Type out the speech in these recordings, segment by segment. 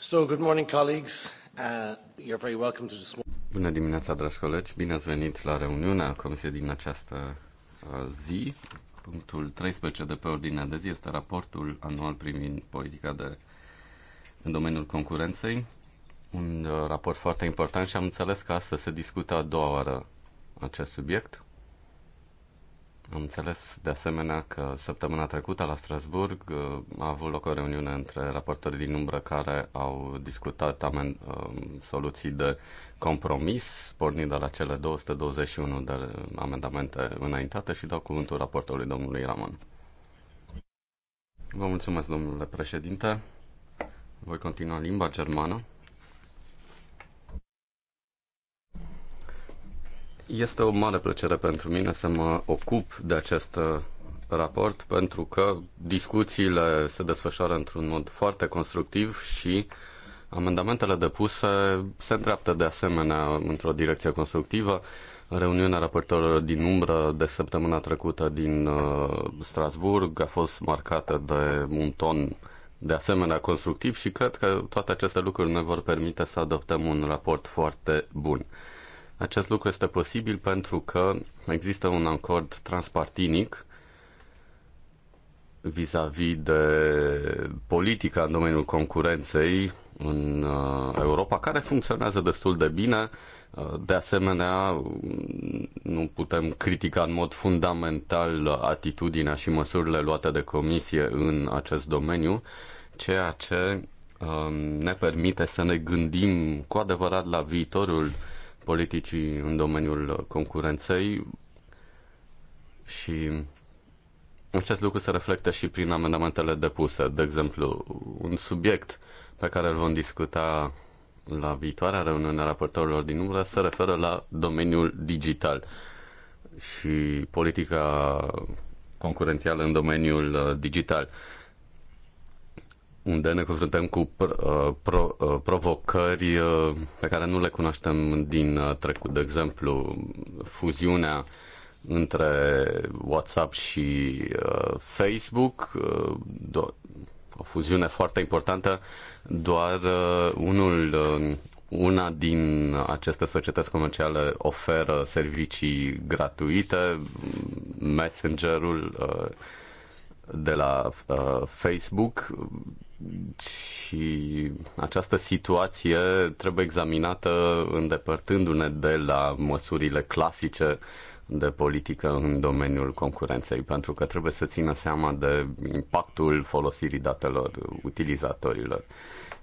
So, good morning, colleagues. Uh, you're very welcome to this Bună dimineața, dragi colegi. Bine ați venit la reuniunea comisiei din această uh, zi. Punctul 13 de pe ordinea de zi este raportul anual privind politica de în domeniul concurenței. Un uh, raport foarte important și am înțeles că astăzi se discută a doua oară acest subiect. Am înțeles de asemenea că săptămâna trecută la Strasburg uh, a avut loc o reuniune între raportorii din umbră care au discutat amen, um, soluții de compromis, pornind de la cele 221 de amendamente înaintate și dau cuvântul raportorului domnului Ramon. Vă mulțumesc, domnule președinte. Voi continua limba germană. Este o mare plăcere pentru mine să mă ocup de acest uh, raport pentru că discuțiile se desfășoară într-un mod foarte constructiv și amendamentele depuse se îndreaptă de asemenea într-o direcție constructivă. Reuniunea raportorilor din umbră de săptămâna trecută din uh, Strasburg a fost marcată de un ton de asemenea constructiv și cred că toate aceste lucruri ne vor permite să adoptăm un raport foarte bun. Acest lucru este posibil pentru că există un acord transpartinic vis-a-vis -vis de politica în domeniul concurenței în uh, Europa, care funcționează destul de bine. Uh, de asemenea, nu putem critica în mod fundamental atitudinea și măsurile luate de comisie în acest domeniu, ceea ce uh, ne permite să ne gândim cu adevărat la viitorul politicii în domeniul concurenței și acest lucru se reflectă și prin amendamentele depuse. De exemplu, un subiect pe care îl vom discuta la viitoarea reuniune a raportorilor din umbră se referă la domeniul digital și politica concurențială în domeniul digital unde ne confruntăm cu uh, pro, pro, uh, provocări uh, pe care nu le cunoaștem din trecut. De exemplu, fuziunea între WhatsApp și Facebook, o fuziune foarte importantă, doar unul, una din aceste societăți comerciale oferă servicii gratuite, Messengerul de la Facebook și această situație trebuie examinată îndepărtându-ne de la măsurile clasice de politică în domeniul concurenței, pentru că trebuie să țină seama de impactul folosirii datelor utilizatorilor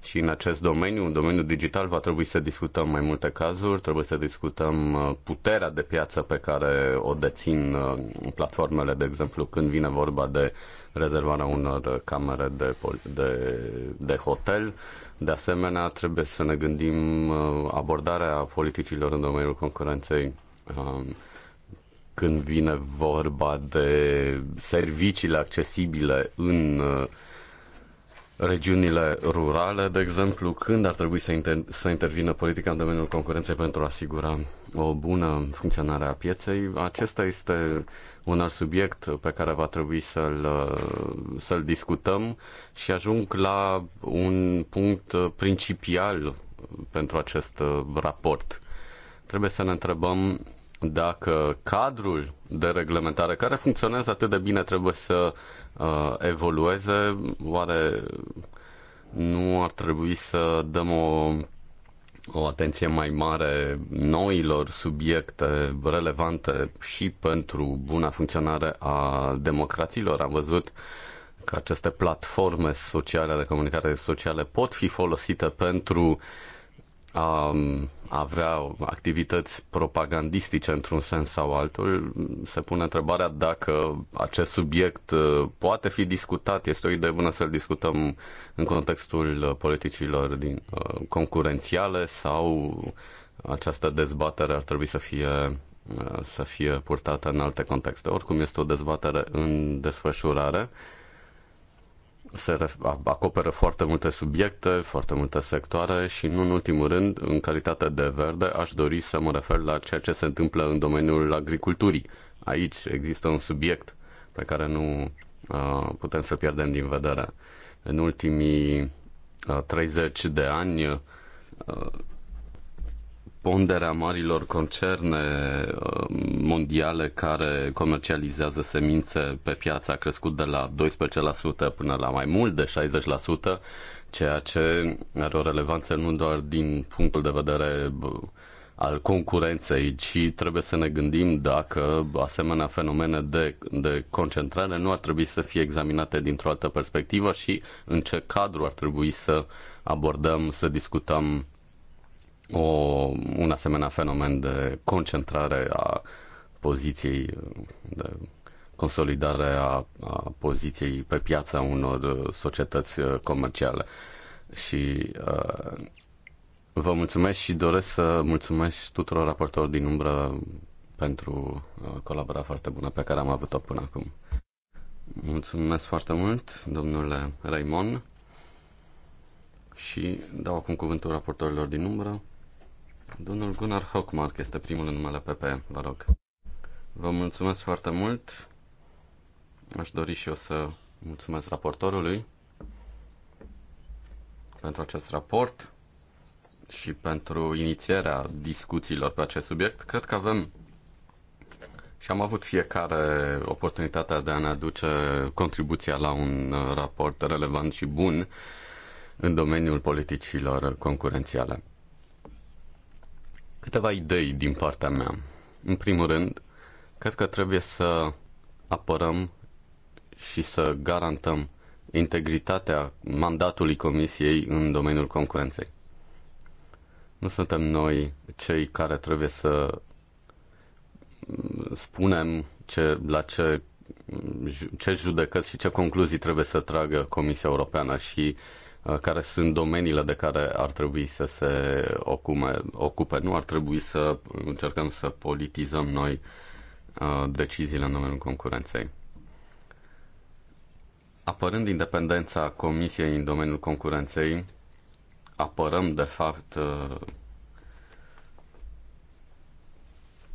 și în acest domeniu, în domeniul digital, va trebui să discutăm mai multe cazuri, trebuie să discutăm uh, puterea de piață pe care o dețin uh, platformele, de exemplu, când vine vorba de rezervarea unor camere de, de, de hotel. De asemenea, trebuie să ne gândim uh, abordarea politicilor în domeniul concurenței um, când vine vorba de serviciile accesibile în uh, regiunile rurale, de exemplu, când ar trebui să, inter- să intervină politica în domeniul concurenței pentru a asigura o bună funcționare a pieței. Acesta este un alt subiect pe care va trebui să-l, să-l discutăm și ajung la un punct principial pentru acest raport. Trebuie să ne întrebăm dacă cadrul de reglementare care funcționează atât de bine trebuie să uh, evolueze, oare nu ar trebui să dăm o, o atenție mai mare noilor subiecte relevante și pentru buna funcționare a democrațiilor? Am văzut că aceste platforme sociale de comunicare sociale pot fi folosite pentru uh, a avea activități propagandistice într-un sens sau altul, se pune întrebarea dacă acest subiect uh, poate fi discutat. Este o idee bună să-l discutăm în contextul uh, politicilor din, uh, concurențiale sau această dezbatere ar trebui să fie să fie purtată în alte contexte. Oricum este o dezbatere în desfășurare se acoperă foarte multe subiecte, foarte multe sectoare și nu în ultimul rând, în calitate de verde, aș dori să mă refer la ceea ce se întâmplă în domeniul agriculturii. Aici există un subiect pe care nu uh, putem să pierdem din vedere. În ultimii uh, 30 de ani uh, ponderea marilor concerne uh, mondiale care comercializează semințe pe piață a crescut de la 12% până la mai mult de 60%, ceea ce are o relevanță nu doar din punctul de vedere al concurenței, ci trebuie să ne gândim dacă asemenea fenomene de, de concentrare nu ar trebui să fie examinate dintr-o altă perspectivă și în ce cadru ar trebui să abordăm, să discutăm o, un asemenea fenomen de concentrare a poziției, de consolidare a, a poziției pe piața unor uh, societăți uh, comerciale. Și uh, vă mulțumesc și doresc să mulțumesc tuturor raportorilor din umbră pentru uh, colaborarea foarte bună pe care am avut-o până acum. Mulțumesc foarte mult, domnule Raimon, și dau acum cuvântul raportorilor din umbră. Domnul Gunnar Hockmark este primul în numele PP, vă rog. Vă mulțumesc foarte mult. Aș dori și eu să mulțumesc raportorului pentru acest raport și pentru inițierea discuțiilor pe acest subiect. Cred că avem și am avut fiecare oportunitatea de a ne aduce contribuția la un uh, raport relevant și bun în domeniul politicilor concurențiale. Câteva idei din partea mea. În primul rând, cred că trebuie să apărăm și să garantăm integritatea mandatului Comisiei în domeniul concurenței. Nu suntem noi cei care trebuie să spunem ce, la ce, ce judecăți și ce concluzii trebuie să tragă Comisia Europeană și uh, Uh, care sunt domeniile de care ar trebui să se ocupe, ocupe. Nu ar trebui să încercăm să politizăm noi uh, deciziile în domeniul concurenței. Apărând independența Comisiei în domeniul concurenței, apărăm de fapt uh,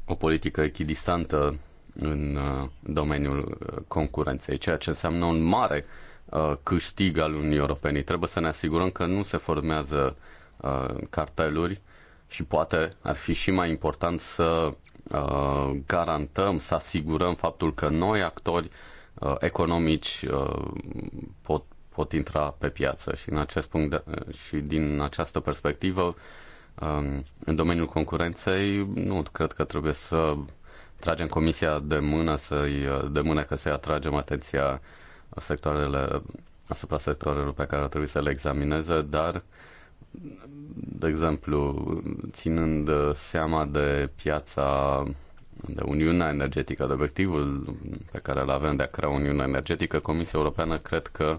o politică echidistantă în domeniul concurenței, ceea ce înseamnă un mare uh, Uh, câștig al Uniunii Europene. Trebuie să ne asigurăm că nu se formează uh, carteluri și poate ar fi și mai important să uh, garantăm, să asigurăm faptul că noi actori economici pot, pot intra pe piață și, în acest punct de, și din această perspectivă um, în domeniul concurenței nu cred că trebuie să tragem comisia de mână să-i de mână că să-i atragem atenția sectoarele, asupra sectoarelor pe care ar trebui să le examineze, dar de exemplu, ținând seama de piața de Uniunea Energetică, de obiectivul pe care îl avem de a crea Uniunea Energetică, Comisia Europeană cred că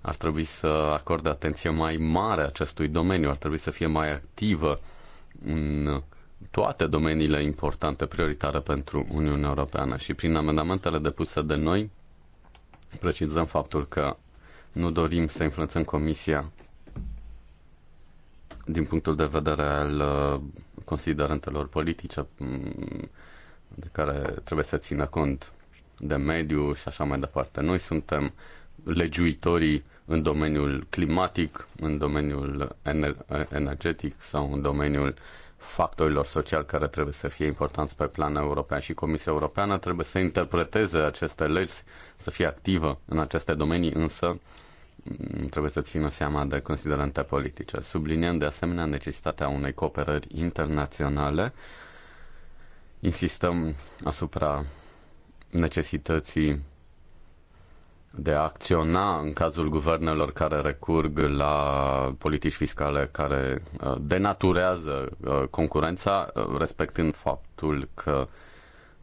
ar trebui să acorde atenție mai mare acestui domeniu, ar trebui să fie mai activă în toate domeniile importante, prioritare pentru Uniunea Europeană și prin amendamentele depuse de noi precizăm faptul că nu dorim să influențăm Comisia din punctul de vedere al uh, considerentelor politice mm, de care trebuie să țină cont de mediu și așa mai departe. Noi suntem legiuitorii în domeniul climatic, în domeniul energetic sau în domeniul factorilor sociali care trebuie să fie importanți pe plan european și Comisia Europeană trebuie să interpreteze aceste legi, să fie activă în aceste domenii, însă mm, trebuie să țină seama de considerente politice. Subliniem de asemenea necesitatea unei cooperări internaționale. Insistăm asupra necesității de a acționa în cazul guvernelor care recurg la politici fiscale care uh, denaturează uh, concurența, uh, respectând faptul că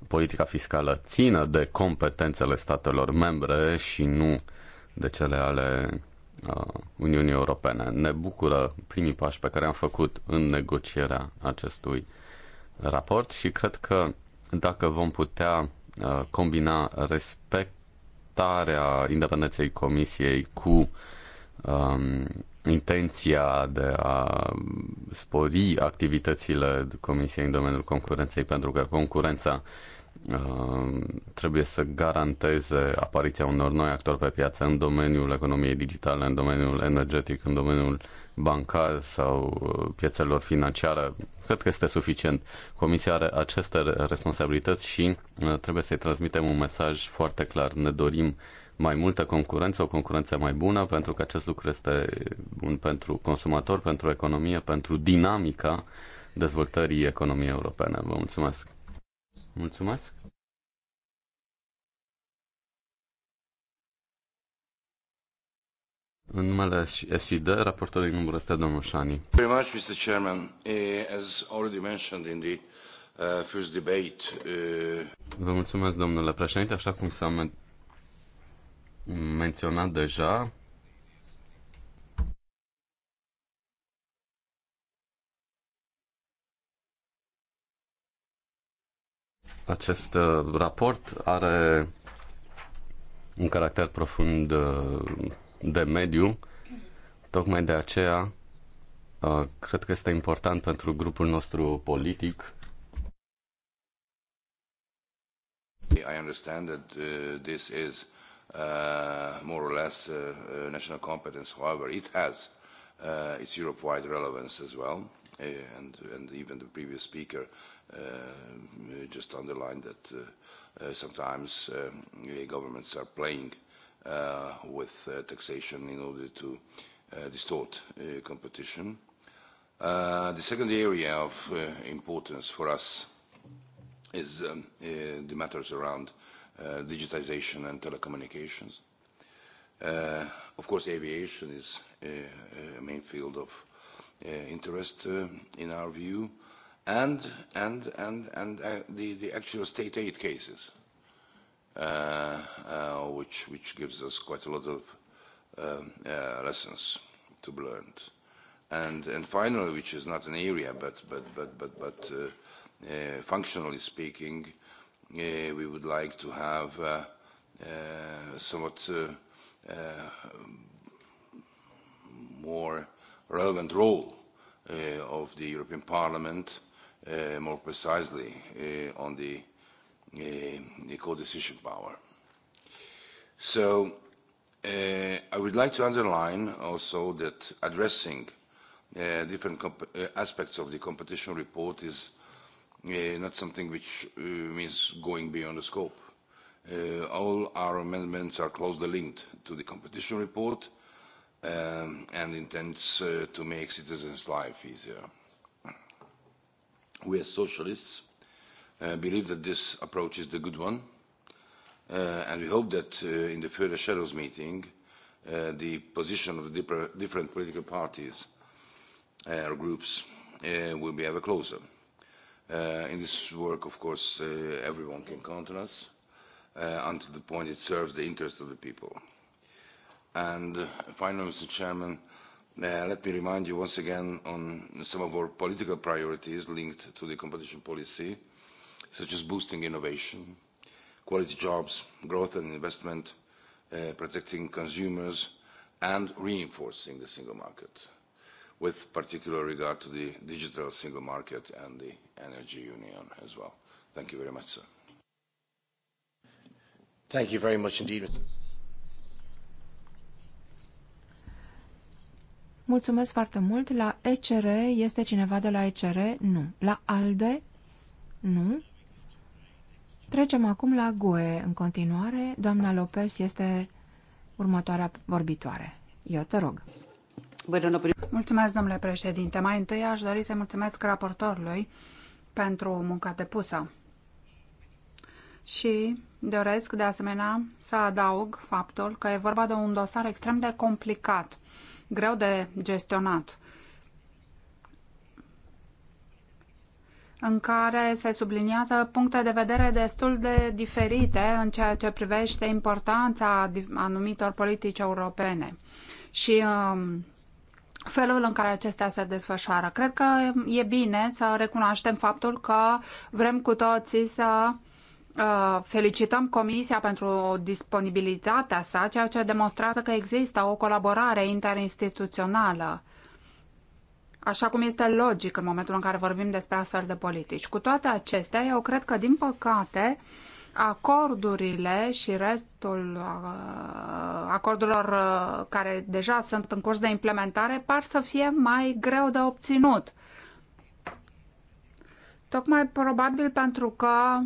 politica fiscală țină de competențele statelor membre și nu de cele ale Uniunii Europene. Ne bucură primii pași pe care am făcut în negocierea acestui raport și cred că dacă vom putea combina respect respectarea independenței Comisiei cu um, intenția de a spori activitățile Comisiei în domeniul concurenței, pentru că concurența uh, Uh, trebuie să garanteze apariția unor noi actori pe piață în domeniul economiei digitale, în domeniul energetic, în domeniul bancar sau uh, piețelor financiare. Cred că este suficient. Comisia are aceste responsabilități și uh, trebuie să-i transmitem un mesaj foarte clar. Ne dorim mai multă concurență, o concurență mai bună, pentru că acest lucru este bun pentru consumator, pentru economie, pentru dinamica dezvoltării economiei europene. Vă mulțumesc! Mulțumesc! În numele SID, raportorul din numărul este domnul Șani. Very much, Mr. Chairman. Eh, as already mentioned in the uh, first debate... Uh, Vă mulțumesc, domnule președinte. Așa cum s-a men- menționat deja, Acest uh, raport are un caracter profund uh, de mediu. Tocmai de aceea uh, cred că este important pentru grupul nostru politic I understand that uh, this is uh, more or less uh, national competence. However, it has uh, its Europe-wide relevance as well, and, and even the previous speaker Uh, uh, just underline that uh, uh, sometimes uh, governments are playing uh, with uh, taxation in order to uh, distort uh, competition. Uh, the second area of uh, importance for us is um, uh, the matters around uh, digitization and telecommunications. Uh, of course, aviation is a, uh, a main field of uh, interest uh, in our view. Uh, and and and and uh, the the actual state aid cases, uh, uh, which which gives us quite a lot of um, uh, lessons to be learned, and and finally, which is not an area, but but but but but uh, uh, functionally speaking, uh, we would like to have uh, uh, somewhat uh, uh, more relevant role uh, of the European Parliament uh, more precisely uh, on the, uh, the co-decision power. So uh, I would like to underline also that addressing uh, different comp aspects of the competition report is uh, not something which uh, means going beyond the scope. Uh, all our amendments are closely linked to the competition report um, and intends uh, to make citizens' life easier. We as socialists uh, believe that this approach is the good one, uh, and we hope that uh, in the further shadows meeting, uh, the position of the different political parties uh, or groups uh, will be ever closer. Uh, in this work, of course, uh, everyone can count on us uh, until the point it serves the interest of the people. And uh, finally, Mr. Chairman, uh, Uh, let me remind you once again on some of our political priorities linked to the competition policy, such as boosting innovation, quality jobs, growth and investment, uh, protecting consumers, and reinforcing the single market, with particular regard to the digital single market and the energy union as well. Thank you very much, sir. Thank you very much indeed. Mr. Mulțumesc foarte mult. La ECR este cineva de la ECR? Nu. La ALDE? Nu. Trecem acum la GUE. În continuare, doamna Lopez este următoarea vorbitoare. Eu te rog. Mulțumesc, domnule președinte. Mai întâi aș dori să mulțumesc raportorului pentru munca depusă. Și doresc, de asemenea, să adaug faptul că e vorba de un dosar extrem de complicat greu de gestionat, în care se subliniază puncte de vedere destul de diferite în ceea ce privește importanța anumitor politici europene. Și um, felul în care acestea se desfășoară. Cred că e bine să recunoaștem faptul că vrem cu toții să Uh, felicităm Comisia pentru disponibilitatea sa, ceea ce demonstrează că există o colaborare interinstituțională, așa cum este logic în momentul în care vorbim despre astfel de politici. Cu toate acestea, eu cred că, din păcate, acordurile și restul uh, acordurilor uh, care deja sunt în curs de implementare par să fie mai greu de obținut. Tocmai probabil pentru că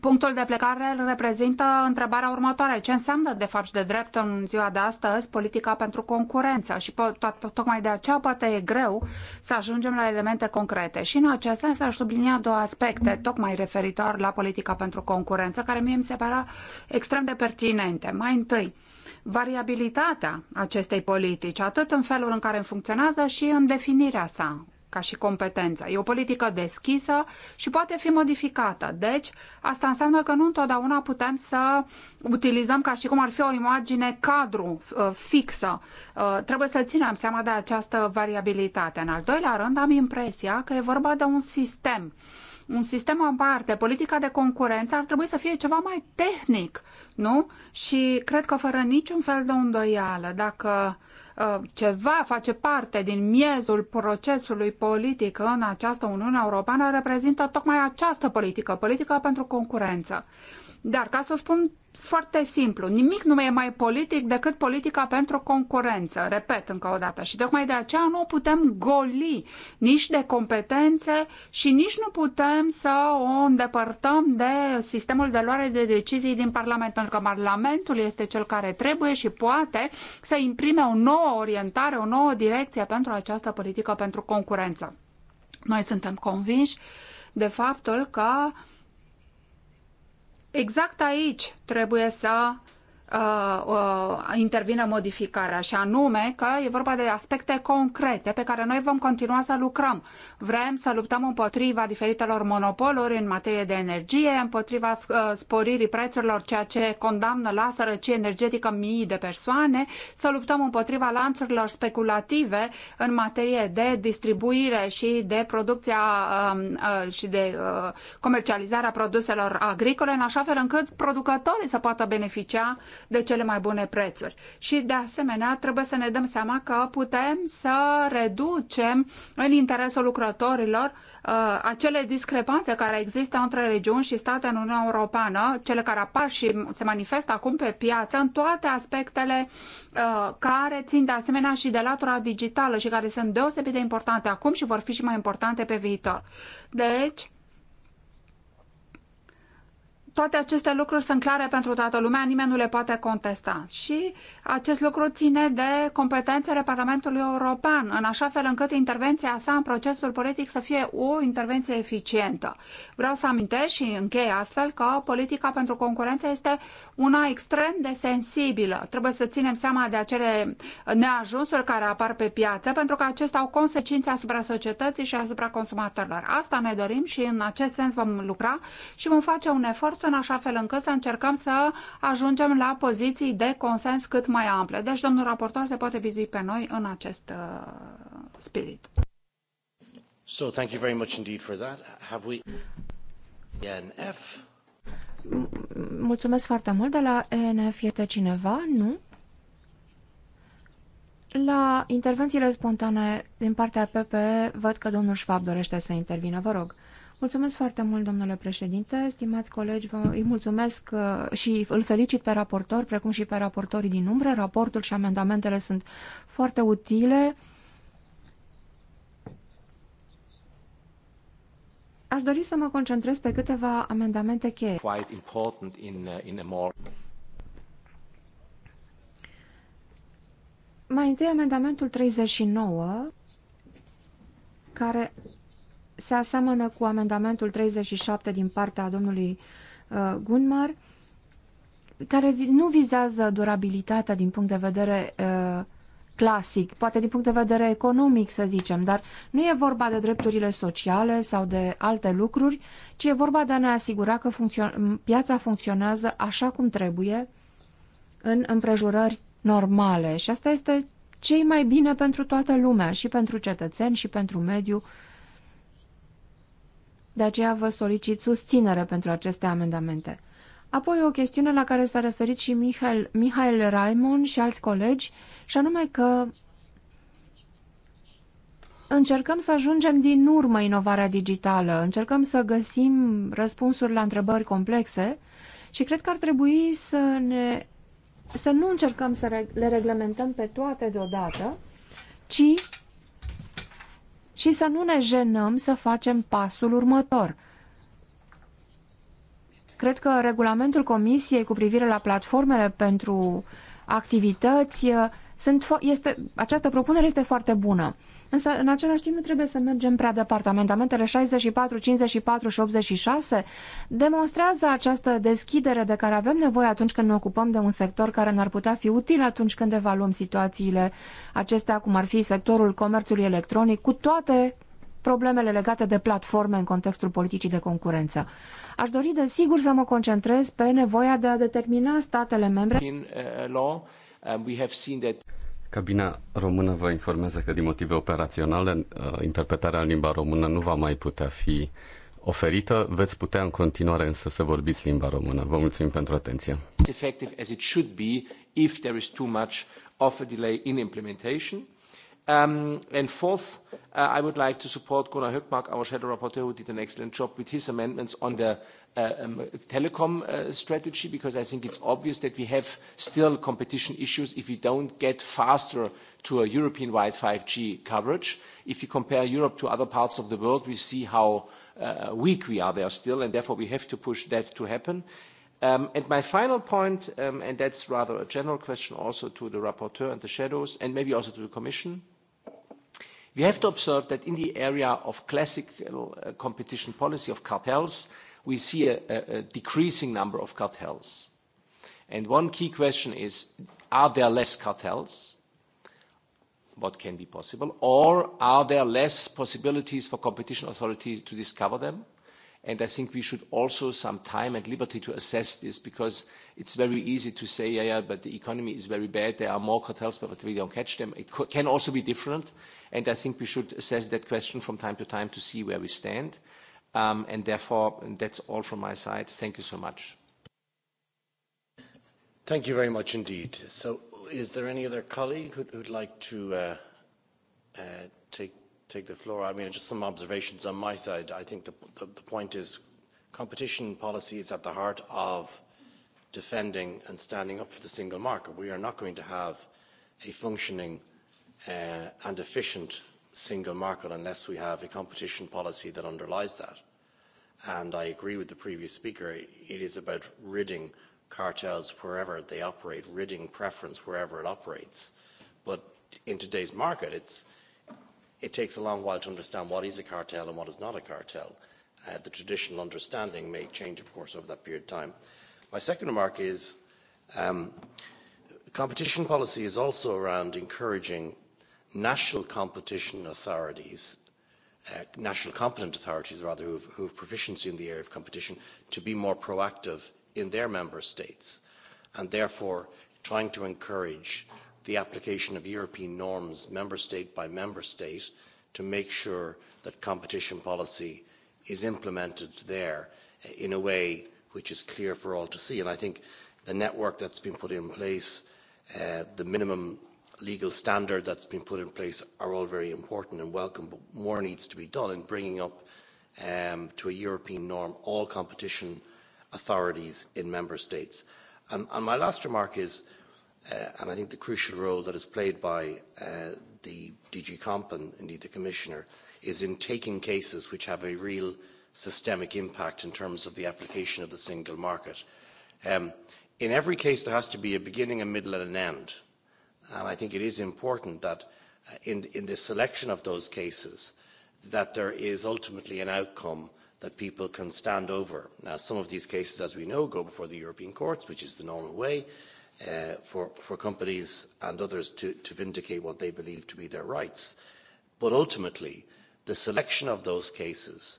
Punctul de plecare îl reprezintă întrebarea următoare. Ce înseamnă, de fapt, și de drept în ziua de astăzi politica pentru concurență? Și tocmai de aceea poate e greu să ajungem la elemente concrete. Și în acest sens aș sublinia două aspecte, tocmai referitor la politica pentru concurență, care mie mi se pare extrem de pertinente. Mai întâi, variabilitatea acestei politici, atât în felul în care funcționează și în definirea sa, ca și competență. E o politică deschisă și poate fi modificată. Deci, asta înseamnă că nu întotdeauna putem să utilizăm ca și cum ar fi o imagine cadru uh, fixă. Uh, trebuie să ținem seama de această variabilitate. În al doilea rând, am impresia că e vorba de un sistem un sistem aparte, politica de concurență ar trebui să fie ceva mai tehnic, nu? Și cred că fără niciun fel de îndoială, dacă Uh, ceva face parte din miezul procesului politic în această Uniune Europeană reprezintă tocmai această politică, politică pentru concurență. Dar, ca să spun foarte simplu, nimic nu e mai politic decât politica pentru concurență, repet încă o dată. Și tocmai de aceea nu putem goli nici de competențe și nici nu putem să o îndepărtăm de sistemul de luare de decizii din Parlament, pentru că Parlamentul este cel care trebuie și poate să imprime o nouă orientare, o nouă direcție pentru această politică pentru concurență. Noi suntem convinși de faptul că Exact aici trebuie să uh, uh, intervine modificarea și anume că e vorba de aspecte concrete pe care noi vom continua să lucrăm. Vrem să luptăm împotriva diferitelor monopoluri în materie de energie, împotriva uh, sporirii prețurilor, ceea ce condamnă la sărăcie energetică mii de persoane, să luptăm împotriva lanțurilor speculative în materie de distribuire și de producția uh, uh, și de uh, comercializarea produselor agricole, în așa fel încât producătorii să poată beneficia uh, de cele mai bune prețuri. Și de asemenea trebuie să ne dăm seama că putem să reducem în interesul lucrătorilor uh, acele discrepanțe care există între regiuni și state în Uniunea Europeană, cele care apar și se manifestă acum pe piață în toate aspectele uh, care țin de asemenea și de latura digitală și care sunt deosebit de importante acum și vor fi și mai importante pe viitor. Deci, toate aceste lucruri sunt clare pentru toată lumea, nimeni nu le poate contesta. Și acest lucru ține de competențele Parlamentului European, în așa fel încât intervenția sa în procesul politic să fie o intervenție eficientă. Vreau să amintesc și închei astfel că politica pentru concurență este una extrem de sensibilă. Trebuie să ținem seama de acele neajunsuri care apar pe piață, pentru că acestea au consecințe asupra societății și asupra consumatorilor. Asta ne dorim și în acest sens vom lucra și vom face un efort în așa fel încât să încercăm să ajungem la poziții de consens cât mai ample. Deci, domnul raportor se poate vizui pe noi în acest uh, spirit. So, thank you very much indeed for that. Have we ENF? Mulțumesc foarte mult. De la ENF este cineva? Nu? La intervențiile spontane din partea PP, văd că domnul Schwab dorește să intervină. Vă rog. Mulțumesc foarte mult, domnule președinte. Stimați colegi, vă îi mulțumesc uh, și îl felicit pe raportor, precum și pe raportorii din umbră. Raportul și amendamentele sunt foarte utile. Aș dori să mă concentrez pe câteva amendamente cheie. Uh, Mai întâi amendamentul 39, care se aseamănă cu amendamentul 37 din partea domnului uh, Gunmar, care nu vizează durabilitatea din punct de vedere uh, clasic, poate din punct de vedere economic, să zicem, dar nu e vorba de drepturile sociale sau de alte lucruri, ci e vorba de a ne asigura că funcțio piața funcționează așa cum trebuie, în împrejurări normale. Și asta este cei mai bine pentru toată lumea, și pentru cetățeni, și pentru mediu, de aceea vă solicit susținere pentru aceste amendamente. Apoi o chestiune la care s-a referit și Mihail, Mihail Raimon și alți colegi, și anume că încercăm să ajungem din urmă inovarea digitală, încercăm să găsim răspunsuri la întrebări complexe și cred că ar trebui să, ne, să nu încercăm să le reglementăm pe toate deodată, ci și să nu ne jenăm să facem pasul următor. Cred că regulamentul Comisiei cu privire la platformele pentru activități uh, sunt, este, această propunere este foarte bună. Însă, în același timp, nu trebuie să mergem prea departe. Amendamentele 64, 54 și 86 demonstrează această deschidere de care avem nevoie atunci când ne ocupăm de un sector care ne-ar putea fi util atunci când evaluăm situațiile acestea, cum ar fi sectorul comerțului electronic, cu toate problemele legate de platforme în contextul politicii de concurență. Aș dori, desigur, să mă concentrez pe nevoia de a determina statele membre. In, uh, law, uh, we have seen that... Cabina română vă informează că din motive operaționale uh, interpretarea în limba română nu va mai putea fi oferită. Veți putea în continuare însă să vorbiți limba română. Vă mulțumim pentru atenție. It's effective as it should be if there is too much of a delay in implementation. Um, and fourth, uh, I would like to support Gunnar Hökmark, our shadow rapporteur, who did an excellent job with his amendments on the uh, um, telecom uh, strategy, because I think it's obvious that we have still competition issues if we don't get faster to a European-wide 5G coverage. If you compare Europe to other parts of the world, we see how uh, weak we are there still, and therefore we have to push that to happen. Um, and my final point, um, and that's rather a general question also to the rapporteur and the shadows, and maybe also to the Commission, We have to observe that in the area of classical uh, competition policy of cartels, we see a, a, decreasing number of cartels. And one key question is, are there less cartels? What can be possible? Or are there less possibilities for competition authorities to discover them? And I think we should also some time and liberty to assess this because it's very easy to say, yeah, yeah, but the economy is very bad. There are more cartels, but we don't catch them. It can also be different. And I think we should assess that question from time to time to see where we stand. Um, and therefore, and that's all from my side. Thank you so much. Thank you very much indeed. So is there any other colleague who would like to uh, uh, take take the floor. I mean, just some observations on my side. I think the, the, the point is competition policy is at the heart of defending and standing up for the single market. We are not going to have a functioning uh, and efficient single market unless we have a competition policy that underlies that. And I agree with the previous speaker, it is about ridding cartels wherever they operate, ridding preference wherever it operates. But in today's market, it's it takes a long while to understand what is a cartel and what is not a cartel. Uh, the traditional understanding may change, of course, over that period of time. My second remark is um, competition policy is also around encouraging national competition authorities, uh, national competent authorities rather, who have, who have proficiency in the area of competition, to be more proactive in their member states and therefore trying to encourage the application of European norms, member state by member state, to make sure that competition policy is implemented there in a way which is clear for all to see. And I think the network that's been put in place, uh, the minimum legal standard that's been put in place are all very important and welcome, but more needs to be done in bringing up um, to a European norm all competition authorities in member states. And, and my last remark is Uh, and I think the crucial role that is played by uh, the DG Comp and indeed the Commissioner is in taking cases which have a real systemic impact in terms of the application of the single market. Um, in every case, there has to be a beginning, a middle, and an end. And I think it is important that uh, in, in the selection of those cases, that there is ultimately an outcome that people can stand over. Now, some of these cases, as we know, go before the European courts, which is the normal way uh, for, for companies and others to, to vindicate what they believe to be their rights. But ultimately, the selection of those cases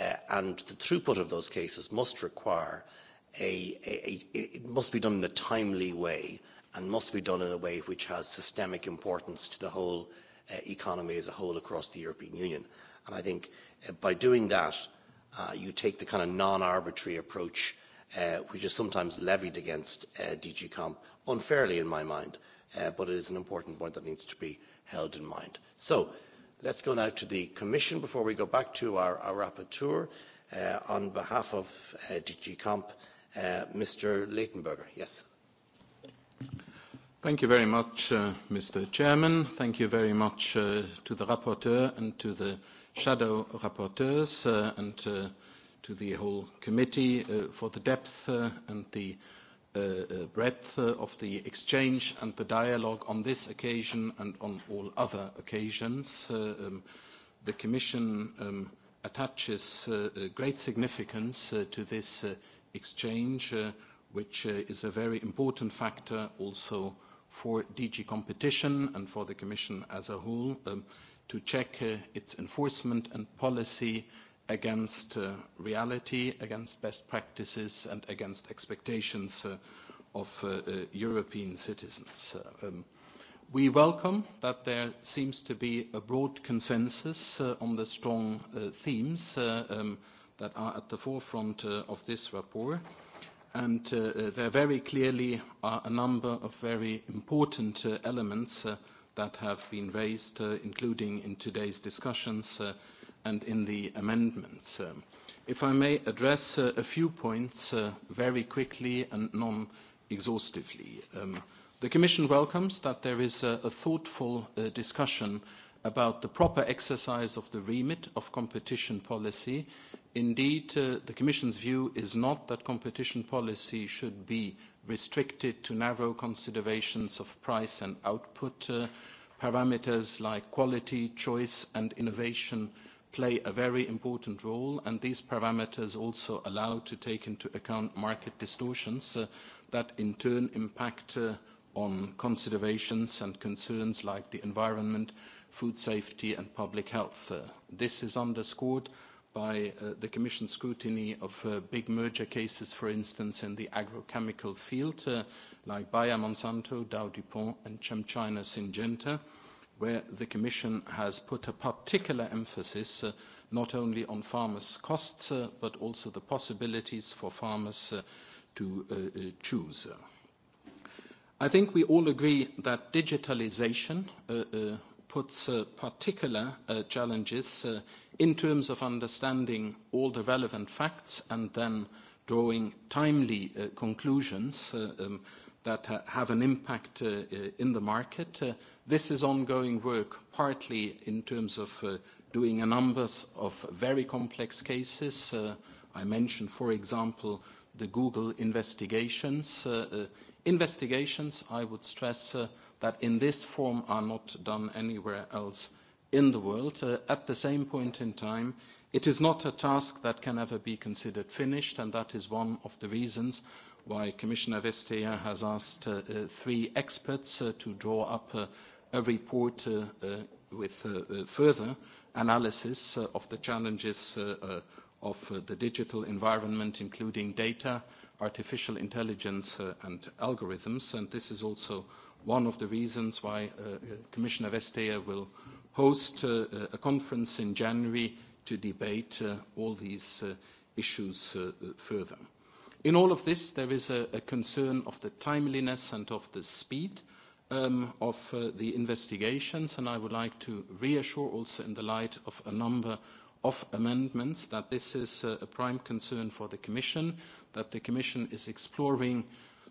uh, and the throughput of those cases must require a, a, a, it must be done in a timely way and must be done in a way which has systemic importance to the whole uh, economy as a whole across the European Union. And I think uh, by doing that, uh, you take the kind of non-arbitrary approach uh, Uh, which is sometimes levied against uh, DG Comp, unfairly in my mind, uh, but it is an important point that needs to be held in mind. So let's go now to the Commission before we go back to our, our rapporteur. Uh, on behalf of uh, DG Comp, uh, Mr. Leitenberger. Yes. Thank you very much, uh, Mr. Chairman. Thank you very much uh, to the rapporteur and to the shadow rapporteurs uh, and uh, to the whole committee uh, for the depth uh, and the uh, uh breadth uh, of the exchange and the dialogue on this occasion and on all other occasions. Uh, um, the Commission um, attaches great significance to this exchange, which is a very important factor also for DG competition and for the Commission as a whole um, to check its enforcement and policy against uh, reality, against best practices, and against expectations uh, of uh, uh European citizens. Uh, um, we welcome that there seems to be a broad consensus uh, on the strong themes um, that are at the forefront of this rapport. And there very clearly are a number of very important elements that have been raised, including in today's discussions, and in the amendments. Um, if I may address uh, a few points uh, very quickly and non-exhaustively. Um, the Commission welcomes that there is a, a thoughtful uh, discussion about the proper exercise of the remit of competition policy. Indeed, uh, the Commission's view is not that competition policy should be restricted to narrow considerations of price and output. Uh, parameters like quality, choice and innovation play a very important role, and these parameters also allow to take into account market distortions uh, that in turn impact uh, on considerations and concerns like the environment, food safety and public health. Uh, this is underscored by uh, the Commission's scrutiny of uh, big merger cases, for instance, in the agrochemical field, uh, like Bayer Monsanto, Dow DuPont and ChemChina Syngenta where the Commission has put a particular emphasis uh, not only on farmers' costs uh, but also the possibilities for farmers uh, to uh, uh, choose. I think we all agree that digitalisation uh, puts particular challenges in terms of understanding all the relevant facts and then drawing timely conclusions um, that have an impact in the market This is ongoing work, partly in terms of uh, doing a number of very complex cases. Uh, I mentioned, for example, the Google investigations. Uh, uh investigations, I would stress, uh, that in this form are not done anywhere else in the world. Uh, at the same point in time, it is not a task that can ever be considered finished, and that is one of the reasons why Commissioner Vestager has asked three experts to draw up a report uh, uh, with uh, further analysis of the challenges of the digital environment, including data, artificial intelligence and algorithms. And this is also one of the reasons why Commissioner Vestager will host a conference in January to debate all these issues further. In all of this, there is a, a concern of the timeliness and of the speed um, of uh, the investigations, and I would like to reassure also in the light of a number of amendments that this is uh, a prime concern for the Commission, that the Commission is exploring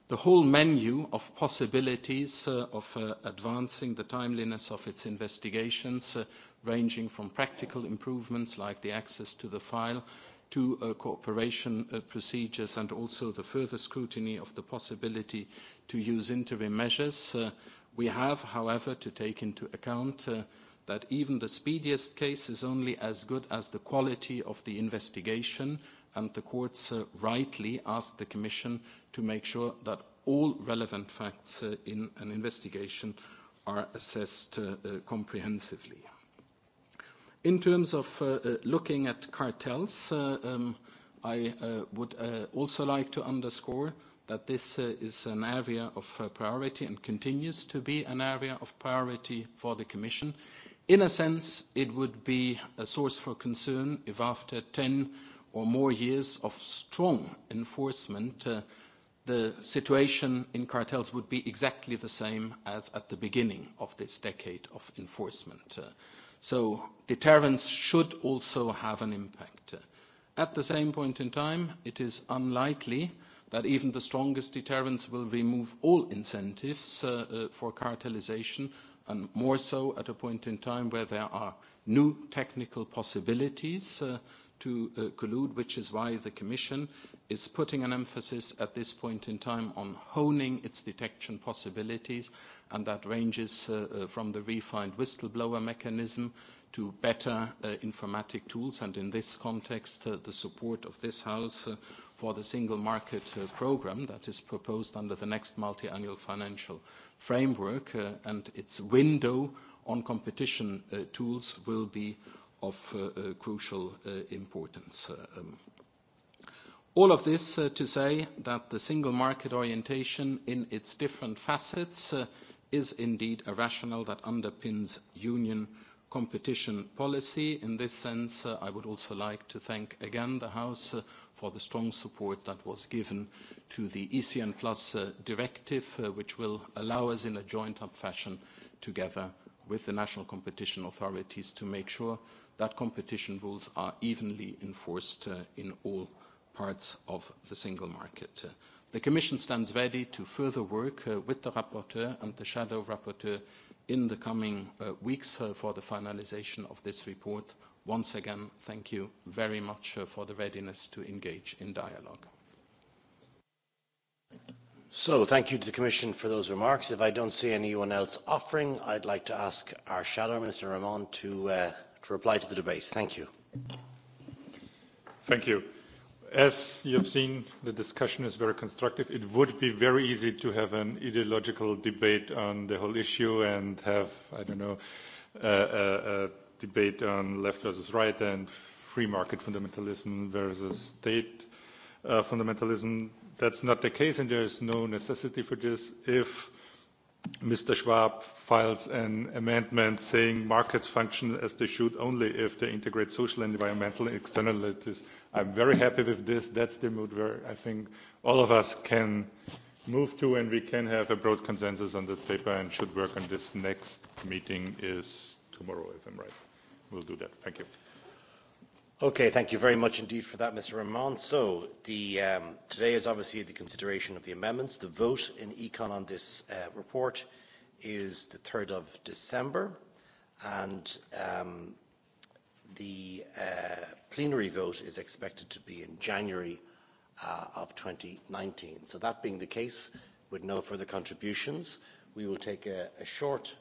the whole menu of possibilities uh, of uh, advancing the timeliness of its investigations, uh, ranging from practical improvements like the access to the file to uh, cooperation uh, procedures and also the further scrutiny of the possibility to use interim measures. Uh, we have, however, to take into account uh, that even the speediest case is only as good as the quality of the investigation, and the courts uh, rightly asked the Commission to make sure that all relevant facts uh, in an investigation are assessed uh, uh comprehensively. In terms of uh, uh, looking at cartels, um, I would also like to underscore that this uh, is an area of uh, priority and continues to be an area of priority for the Commission. In a sense, it would be a source for concern if after 10 or more years of strong enforcement, uh, the situation in cartels would be exactly the same as at the beginning of this decade of enforcement. Uh, so deterrence should also have an impact. at the same point in time, it is unlikely that even the strongest deterrents will remove all incentives uh, uh, for cartelisation, and more so at a point in time where there are new technical possibilities uh, to uh, collude, which is why the Commission is putting an emphasis at this point in time on honing its detection possibilities, and that ranges uh, uh, from the refined whistleblower mechanism to better informatic tools, and in this context, the support of this House for the single market uh, program that is proposed under the next multi-annual financial framework uh, and its window on competition uh, tools will be of uh, uh, crucial uh, importance. Uh, um, all of this uh, to say that the single market orientation in its different facets uh, is indeed a rationale that underpins union competition policy. In this sense, uh, I would also like to thank again the House uh, for the strong support that was given to the ECN Plus uh, directive, uh, which will allow us in a joint-up fashion together with the national competition authorities to make sure that competition rules are evenly enforced uh, in all parts of the single market. Uh, the Commission stands ready to further work uh, with the rapporteur and the shadow rapporteur in the coming uh, weeks uh, for the finalization of this report Once again, thank you very much uh, for the readiness to engage in dialogue. So, thank you to the Commission for those remarks. If I don't see anyone else offering, I'd like to ask our shadow, Mr. Ramon, to, uh, to reply to the debate. Thank you. Thank you. As you've seen, the discussion is very constructive. It would be very easy to have an ideological debate on the whole issue and have, I don't know, uh, uh, uh, debate on left versus right and free market fundamentalism versus state uh, fundamentalism. That's not the case, and there is no necessity for this if Mr. Schwab files an amendment saying markets function as they should only if they integrate social and environmental externalities. I'm very happy with this. That's the mood where I think all of us can move to and we can have a broad consensus on that paper and should work on this. Next meeting is tomorrow, if I'm right we'll do that. Thank you. Okay, thank you very much indeed for that, Mr. Rahman. So the, um, today is obviously the consideration of the amendments. The vote in Econ on this uh, report is the 3rd of December, and um, the uh, plenary vote is expected to be in January uh, of 2019. So that being the case, with no further contributions, we will take a, a short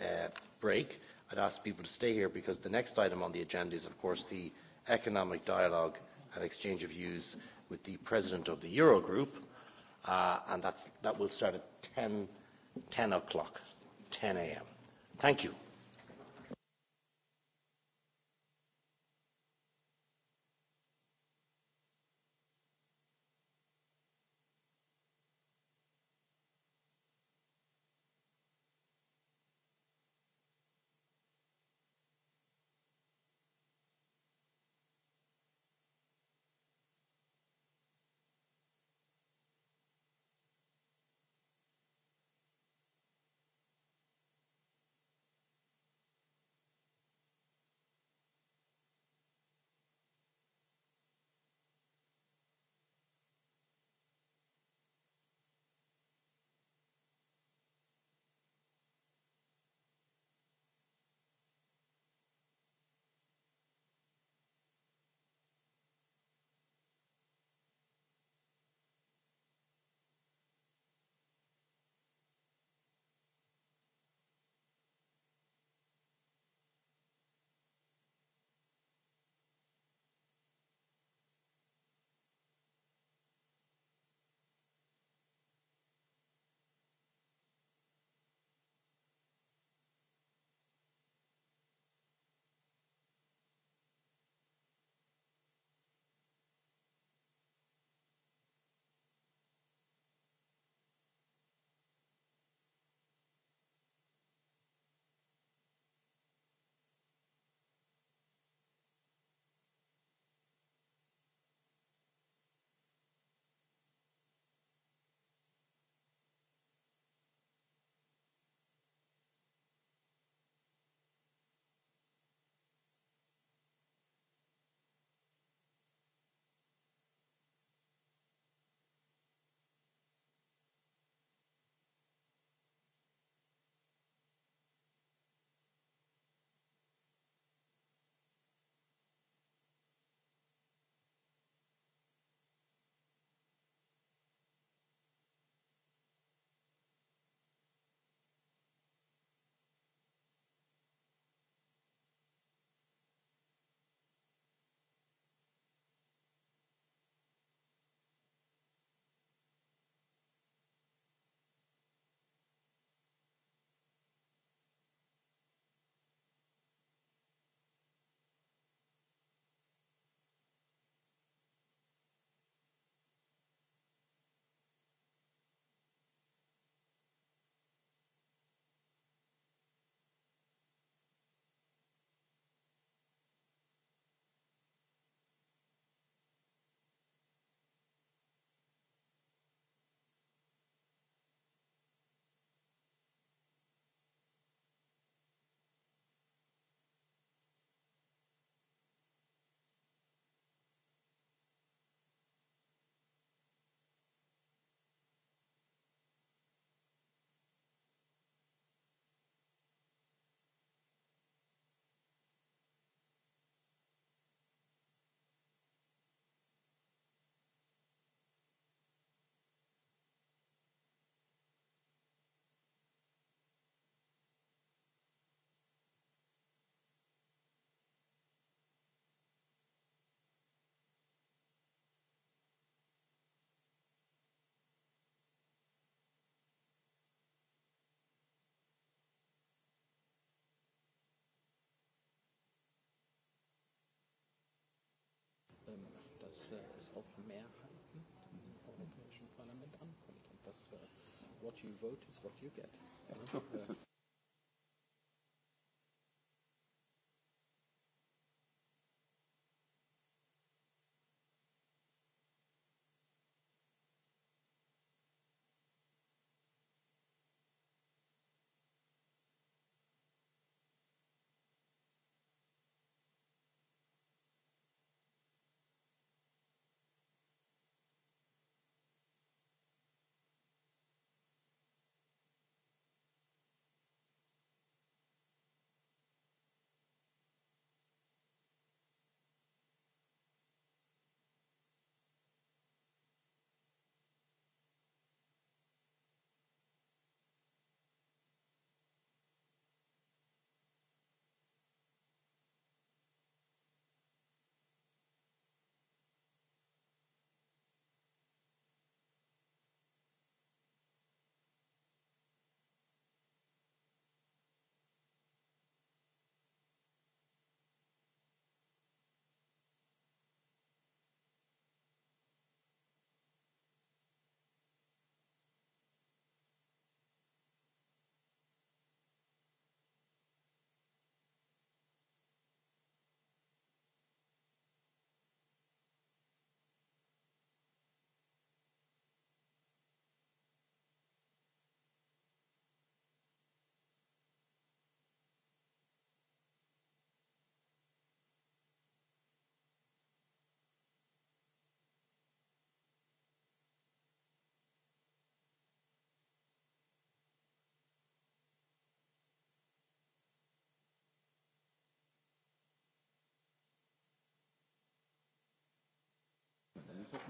uh, break I'd ask people to stay here because the next item on the agenda is, of course, the economic dialogue and exchange of views with the president of the Eurogroup, uh, and that's, that will start at 10, 10 o'clock, 10 a.m. Thank you. dass äh, es auf Mehrheiten im Europäischen Parlament ankommt und dass äh, what you vote is what you get. Ja, so ist es.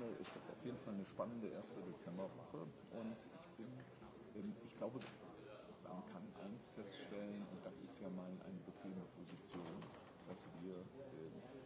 Woche ist auf jeden Fall eine spannende erste Dezemberwoche und ähm, ich glaube, man kann eins feststellen, und das ist ja mal eine bequeme Position, dass wir äh,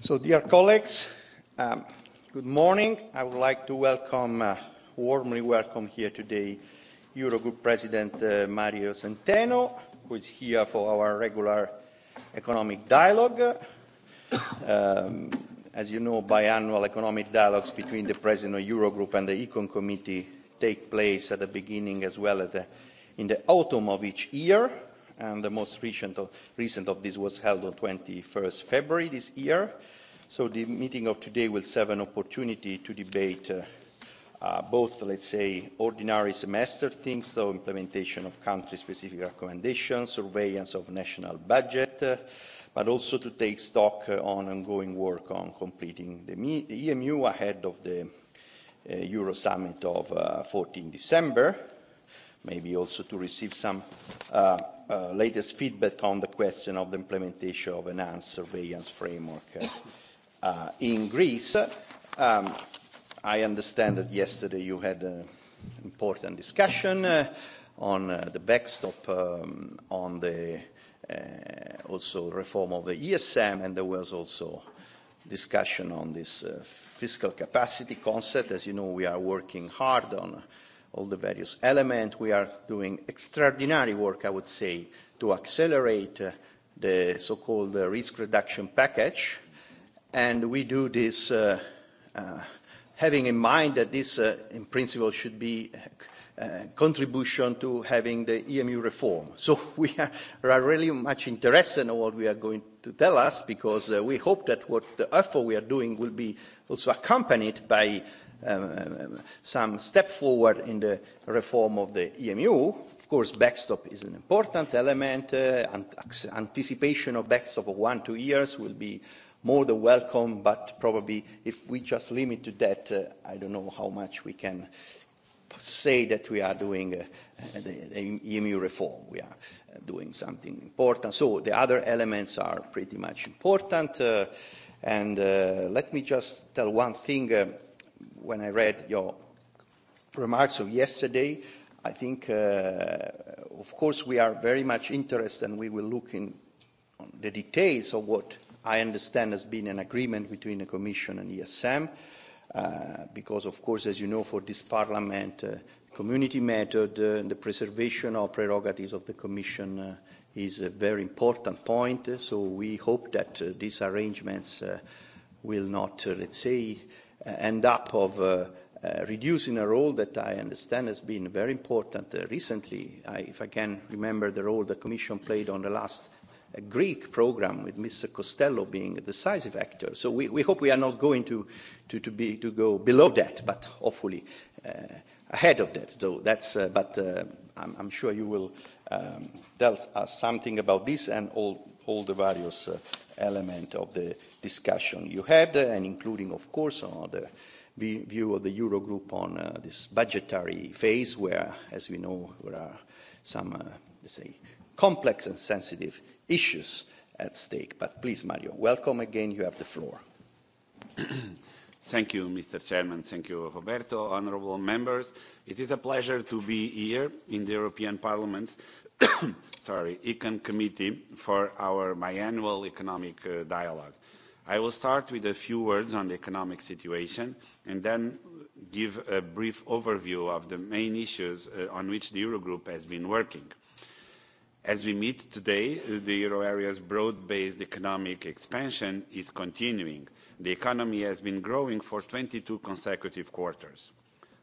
So, dear colleagues, um, good morning. I would like to welcome, uh, warmly welcome here today, Eurogroup President uh, Mario Centeno, who is here for our regular economic dialogue. Um, as you know, biannual economic dialogues between the President of Eurogroup and the Econ Committee take place at the beginning as well as the, in the autumn of each year. And the most recent of, recent of this was held on 21st February this year. So the meeting of today will serve an opportunity to debate uh, Uh, both, let's say, ordinary semester things, so implementation of country-specific recommendations, surveillance of national budget, uh, but also to take stock uh, on ongoing work on completing the, me the EMU ahead of the uh, Euro Summit of uh, 14 December, maybe also to receive some uh, uh, latest feedback on the question of the implementation of enhanced surveillance framework uh, uh, in Greece. Um, I understand that yesterday you had an important discussion uh, on uh, the backstop, um, on the uh, also reform of the ESM, and there was also discussion on this fiscal capacity concept. As you know, we are working hard on all the various elements. We are doing extraordinary work, I would say, to accelerate uh, the so-called uh, risk reduction package. And we do this uh, having in mind that this, uh, in principle, should be a uh, uh, contribution to having the EMU reform. So we are, are really much interested in what we are going to tell us because uh, we hope that what the effort we are doing will be also accompanied by um, some step forward in the reform of the EMU. Of course, backstop is an important element. Uh, anticipation of backstop of one, two years will be uh, more than welcome, but probably if we just limit to that, uh, I don't know how much we can say that we are doing uh, uh the, EMU reform. We are uh, doing something important. So the other elements are pretty much important. Uh, and uh, let me just tell one thing. Uh, when I read your remarks of yesterday, I think, uh, of course, we are very much interested and we will look in the details of what I understand has been an agreement between the Commission and ESM, uh, because of course, as you know, for this Parliament, uh, community method, uh, the preservation of prerogatives of the Commission uh, is a very important point. So we hope that uh, these arrangements uh, will not, uh, let's say, uh, end up of uh, uh, reducing a role that I understand has been very important uh, recently. I, if I can remember the role the Commission played on the last a Greek program with Mr. Costello being a decisive actor. So we, we hope we are not going to, to, to, be, to go below that, but hopefully uh, ahead of that. So that's, uh, but uh, I'm, I'm sure you will um, tell us something about this and all, all the various uh, elements of the discussion you had, uh, and including, of course, on the view of the Eurogroup on uh, this budgetary phase where, as we know, there are some, uh, let's say, complex and sensitive issues at stake. But please, Mario, welcome again. You have the floor. Thank you, Mr. Chairman. Thank you, Roberto. Honourable members, it is a pleasure to be here in the European Parliament, sorry, Econ Committee for our biannual economic uh, dialogue. I will start with a few words on the economic situation and then give a brief overview of the main issues uh, on which the Eurogroup has been working. As we meet today, the euro area's broad-based economic expansion is continuing. The economy has been growing for 22 consecutive quarters.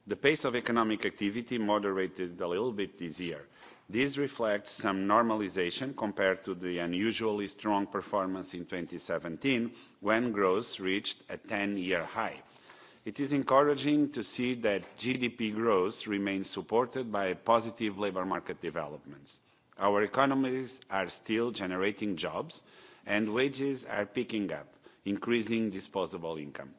The pace of economic activity moderated a little bit this year. This reflects some normalization compared to the unusually strong performance in 2017, when growth reached a 10-year high. It is encouraging to see that GDP growth remains supported by positive labor market developments. Our economies are still generating jobs, and wages are picking up, increasing disposable income.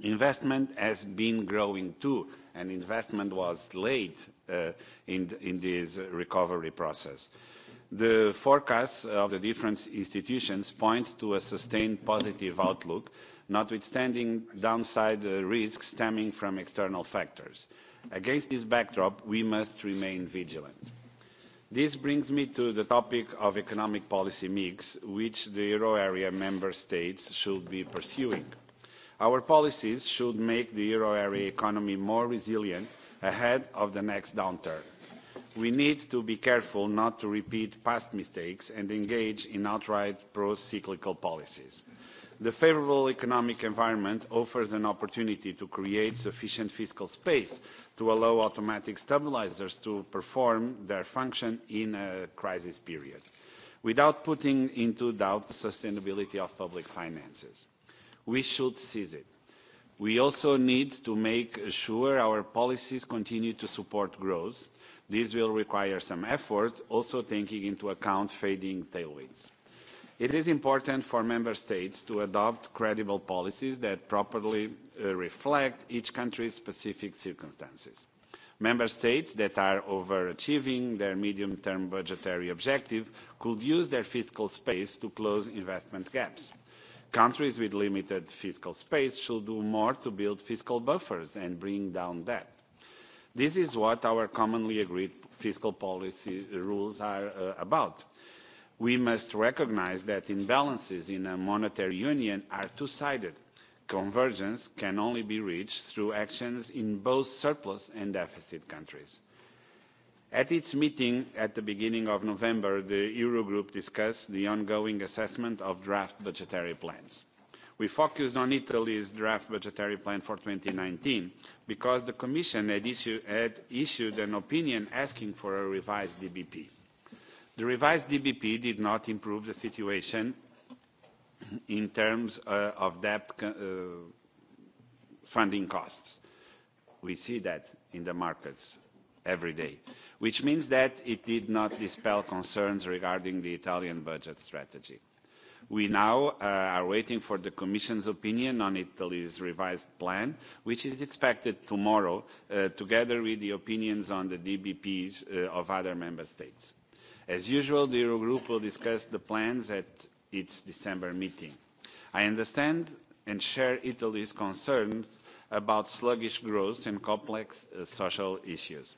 Investment has been growing too, and investment was late uh, in, in this recovery process. The forecasts of the different institutions point to a sustained positive outlook, notwithstanding downside uh, risks stemming from external factors. Against this backdrop, we must remain vigilant. This brings me to the topic of economic policy mix, which the euro area member states should be pursuing. Our policies should make the euro area economy more resilient ahead of the next downturn. We need to be careful not to repeat past mistakes and engage in outright pro-cyclical policies the favourable economic environment offers an opportunity to create sufficient fiscal space to allow automatic stabilisers to perform their function in a crisis period without putting into doubt the sustainability of public finances. We should seize it. We also need to make sure our policies continue to support growth. This will require some effort, also taking into account fading tailwinds. It is important for member states to adopt credible policies that properly uh, reflect each country's specific circumstances. Member states that are overachieving their medium-term budgetary objective could use their fiscal space to close investment gaps. Countries with limited fiscal space should do more to build fiscal buffers and bring down debt. This is what our commonly agreed fiscal policy rules are uh, about we must recognise that imbalances in a monetary union are two sided. convergence can only be reached through actions in both surplus and deficit countries. at its meeting at the beginning of november the eurogroup discussed the ongoing assessment of draft budgetary plans. we focused on italy's draft budgetary plan for two thousand and nineteen because the commission had, had issued an opinion asking for a revised dbp The revised DBP did not improve the situation in terms uh, of debt uh, funding costs. We see that in the markets every day, which means that it did not dispel concerns regarding the Italian budget strategy. We now uh, are waiting for the Commission's opinion on Italy's revised plan, which is expected tomorrow, uh, together with the opinions on the DBPs uh, of other member states. As usual, the Eurogroup will discuss the plans at its December meeting. I understand and share Italy's concerns about sluggish growth and complex uh, social issues.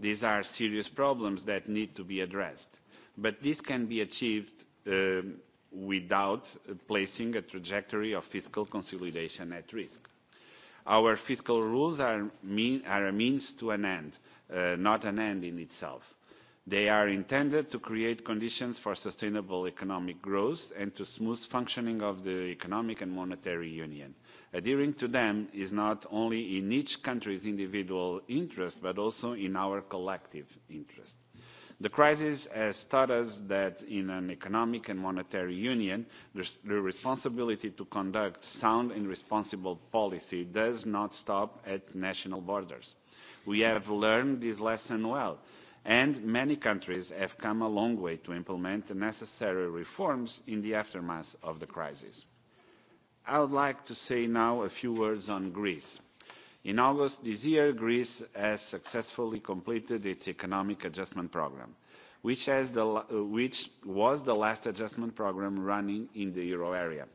These are serious problems that need to be addressed, but this can be achieved um, without uh, placing a trajectory of fiscal consolidation at risk. Our fiscal rules are, mean, are a means to an end, uh, not an end in itself they are intended to create conditions for sustainable economic growth and to smooth functioning of the economic and monetary union. adhering to them is not only in each country's individual interest but also in our collective interest. the crisis has taught us that in an economic and monetary union the responsibility to conduct sound and responsible policy does not stop at national borders. we have learned this lesson well and many countries have come a long way to implement the necessary reforms in the aftermath of the crisis. I would like to say now a few words on Greece. In August this year, Greece has successfully completed its economic adjustment programme, which, the, uh, which was the last adjustment programme running in the euro area.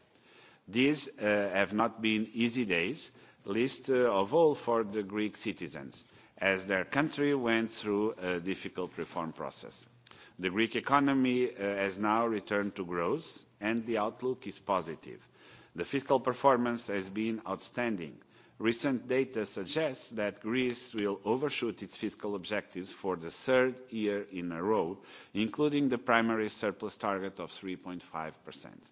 These uh, have not been easy days, least uh, of all for the Greek citizens as their country went through a difficult reform process. The Greek economy uh, has now returned to growth, and the outlook is positive. The fiscal performance has been outstanding. Recent data suggests that Greece will overshoot its fiscal objectives for the third year in a row, including the primary surplus target of 3.5 percent.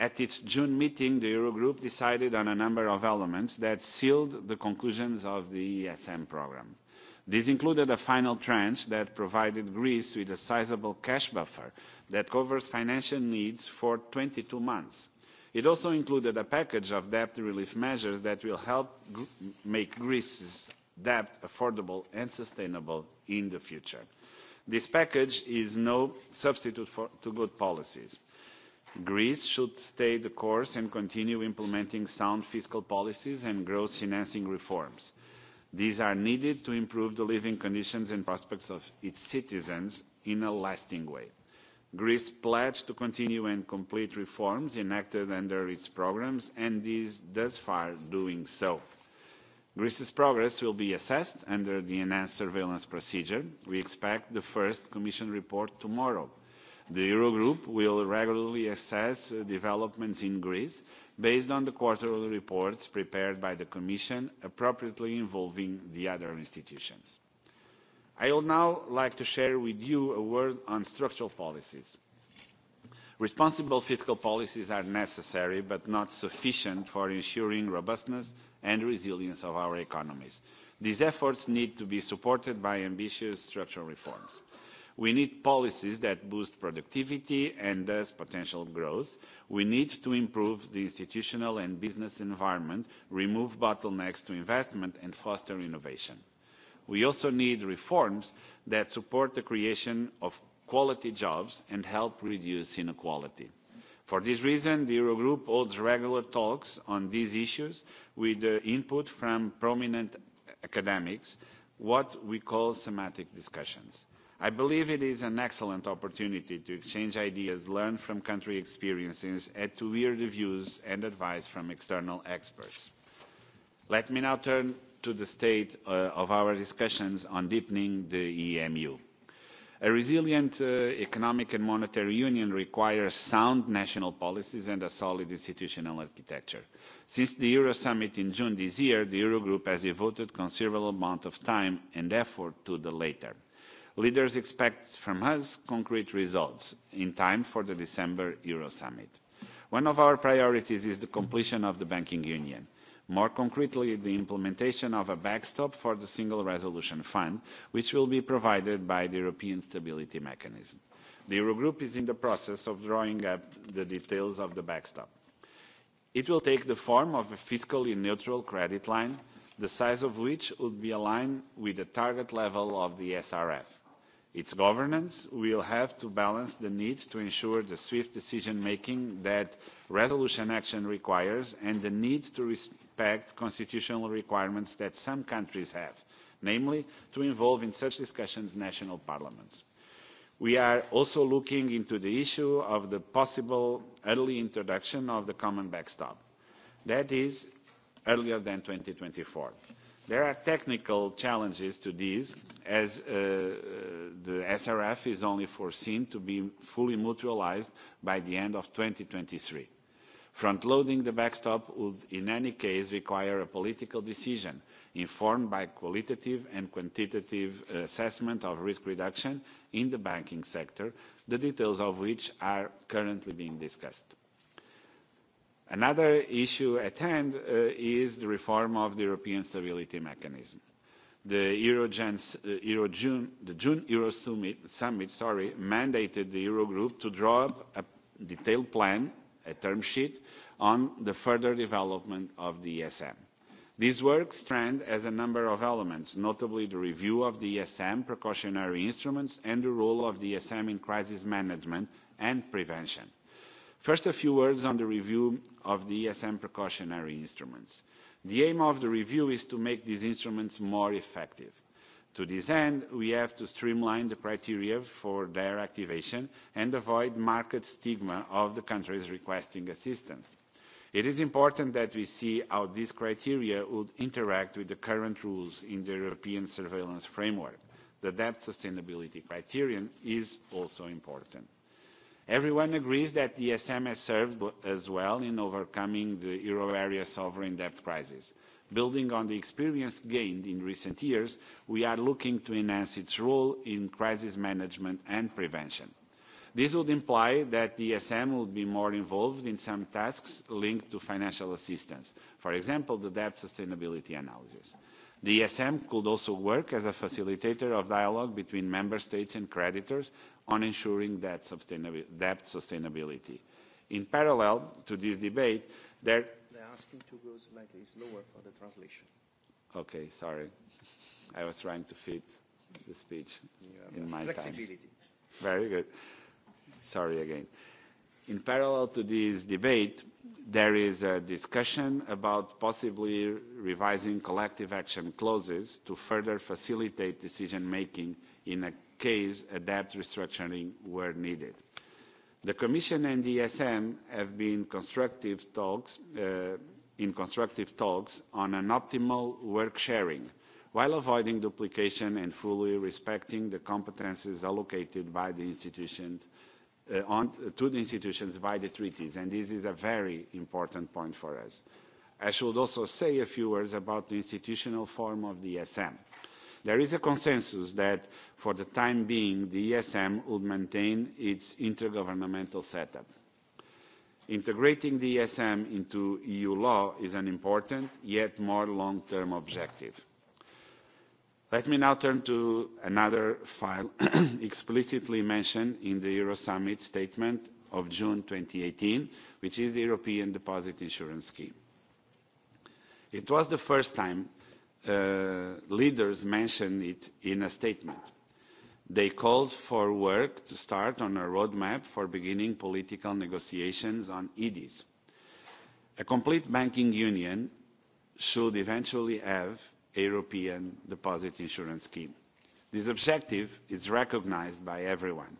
At its June meeting, the Eurogroup decided on a number of elements that sealed the conclusions of the ESM programme. This included a final tranche that provided Greece with a sizable cash buffer that covers financial needs for 22 months. It also included a package of debt relief measures that will help make Greece's debt affordable and sustainable in the future. This package is no substitute for, to good policies Greece should stay the course and continue implementing sound fiscal policies and growth-enhancing reforms. These are needed to improve the living conditions and prospects of its citizens in a lasting way. Greece pledged to continue and complete reforms enacted under its programmes and is thus far doing so. Greece's progress will be assessed under the enhanced surveillance procedure. We expect the first Commission report tomorrow The Eurogroup will regularly assess uh, developments in Greece based on the quarterly reports prepared by the Commission, appropriately involving the other institutions. I would now like to share with you a word on structural policies. Responsible fiscal policies are necessary but not sufficient for ensuring robustness and resilience of our economies. These efforts need to be supported by ambitious structural reforms. We need policies that boost productivity and thus potential growth. We need to improve the institutional and business environment, remove bottlenecks to investment, and foster innovation. We also need reforms that support the creation of quality jobs and help reduce inequality. For this reason, the Eurogroup holds regular talks on these issues with the uh, input from prominent academics, what we call thematic discussions. I believe it is an excellent opportunity to exchange ideas, learn from country experiences, and to hear the views and advice from external experts. Let me now turn to the state uh, of our discussions on deepening the EMU. A resilient uh, economic and monetary union requires sound national policies and a solid institutional architecture. Since the Euro summit in June this year, the Eurogroup has devoted considerable amount of time and effort to the latter leaders expect from us concrete results in time for the December Euro Summit. One of our priorities is the completion of the banking union. More concretely, the implementation of a backstop for the Single Resolution Fund, which will be provided by the European Stability Mechanism. The Eurogroup is in the process of drawing up the details of the backstop. It will take the form of a fiscally neutral credit line, the size of which would be aligned with the target level of the SRF its governance will have to balance the need to ensure the swift decision making that resolution action requires and the need to respect constitutional requirements that some countries have namely to involve in such discussions national parliaments. we are also looking into the issue of the possible early introduction of the common backstop that is earlier than two thousand and twenty four There are technical challenges to these, as uh, uh the SRF is only foreseen to be fully mutualized by the end of 2023. Front-loading the backstop would in any case require a political decision informed by qualitative and quantitative assessment of risk reduction in the banking sector, the details of which are currently being discussed. Another issue at hand uh, is the reform of the European Stability Mechanism. The, uh, Euro June, the June Euro Summit, summit sorry, mandated the Eurogroup to draw up a detailed plan, a term sheet, on the further development of the ESM. This work strand has a number of elements, notably the review of the ESM precautionary instruments and the role of the ESM in crisis management and prevention. First, a few words on the review of the ESM precautionary instruments. The aim of the review is to make these instruments more effective. To this end, we have to streamline the criteria for their activation and avoid market stigma of the countries requesting assistance. It is important that we see how these criteria would interact with the current rules in the European surveillance framework. The debt sustainability criterion is also important everyone agrees that the esm has served as well in overcoming the euro area sovereign debt crisis. building on the experience gained in recent years we are looking to enhance its role in crisis management and prevention. this would imply that the esm would be more involved in some tasks linked to financial assistance for example the debt sustainability analysis. the esm could also work as a facilitator of dialogue between member states and creditors on ensuring that, sustainab debt sustainability. In parallel to this debate, there... They're asking to go slightly slower for the translation. Okay, sorry. I was trying to fit the speech yeah, in my flexibility. time. Very good. Sorry again. In parallel to this debate, there is a discussion about possibly revising collective action clauses to further facilitate decision-making in a case a debt restructuring were needed. The Commission and the ESM have been constructive talks, uh, in constructive talks on an optimal work sharing while avoiding duplication and fully respecting the competences allocated by the institutions uh, on, uh, to the institutions by the treaties. And this is a very important point for us. I should also say a few words about the institutional form of the ESM. Uh, there is a consensus that for the time being the esm will maintain its intergovernmental setup. integrating the esm into eu law is an important yet more long term objective. let me now turn to another file explicitly mentioned in the euro summit statement of june two thousand and eighteen which is the european deposit insurance scheme. it was the first time Uh, leaders mentioned it in a statement. They called for work to start on a roadmap for beginning political negotiations on EDs. A complete banking union should eventually have a European deposit insurance scheme. This objective is recognized by everyone.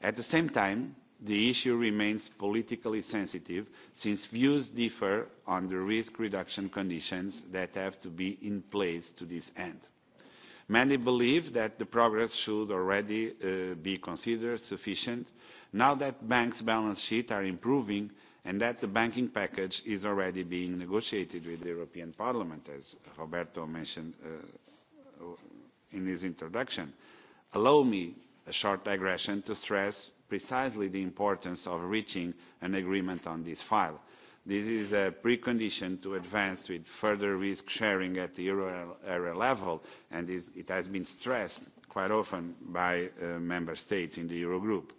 At the same time, the issue remains politically sensitive since views differ on the risk reduction conditions that have to be in place to this end. Many believe that the progress should already uh, be considered sufficient now that banks' balance sheets are improving and that the banking package is already being negotiated with the European Parliament, as Roberto mentioned uh, in his introduction. Allow me a short digression to stress precisely the importance of reaching an agreement on this file. This is a precondition to advance with further risk sharing at the euro area level, and it has been stressed quite often by uh, member states in the Eurogroup.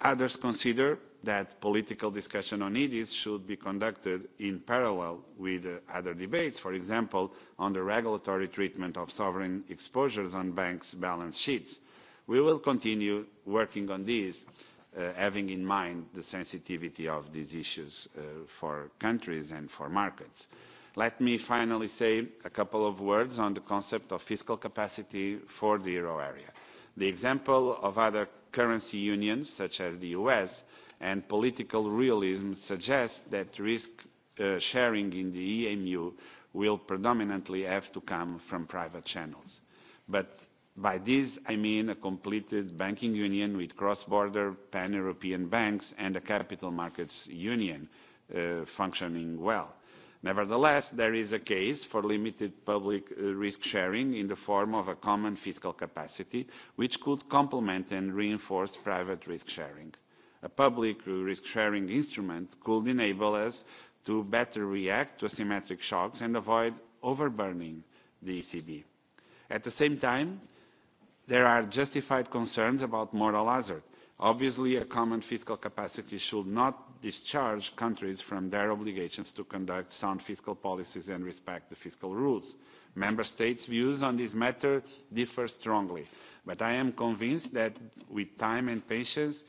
Others consider that political discussion on EDIS should be conducted in parallel with uh, other debates, for example, on the regulatory treatment of sovereign exposures on banks' balance sheets. We will continue working on these, uh, having in mind the sensitivity of these issues uh, for countries and for markets. Let me finally say a couple of words on the concept of fiscal capacity for the euro area. The example of other currency unions, such as the US, and political realism suggest that risk uh, sharing in the EMU will predominantly have to come from private channels. But By this, I mean a completed banking union with cross-border pan-European banks and a capital markets union uh, functioning well. Nevertheless, there is a case for limited public uh, risk sharing in the form of a common fiscal capacity, which could complement and reinforce private risk sharing. A public risk sharing instrument could enable us to better react to asymmetric shocks and avoid overburning the ECB. At the same time, There are justified concerns about moral hazard. Obviously, a common fiscal capacity should not discharge countries from their obligations to conduct sound fiscal policies and respect the fiscal rules. Member States' views on this matter differ strongly, but I am convinced that with time and patience,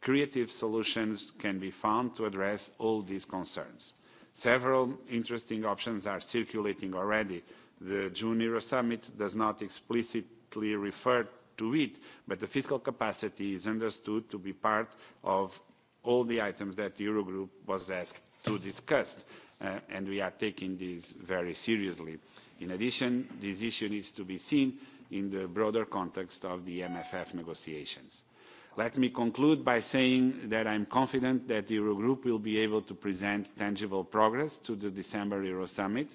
creative solutions can be found to address all these concerns. Several interesting options are circulating already. The June Euro Summit does not explicit directly referred to it, but the fiscal capacity is understood to be part of all the items that the Eurogroup was asked to discuss, uh, and we are taking this very seriously. In addition, this issue needs to be seen in the broader context of the MFF negotiations. Let me conclude by saying that I am confident that the Eurogroup will be able to present tangible progress to the December Euro Summit,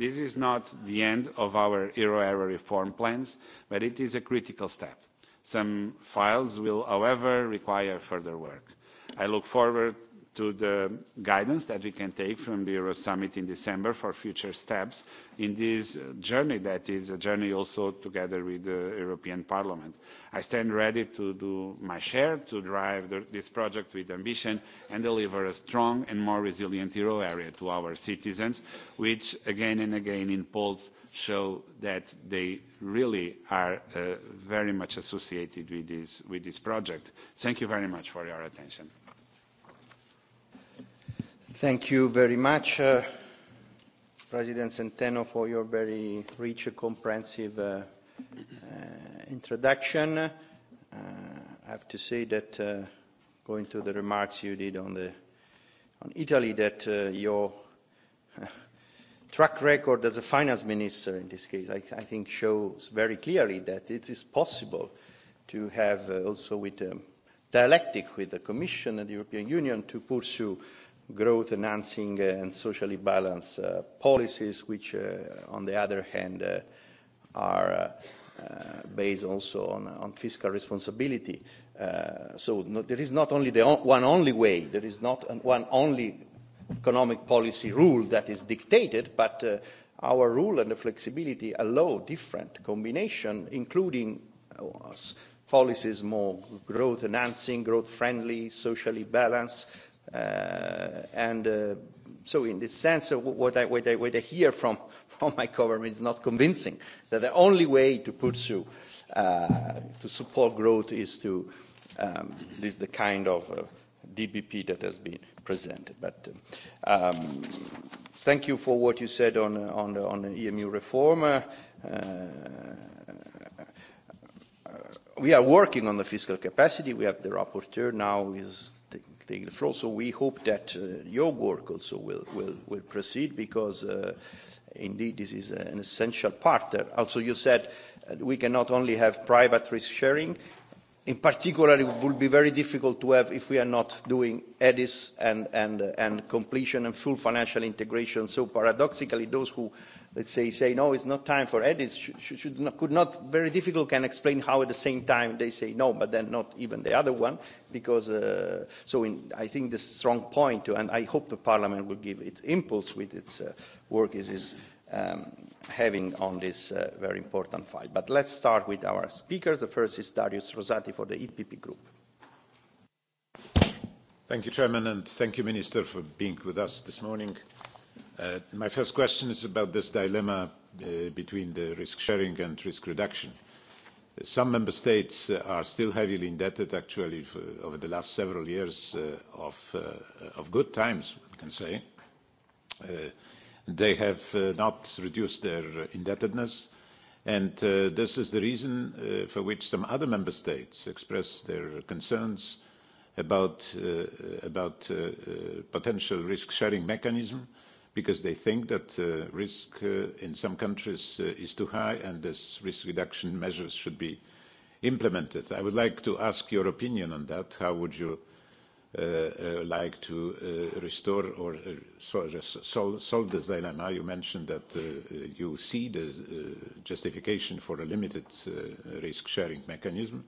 this is not the end of our euro area reform plans but it is a critical step. some files will however require further work. i look forward to the guidance that we can take from the Euro Summit in December for future steps in this journey that is a journey also together with the European Parliament. I stand ready to do my share to drive the, this project with ambition and deliver a strong and more resilient euro area to our citizens, which again and again in polls show that they really are uh, very much associated with this, with this project. Thank you very much for your attention. Thank you very much, uh, President Centeno, for your very rich, comprehensive uh, uh, introduction. Uh, I have to say that, uh, going to the remarks you did on, the, on Italy, that uh, your uh, track record as a finance minister in this case, I, I think shows very clearly that it is possible to have uh, also with um, dialectic with the Commission and the European Union to pursue growth enhancing uh, and socially balanced uh, policies, which, uh, on the other hand, are based also on, on fiscal responsibility. so no, there is not only the on, one only way, there is not an, one only economic policy rule that is dictated, but uh, our rule and the flexibility allow different combination, including uh, policies more growth enhancing, growth friendly, socially balanced, Uh, and uh, so in this sense, uh, what I, what I, what I hear from, from my government is not convincing that the only way to pursue, uh, to support growth is to, um, is the kind of uh, DBP that has been presented. But um, thank you for what you said on, on, the, on the EMU reform. Uh, uh, we are working on the fiscal capacity. We have the rapporteur now is Stig Frost's. We hope that uh, your work also will, will, will proceed because uh, indeed this is an essential part. Also, you said uh, we cannot only have private risk sharing. In particular, it would be very difficult to have if we are not doing EDIS and, and, and completion and full financial integration. So paradoxically, those who let's say, say, no, it's not time for edits, should, should, should not, could not, very difficult can explain how at the same time they say no, but then not even the other one, because, uh, so in, I think the strong point, and I hope the Parliament will give it impulse with its uh, work is, is um, having on this uh, very important file. But let's start with our speakers. The first is Darius Rosati for the EPP Group. Thank you, Chairman, and thank you, Minister, for being with us this morning. Uh, my first question is about this dilemma uh, between the risk sharing and risk reduction. Some member states uh, are still heavily indebted, actually, for, over the last several years uh, of, of good times, we can say. They have not reduced their indebtedness, and this is the reason for which some other member states express their concerns about, about potential risk-sharing mechanism, because they think that uh, risk uh, in some countries uh, is too high and this risk reduction measures should be implemented. I would like to ask your opinion on that. How would you uh, uh, like to uh, restore or uh, uh solve, solve, this dilemma? You mentioned that uh, uh, you see the uh, justification for a limited uh, risk-sharing mechanism.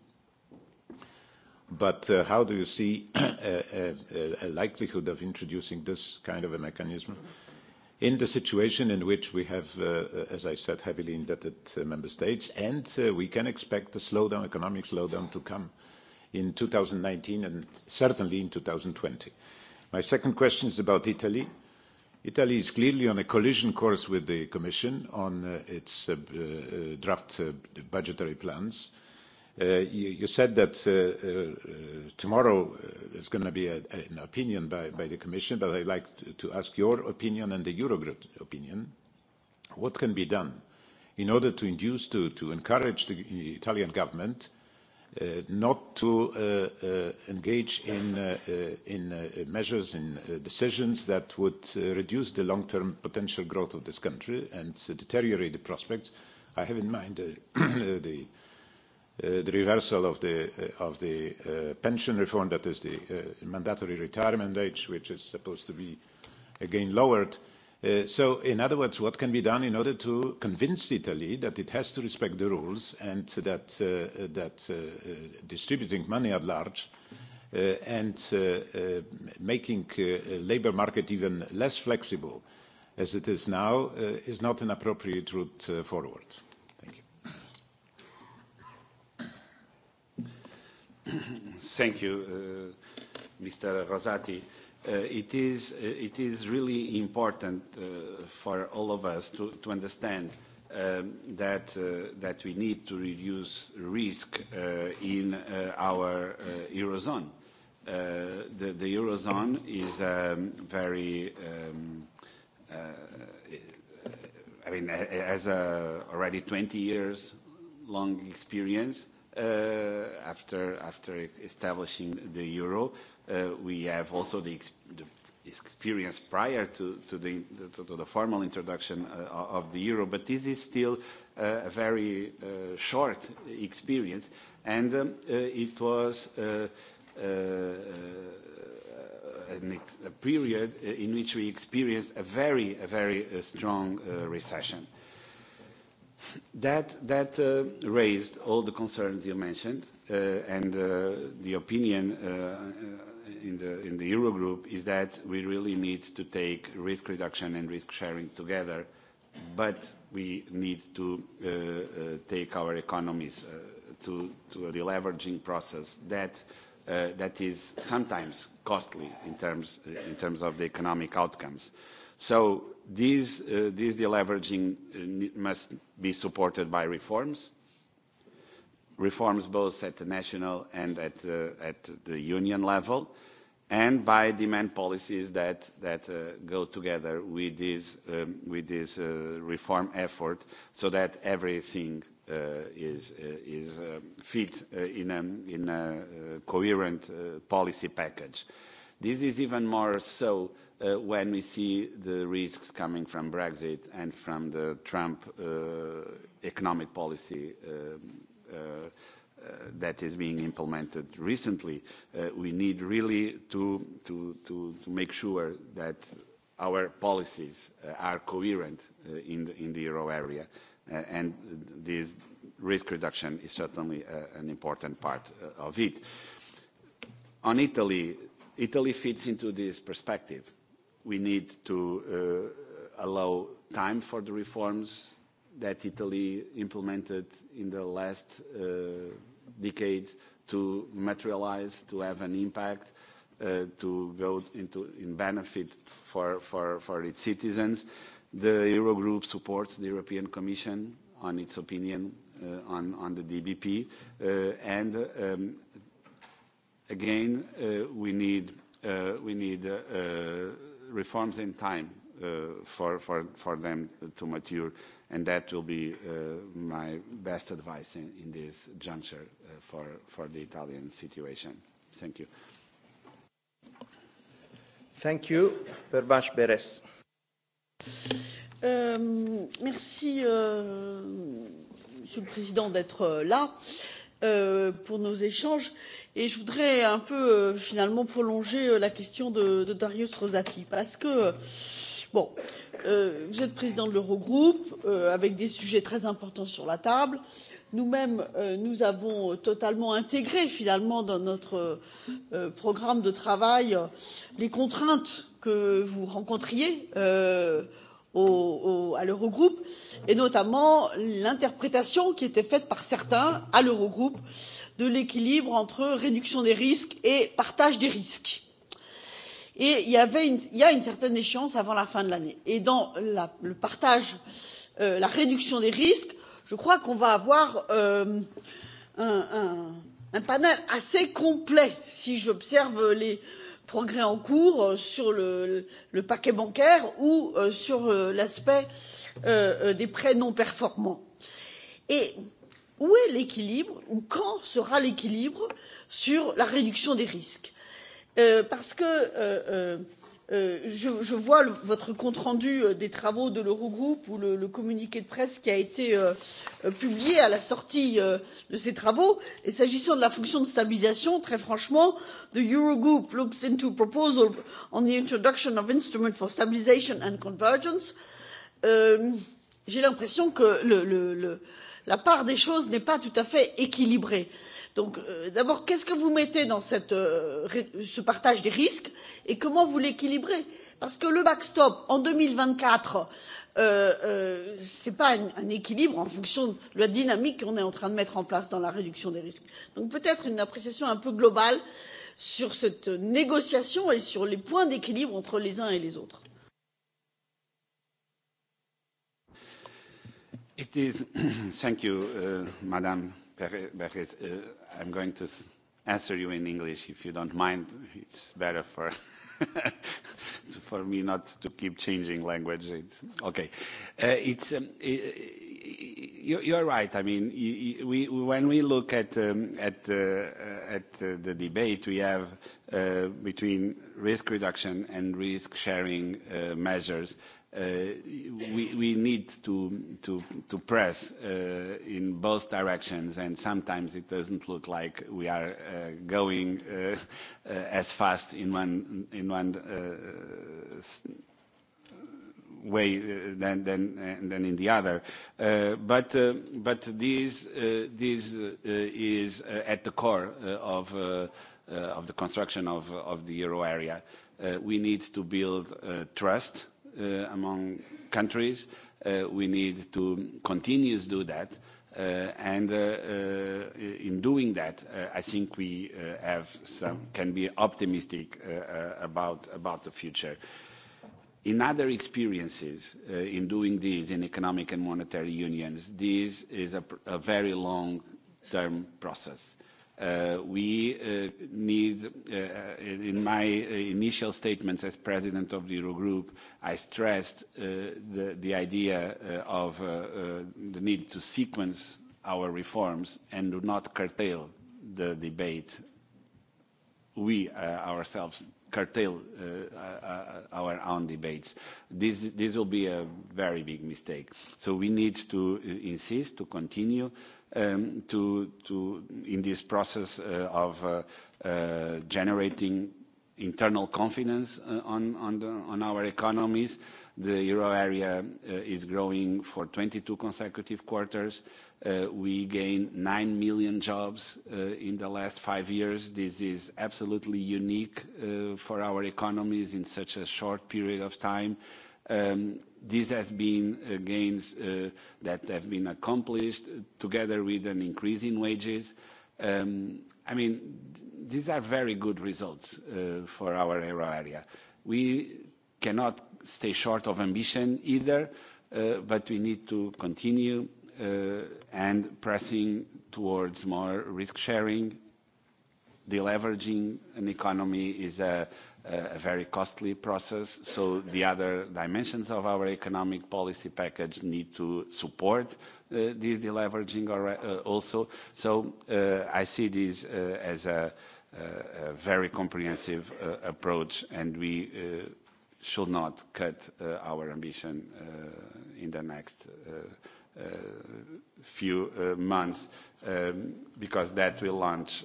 But uh, how do you see a, a, a likelihood of introducing this kind of a mechanism? Mm -hmm in the situation in which we have, uh, uh, as I said, heavily indebted uh, member states, and uh, we can expect a slowdown, economic slowdown to come in 2019 and certainly in 2020. My second question is about Italy. Italy is clearly on a collision course with the Commission on uh, its uh, draft budgetary plans Uh, you, you said that uh, uh, tomorrow is going to be a, a, an opinion by, by the Commission, but I'd like to, to ask your opinion and the Eurogroup opinion. What can be done in order to induce, to, to encourage the Italian government uh, not to uh, uh, engage in, uh, uh, in uh, measures, in uh, decisions that would uh, reduce the long-term potential growth of this country and uh, deteriorate the prospects? I have in mind uh, the Uh, the reversal of the, uh, of the uh, pension reform, that is the mandatory retirement age, which is supposed to be again lowered. Uh, so, in other words, what can be done in order to convince Italy that it has to respect the rules and that, uh, that uh, distributing money at large and making the labour market even less flexible as it is now is not an appropriate route forward? Thank you, uh, Mr. Rosati. Uh, it, is, uh, it is really important uh, for all of us to, to understand um, that, uh, that we need to reduce risk uh, in uh, our uh, Eurozone. Uh, the, the Eurozone is um, very, um, uh, I mean, has a already 20 years long experience Uh, after, establishing the euro. Uh, we have also the, experience prior to, the, formal introduction uh, of the euro, but this is still a very short experience, and um, it was a period in which we experienced a very, very strong recession. That, that uh, raised all the concerns you mentioned, uh, and uh, the opinion uh, uh, in the, in the Eurogroup is that we really need to take risk reduction and risk sharing together, but we need to uh, take our economies to, to a deleveraging process that, that is sometimes costly in terms, in terms of the economic outcomes. Uh, So this, uh, deleveraging uh, must be supported by reforms, reforms both at the national and at, the, uh, at the union level, and by demand policies that, that uh, go together with this, um, with this uh, reform effort so that everything uh, is, is fit in a, in a coherent policy package. This is even more so Uh, when we see the risks coming from Brexit and from the Trump uh, economic policy um, uh, uh, that is being implemented recently. Uh, we need really to, to, to, to make sure that our policies are coherent in, the, in the euro area and this risk reduction is certainly an important part of it. On Italy, Italy fits into this perspective we need to uh, allow time for the reforms that Italy implemented in the last uh, decades to materialize, to have an impact, uh, to go into in benefit for, for, for its citizens. The Eurogroup supports the European Commission on its opinion uh, on, on the DBP. Uh, and um, again, uh, we need, uh, we need uh, reforms in time uh, for, for, for them to mature, and that will be uh, my best advice in, in this juncture uh, for, for the Italian situation. Thank you. Thank you, Pervash Beres. Euh, merci, euh, Monsieur le Président, d'être euh, là euh, pour nos échanges. Euh, et je voudrais un peu euh, finalement prolonger euh, la question de, de Darius Rosati parce que bon, euh, vous êtes président de l'Eurogroupe euh, avec des sujets très importants sur la table. Nous-mêmes, euh, nous avons totalement intégré finalement dans notre euh, programme de travail les contraintes que vous rencontriez euh, au, au, à l'Eurogroupe et notamment l'interprétation qui était faite par certains à l'Eurogroupe euh, de l'équilibre entre réduction des risques et partage des risques. Et il y, avait une, il y a une certaine échéance avant la fin de l'année et dans la, le partage euh, la réduction des risques je crois qu'on va avoir euh, un, un, un panel assez complet si j'observe les progrès en cours euh, sur le, le paquet bancaire ou euh, sur euh, l'aspect euh, euh, des prêts non performants. Et où est l'équilibre ou quand sera l'équilibre sur la réduction des risques? Euh, parce que euh, euh, euh je, je vois le, votre compte rendu euh, des travaux de l'Eurogroupe ou le, le communiqué de presse qui a été euh, euh, publié à la sortie euh, de ces travaux et s'agissant de la fonction de stabilisation, très franchement, the Eurogroup looks into proposal on the introduction of instrument for stabilization and convergence. Euh, J'ai l'impression que le, le, le, euh, la part des choses n'est pas tout à fait équilibrée. donc euh, d'abord qu'est ce que vous mettez dans cette, euh, ce partage des risques et comment vous l'équilibrez? parce que le backstop en deux mille vingt quatre euh, euh, ce n'est pas un, un équilibre en fonction de la dynamique qu'on est en train de mettre en place dans la réduction des risques. donc peut être une appréciation un peu globale sur cette négociation et sur les points d'équilibre entre les uns et les autres. It is, thank you, uh, Madam Perez. Uh, I'm going to answer you in English if you don't mind. It's better for, for me not to keep changing language. It's, okay. Uh, it's, um, you, you're right. I mean, you, we, when we look at, um, at, uh, uh, at uh, the debate we have uh, between risk reduction and risk sharing uh, measures, Uh, we, we need to, to, to press uh, in both directions, and sometimes it doesn't look like we are uh, going as fast in one, in one way than, than, than in the other. Uh, but, uh, but this, uh, this is at the core of, of the construction of, of the euro area. We need to build trust Uh, among countries. Uh, we need to continue to do that. Uh, and in doing that, I think we have some, can be optimistic about, about the future. In other experiences uh, in doing this in economic and monetary unions, this is a, a very long-term process. Uh, we uh, need, uh, in my initial statements as president of the Eurogroup, I stressed the, the idea of the need to sequence our reforms and do not curtail the debate. We ourselves curtail our own debates. This, this will be a very big mistake. So we need to insist, to continue Um, to, to, in this process uh, of uh, uh, generating internal confidence on, on, the, on our economies. The euro area is growing for 22 consecutive quarters. Uh, we gained 9 million jobs uh, in the last five years. This is absolutely unique uh, for our economies in such a short period of time. Um, this these has been uh, gains uh, that have been accomplished together with an increase in wages. Um, I mean, these are very good results uh, for our euro area. We cannot stay short of ambition either, but we need to continue and pressing towards more risk sharing. Deleveraging an economy is a a very costly process. So the other dimensions of our economic policy package need to support uh, this deleveraging or, uh, also. So uh, I see this uh, as a, a very comprehensive uh, approach, and we uh, should not cut our ambition in the next few months, um, because that will launch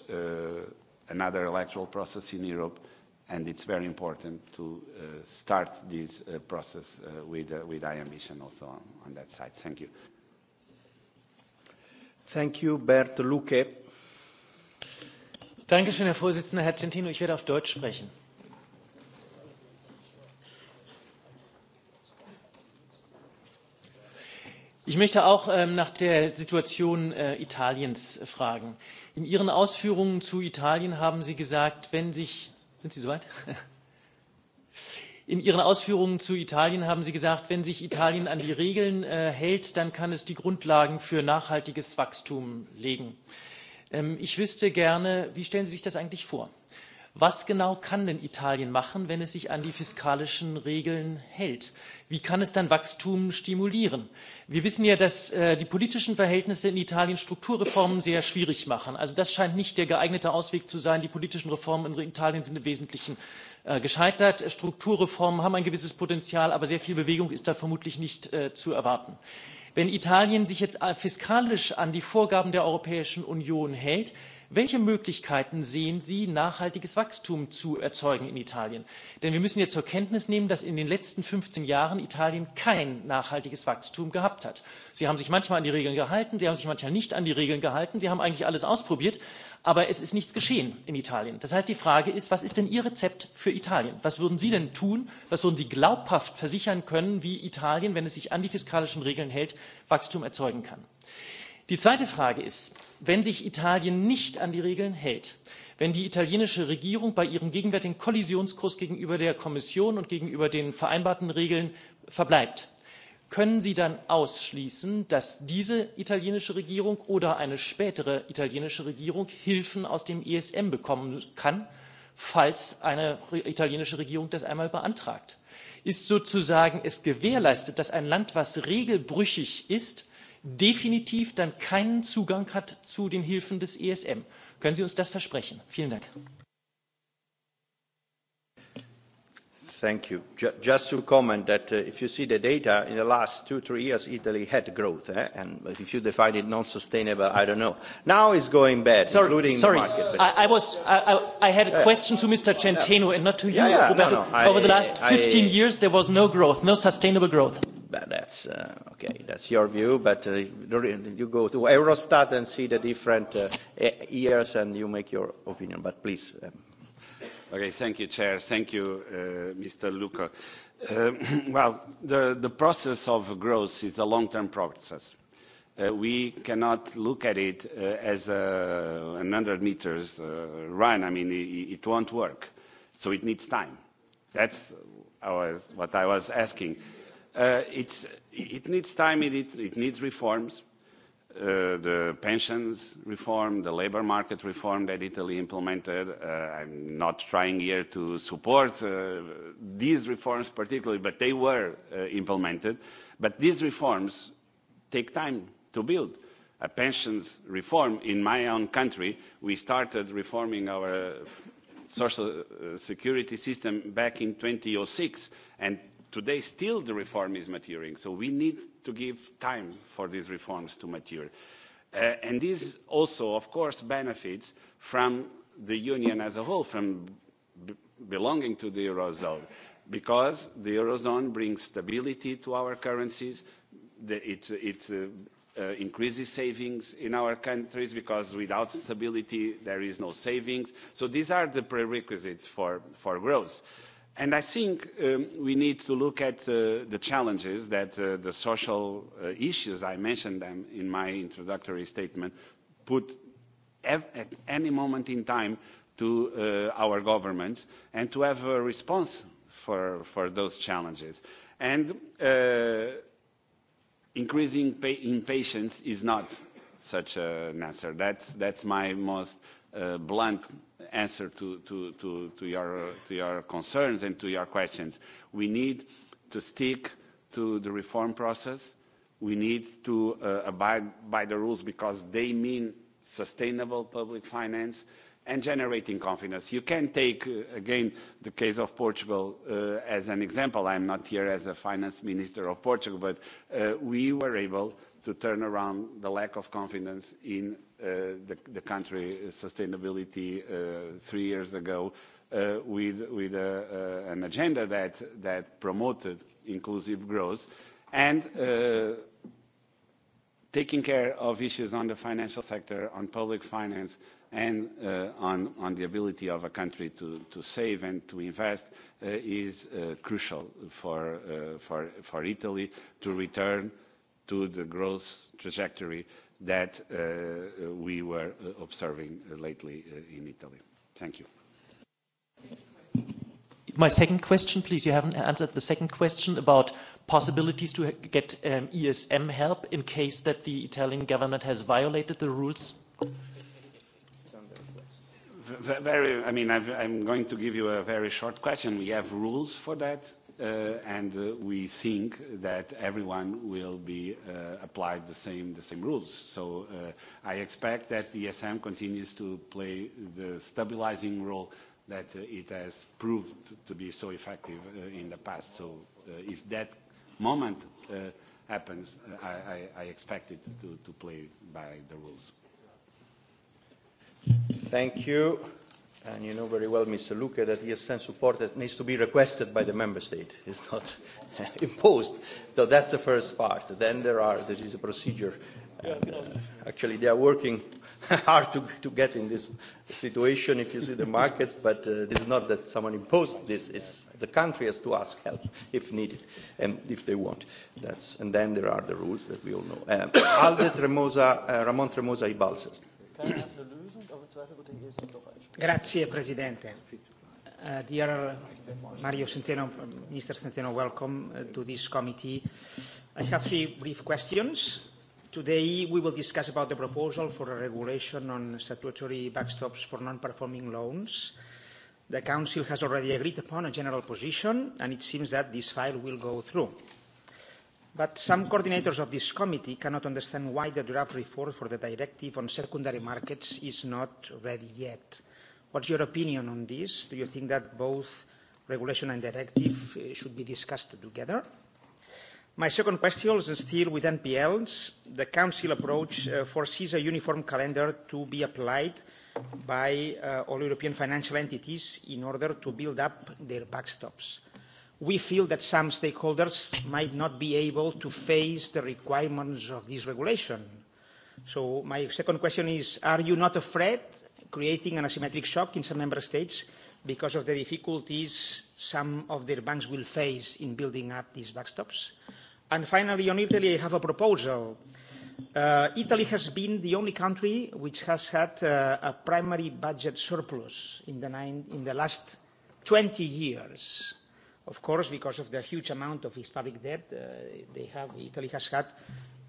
another electoral process in Europe, and it's very important to uh, start this uh, process uh, with, uh, with high ambition also on, on that side. Thank you. Thank you, Bert Luque. Dankeschön, Herr Vorsitzender. Herr Centino, ich werde auf Deutsch sprechen. Ich möchte auch ähm, nach der Situation äh, Italiens fragen. In Ihren Ausführungen zu Italien haben Sie gesagt, wenn sich Sind Sie soweit? In Ihren Ausführungen zu Italien haben Sie gesagt, wenn sich Italien an die Regeln äh, hält, dann kann es die Grundlagen für nachhaltiges Wachstum legen. Ähm, ich wüsste gerne, wie stellen Sie sich das eigentlich vor? Was genau kann denn Italien machen, wenn es sich an die fiskalischen Regeln hält? Wie kann es dann Wachstum stimulieren? Wir wissen ja, dass äh, die politischen Verhältnisse in Italien Strukturreformen sehr schwierig machen. Also das scheint nicht der geeignete Ausweg zu sein. Die politischen Reformen in Italien sind im Wesentlichen äh, gescheitert. Strukturreformen haben ein gewisses Potenzial, aber sehr viel Bewegung ist da vermutlich nicht äh, zu erwarten. Wenn Italien sich jetzt äh, fiskalisch an die Vorgaben der Europäischen Union hält, Welche Möglichkeiten sehen Sie, nachhaltiges Wachstum zu erzeugen in Italien? Denn wir müssen ja zur Kenntnis nehmen, dass in den letzten 15 Jahren Italien kein nachhaltiges Wachstum gehabt hat. Sie haben sich manchmal an die Regeln gehalten, Sie haben sich manchmal nicht an die Regeln gehalten, Sie haben eigentlich alles ausprobiert, aber es ist nichts geschehen in Italien. Das heißt, die Frage ist, was ist denn Ihr Rezept für Italien? Was würden Sie denn tun? Was würden Sie glaubhaft versichern können, wie Italien, wenn es sich an die fiskalischen Regeln hält, Wachstum erzeugen kann? Die zweite Frage ist, wenn sich Italien nicht an die Regeln hält, wenn die italienische Regierung bei ihrem gegenwärtigen Kollisionskurs gegenüber der Kommission und gegenüber den vereinbarten Regeln verbleibt, können Sie dann ausschließen, dass diese italienische Regierung oder eine spätere italienische Regierung Hilfen aus dem ESM bekommen kann, falls eine italienische Regierung das einmal beantragt? Ist sozusagen es gewährleistet, dass ein Land, was regelbrüchig ist, definitiv dann keinen Zugang hat zu den Hilfen des ESM. Können Sie uns das versprechen? Vielen Dank. Thank you. just to comment that uh, if you see the data, in the last two, three years, Italy had growth. Eh? And if you define it non-sustainable, I don't know. Now it's going bad, sorry, including sorry. the market. Sorry, I, I, was, I, I had a question to Mr. Centeno yeah. and not to you, yeah, yeah, Roberto. No, no. I, Over the last 15 I, years, there was no growth, no sustainable growth that's uh, okay. That's your view. But uh, you go to Eurostat and see the different uh, years, and you make your opinion. But please. Um. Okay. Thank you, Chair. Thank you, uh, Mr. Luca. Uh, well, the, the process of growth is a long-term process. Uh, we cannot look at it uh, as uh, a 100 meters uh, run. I mean, it, it won't work. So it needs time. That's I was, what I was asking Uh, it needs time, it, it needs reforms. Uh, the pensions reform, the labor market reform that Italy implemented. Uh, I'm not trying here to support uh, these reforms particularly, but they were uh, implemented. But these reforms take time to build. A pensions reform in my own country, we started reforming our social uh, security system back in 2006, and today still the reform is maturing. So we need to give time for these reforms to mature. Uh, and this also, of course, benefits from the Union as a whole, from belonging to the Eurozone, because the Eurozone brings stability to our currencies, the, it, it uh, Uh, increases savings in our countries because without stability there is no savings. So these are the prerequisites for, for growth. And I think um, we need to look at uh, the challenges that uh, the social uh, issues, I mentioned them in my introductory statement, put at any moment in time to uh, our governments and to have a response for, for those challenges. And uh, increasing impatience is not such an answer. That's, that's my most uh, blunt answer to, to, to, to, your, to your concerns and to your questions. We need to stick to the reform process. We need to uh, abide by the rules because they mean sustainable public finance. Uh, and generating confidence. You can take, uh, again, the case of Portugal uh, as an example. I'm not here as a finance minister of Portugal, but uh, we were able to turn around the lack of confidence in uh, the, the country sustainability uh, three years ago uh, with, with a, an agenda that, that promoted inclusive growth and taking care of issues on the financial sector, on public finance, and uh, on, on the ability of a country to, to save and to invest uh, is uh, crucial for, uh, for, for Italy to return to the growth trajectory that uh, we were uh, observing lately uh, in Italy. Thank you. My second question, please. You haven't answered the second question about possibilities to get um, ESM help in case that the Italian government has violated the rules very, I mean, I've, I'm going to give you a very short question. We have rules for that, uh, and uh, we think that everyone will be uh, applied the same, the same rules. So uh, I expect that the ESM continues to play the stabilizing role that uh, it has proved to be so effective uh, in the past. So uh, if that moment uh, happens, uh, I, I, I expect it to, to play by the rules. Thank you. And you know very well, Mr. Luca, that ESM support needs to be requested by the member state. It's not imposed. So that's the first part. Then there are, there is a procedure. And, uh, actually, they are working hard to, to get in this situation if you see the markets, but uh, this is not that someone imposed this. It's the country has to ask help if needed and if they want. That's, and then there are the rules that we all know. Um, uh, Alde Tremosa, uh, Ramon Tremosa Ibalces. Grazie Presidente. Uh, dear uh, Mario Centeno, Mr. Centeno, welcome uh, to this committee. I have three brief questions. Today we will discuss about the proposal for a regulation on statutory backstops for non-performing loans. The Council has already agreed upon a general position and it seems that this file will go through. But some coordinators of this committee cannot understand why the draft report for the directive on secondary markets is not ready yet. What's your opinion on this? Do you think that both regulation and directive eh, should be discussed together? My second question is still with NPLs. The Council approach uh, foresees a uniform calendar to be applied by uh, all European financial entities in order to build up their backstops we feel that some stakeholders might not be able to face the requirements of this regulation. So my second question is, are you not afraid creating an asymmetric shock in some member states because of the difficulties some of their banks will face in building up these backstops? And finally, on Italy, I have a proposal. Uh, Italy has been the only country which has had uh, a primary budget surplus in the, in the last 20 years Of course, because of the huge amount of its public debt, uh, they have, Italy has had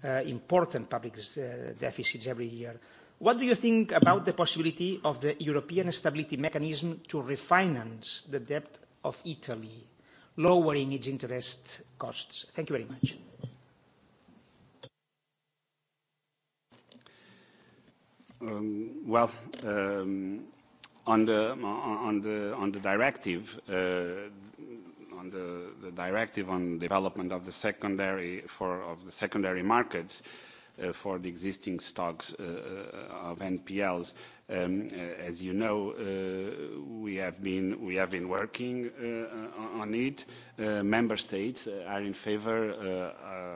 uh, important public uh, deficits every year. What do you think about the possibility of the European Stability Mechanism to refinance the debt of Italy, lowering its interest costs? Thank you very much. Um, well, um, on, the, on, the, on the directive, uh, on the, the directive on development of the secondary for of the secondary markets uh, for the existing stocks uh, uh of NPLs. Um, uh, as you know, uh, we have been we have been working uh, on it. Uh, member states uh, are in favor. Uh, uh,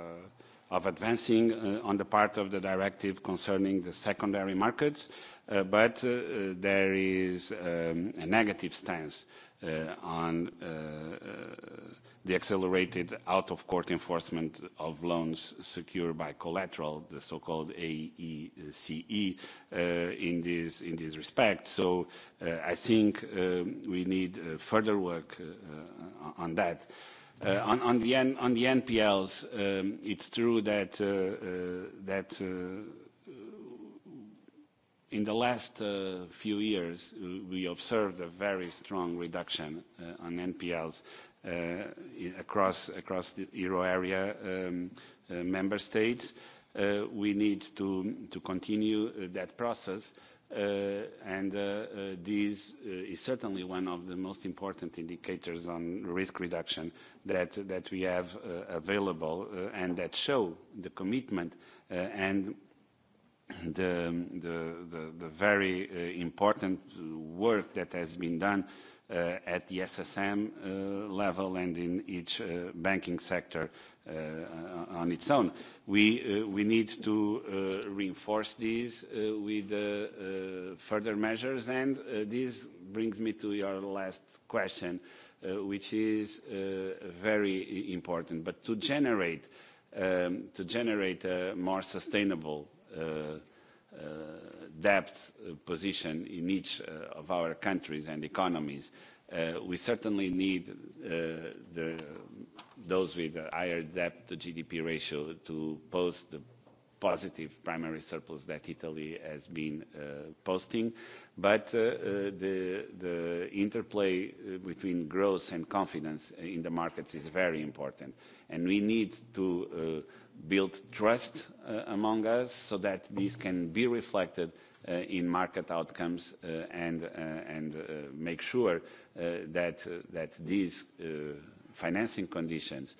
of advancing uh, on the part of the directive concerning the secondary markets, uh, but uh, there is um, a negative stance uh, Uh, on uh, uh, the accelerated out-of-court enforcement of loans secured by collateral, the so-called AECE, uh, in, this, in this respect. So uh, I think we need further work on that. On, on, the N, on the NPLs, um, it's true that, that In the last uh, few years, uh, we observed a very strong reduction uh, on NPLs uh, across, across the euro area um, uh, member states. Uh, we need to, to continue that process, and this is certainly one of the most important indicators on risk reduction that, that we have available, and that show the commitment and the, the, the, the very uh, important work that has been done uh, at the SSM uh, level and in each uh, banking sector uh, on its own. We, uh, we need to uh, reinforce these uh, with uh, uh, further measures and uh, this brings me to your last question uh, which is uh, very important. But to generate, um, to generate a uh, more sustainable Uh, uh, debt position in each uh, of our countries and economies, we certainly need the, those with a higher debt to GDP ratio to post the positive primary surplus that Italy has been uh, posting. But uh, the, the interplay between growth and confidence in the markets is very important. And we need to uh, build trust Uh, among us so that this can be reflected uh, in market outcomes uh, and, and make sure that, that these financing conditions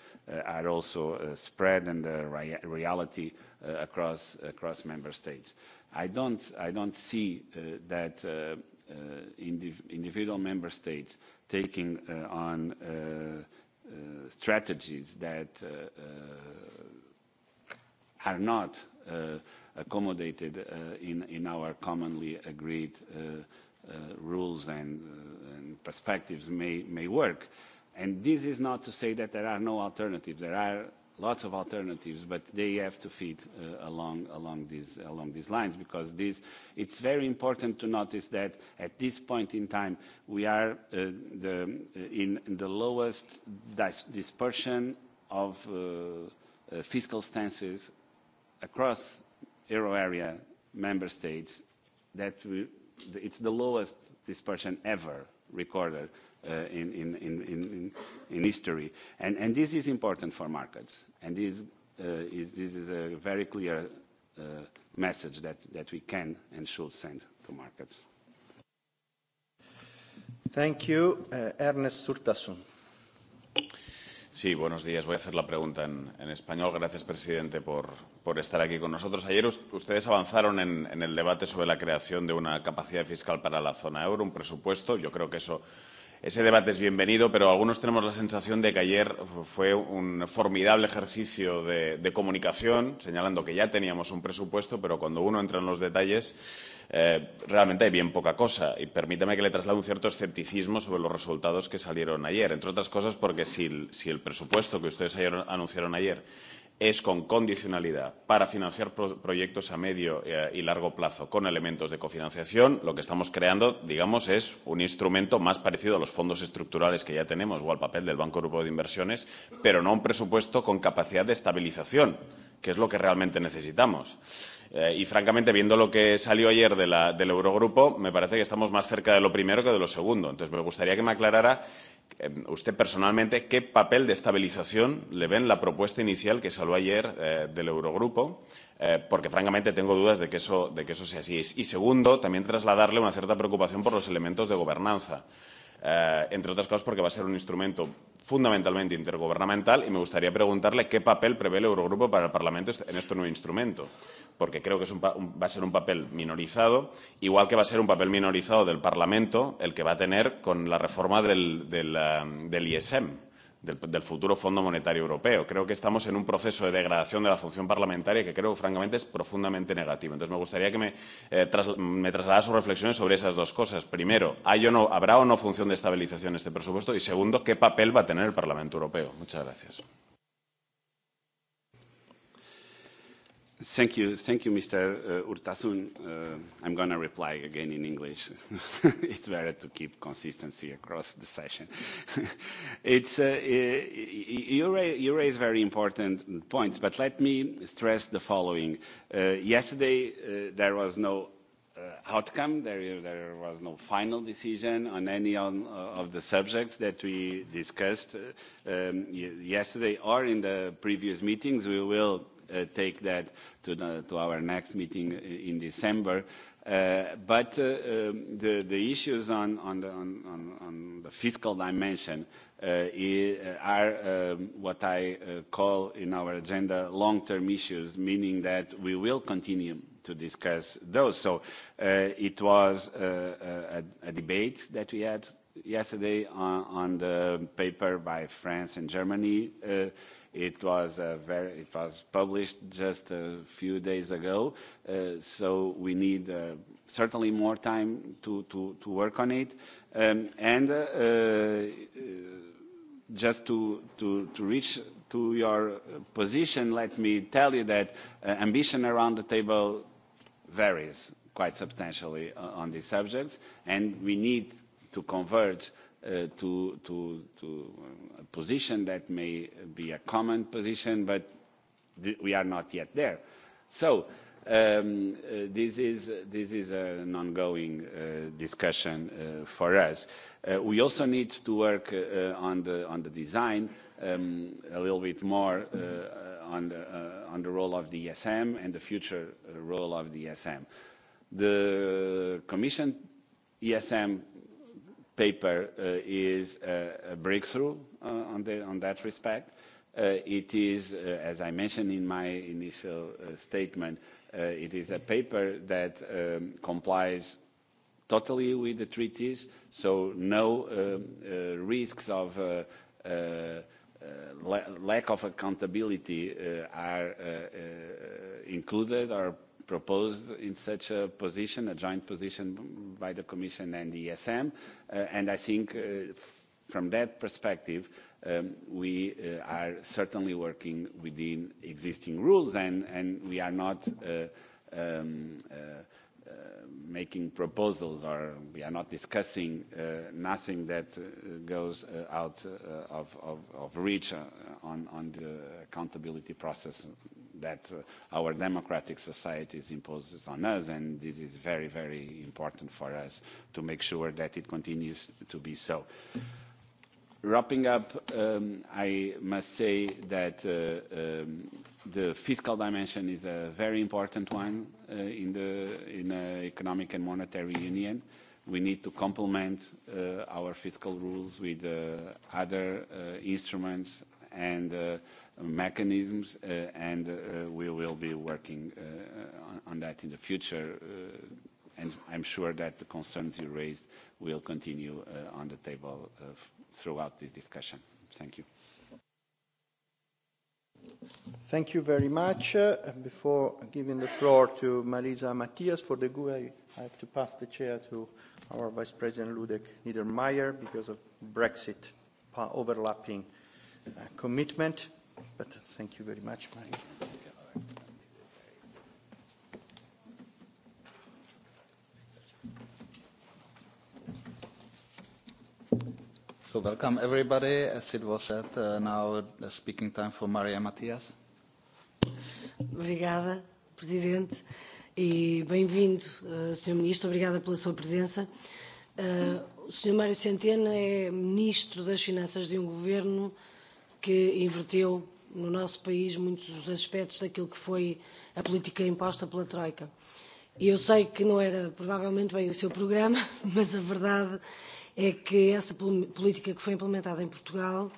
are also spread and a reality across, across member states. I don't, I don't see that indiv individual member states taking on strategies that are not uh, accommodated uh, in, in our commonly agreed uh, rules and, and perspectives may, may work. And this is not to say that there are no alternatives. There are lots of alternatives, but they have to fit uh, along, along, these, along these lines because this, it's very important to notice that at this point in time we are uh, the, in the lowest dis dispersion of uh, uh, fiscal stances across euro area member states that we, it's the lowest dispersion ever recorded uh, in, in, in, in, history. And, and, this is important for markets. And this, uh, is, this is a very clear uh, message that, that we can and should send to markets. Thank you. Uh, Ernest Surtasun. Sí, buenos días. Voy a hacer la pregunta en, en español. Gracias, presidente, por, por, estar aquí con nosotros. Ayer ustedes avanzaron en, en, el debate sobre la creación de una capacidad fiscal para la zona euro, un presupuesto. Yo creo que eso ese debate es bienvenido, pero algunos tenemos la sensación de que ayer fue un formidable ejercicio de, de comunicación, señalando que ya teníamos un presupuesto, pero cuando uno entra en los detalles, eh, realmente hay bien poca cosa. Y permítame que le traslade un cierto escepticismo sobre los resultados que salieron ayer, entre otras cosas porque si, si el presupuesto que ustedes ayer anunciaron ayer es con condicionalidad para financiar pro proyectos a medio eh, y largo plazo con elementos de cofinanciación, lo que estamos creando, digamos, es un instrumento más parecido a los fondos estructurales que ya tenemos o al papel del Banco Europeo de Inversiones, pero no un presupuesto con capacidad de estabilización, que es lo que realmente necesitamos. Eh, y francamente, viendo lo que salió ayer de la, del Eurogrupo, me parece que estamos más cerca de lo primero que de lo segundo. Entonces, me gustaría que me aclarara usted personalmente, ¿qué papel de estabilización le ven la propuesta inicial que salió ayer eh, del Eurogrupo? Eh, porque francamente tengo dudas de que, eso, de que eso sea así. Y segundo, también trasladarle una cierta preocupación por los elementos de gobernanza eh, entre otras cosas porque va a ser un instrumento fundamentalmente intergubernamental y me gustaría preguntarle qué papel prevé el Eurogrupo para el Parlamento en este nuevo instrumento, porque creo que es un, un, va a ser un papel minorizado, igual que va a ser un papel minorizado del Parlamento el que va a tener con la reforma del, del, eh, del ISM del, del, futuro Fondo Monetario Europeo. Creo que estamos en un proceso de degradación de la función parlamentaria que creo, francamente, es profundamente negativo. Entonces, me gustaría que me, eh, tras, me trasladara sus reflexiones sobre esas dos cosas. Primero, ¿hay o no, ¿habrá o no función de estabilización en este presupuesto? Y segundo, ¿qué papel va a tener el Parlamento Europeo? Muchas gracias. Thank you. Thank you, Mr. Uh, Urtasun. Uh, I'm going to reply again in English. it's better to keep consistency across the session. it's, uh, you, ra you raise very important points, but let me stress the following. Uh, yesterday, uh, there was no uh, outcome. There, there was no final decision on any on, uh, of the subjects that we discussed uh, um, yesterday or in the previous meetings. We will uh, take that to, the, to our next meeting in December. Uh, but uh, um, the, the issues on, on, the, on, on, on the fiscal dimension uh, uh, are um, what I uh, call in our agenda long-term issues, meaning that we will continue to discuss those. So uh, it was uh, a, a debate that we had yesterday on, uh, on the paper by France and Germany. Uh, It was, a very, it was published just a few days ago, uh, so we need uh, certainly more time to, to, to work on it. Um, and uh, uh, just to, to, to reach to your position, let me tell you that uh, ambition around the table varies quite substantially uh, on these subjects, and we need to converge Uh, to, a uh, position that may be a common position, but we are not yet there. So um, uh, this, is, an ongoing discussion for us. we also need to work on, the, design um, a little bit more on, the, on the role of the ESM and the future role of the ESM. The Commission ESM paper uh, is a, a breakthrough uh, on, the, on that respect. Uh, it is, uh, as I mentioned in my initial uh, statement, uh, it is a paper that um, complies totally with the treaties, so no um, uh, risks of uh, uh, uh la lack of accountability uh, are uh, uh, included or proposed in such a position, a joint position by the Commission and the ESM. Uh, and I think uh, from that perspective, um, we uh, are certainly working within existing rules and, and we are not uh, um, uh, uh, making proposals or we are not discussing nothing that goes out of, of, of reach on, on the accountability process that uh, our democratic societies imposes on us, and this is very, very important for us to make sure that it continues to be so. Wrapping up, um, I must say that uh, um, the fiscal dimension is a very important one uh, in the in, a uh, economic and monetary union. We need to complement uh, our fiscal rules with other instruments and uh, mechanisms, uh, and uh, we will be working uh, on, that in the future. Uh, and I'm sure that the concerns you raised will continue uh, on the table uh, throughout this discussion. Thank you. Thank you very much. Uh, before giving the floor to Marisa Matias for the GUE, I have to pass the chair to our Vice President Ludek Niedermayer because of Brexit overlapping Uh, commitment. But thank you very much, Marie. So welcome everybody. As it was said, uh, now the speaking time for Maria Matias. Obrigada, Presidente, e bem-vindo, uh, Sr. Ministro. Obrigada pela sua presença. Uh, o Sr. Mário Centeno é Ministro das Finanças de um governo uh, que inverteu no nosso país muitos dos aspectos daquilo que foi a política imposta pela Troika. E eu sei que não era provavelmente bem o seu programa, mas a verdade é que essa política que foi implementada em Portugal,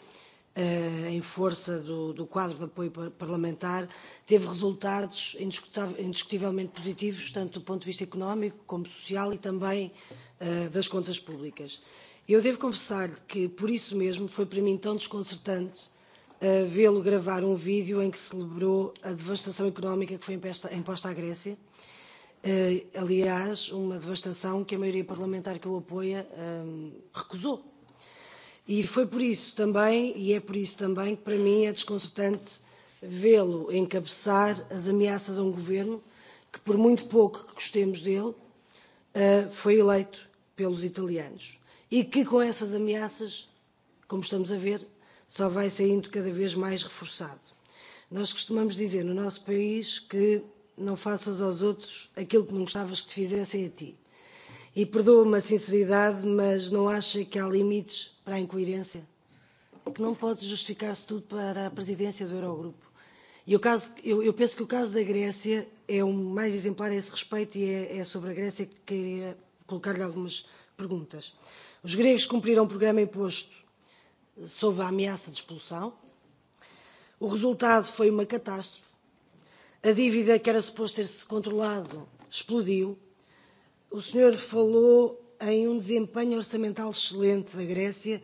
eh, em força do, do quadro de apoio parlamentar, teve resultados indiscutivelmente positivos, tanto do ponto de vista económico como social e também eh, das contas públicas. Eu devo confessar que, por isso mesmo, foi para mim tão desconcertante uh, vê-lo gravar um vídeo em que celebrou a devastação económica que foi imposta, imposta à Grécia. Uh, aliás, uma devastação que a maioria parlamentar que o apoia um, recusou. E foi por isso também, e é por isso também, que para mim é desconcertante vê-lo encabeçar as ameaças a um governo que, por muito pouco que gostemos dele, uh, foi eleito pelos italianos. E que, com essas ameaças, como estamos a ver, só vai saindo cada vez mais reforçado. Nós costumamos dizer no nosso país que não faças aos outros aquilo que não gostavas que te fizessem a ti. E perdoa-me a sinceridade, mas não acha que há limites para a incoerência? Que não pode justificar-se tudo para a presidência do Eurogrupo. E o caso, eu, eu penso que o caso da Grécia é o mais exemplar a esse respeito e é, é sobre a Grécia que queria colocar-lhe algumas perguntas. Os gregos cumpriram o programa imposto sob a ameaça de expulsão. O resultado foi uma catástrofe. A dívida que era suposto ter-se controlado explodiu. O senhor falou em um desempenho orçamental excelente da Grécia,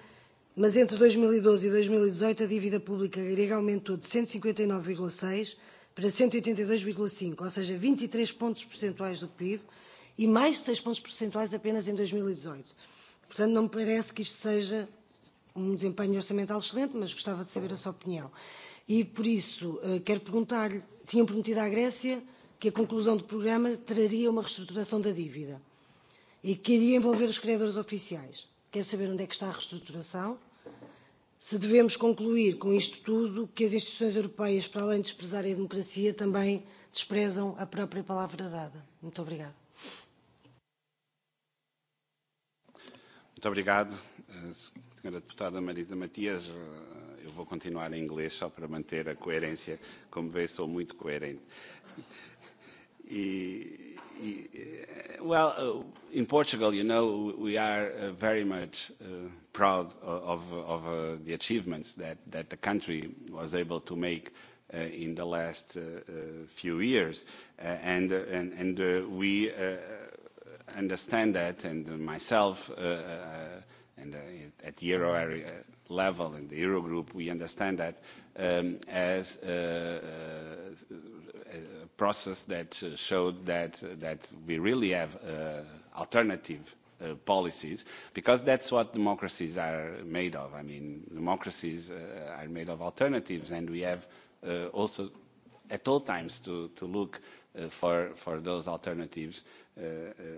mas entre 2012 e 2018 a dívida pública grega aumentou de 159,6 para 182,5, ou seja, 23 pontos percentuais do PIB e mais 6 pontos percentuais apenas em 2018. Portanto, não me parece que isto seja um desempenho orçamental excelente, mas gostava de saber a sua opinião. E, por isso, eh, quero perguntar-lhe, tinham prometido à Grécia que a conclusão do programa traria uma reestruturação da dívida e que iria envolver os credores oficiais. Quero saber onde é que está a reestruturação, se devemos concluir com isto tudo que as instituições europeias, para além de desprezarem a democracia, também desprezam a própria palavra dada. Muito obrigada. Muito obrigado. Eh, Senhora Deputada Marisa Matias, eh, eu vou continuar em inglês só para manter a coerência. Como vê, sou muito coerente. E, e, eh, well, uh, in Portugal, you know, we are uh, very much uh, proud of, of uh, the achievements that, that the country was able to make uh, in the last uh, uh, few years. Uh, and and, and uh, we uh, understand that, and myself, uh, uh, and uh, at the euro area uh, level in the euro group, we understand that um, as a, uh, uh, a, process that showed that, that we really have uh, alternative uh, policies, because that's what democracies are made of. I mean, democracies uh, are made of alternatives, and we have uh, also at all times to, to look uh, Uh, for for those alternatives, uh, uh,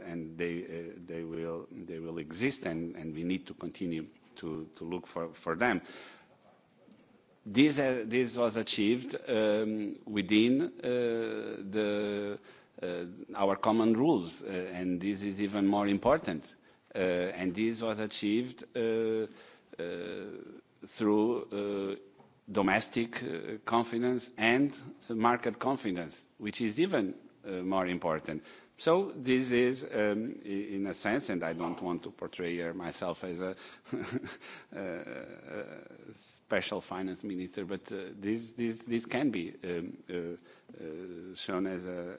and they uh, they will they will exist, and and we need to continue to to look for for them. This uh, this was achieved um, within uh, the. Uh, our common rules, uh, and this is even more important. Uh, and this was achieved uh, uh, through uh, domestic uh, confidence and market confidence, which is even uh, more important. So this is, um, in a sense, and I don't want to portray myself as a, uh, a special finance minister, but uh, this, this, this can be um, uh, uh, shown as a,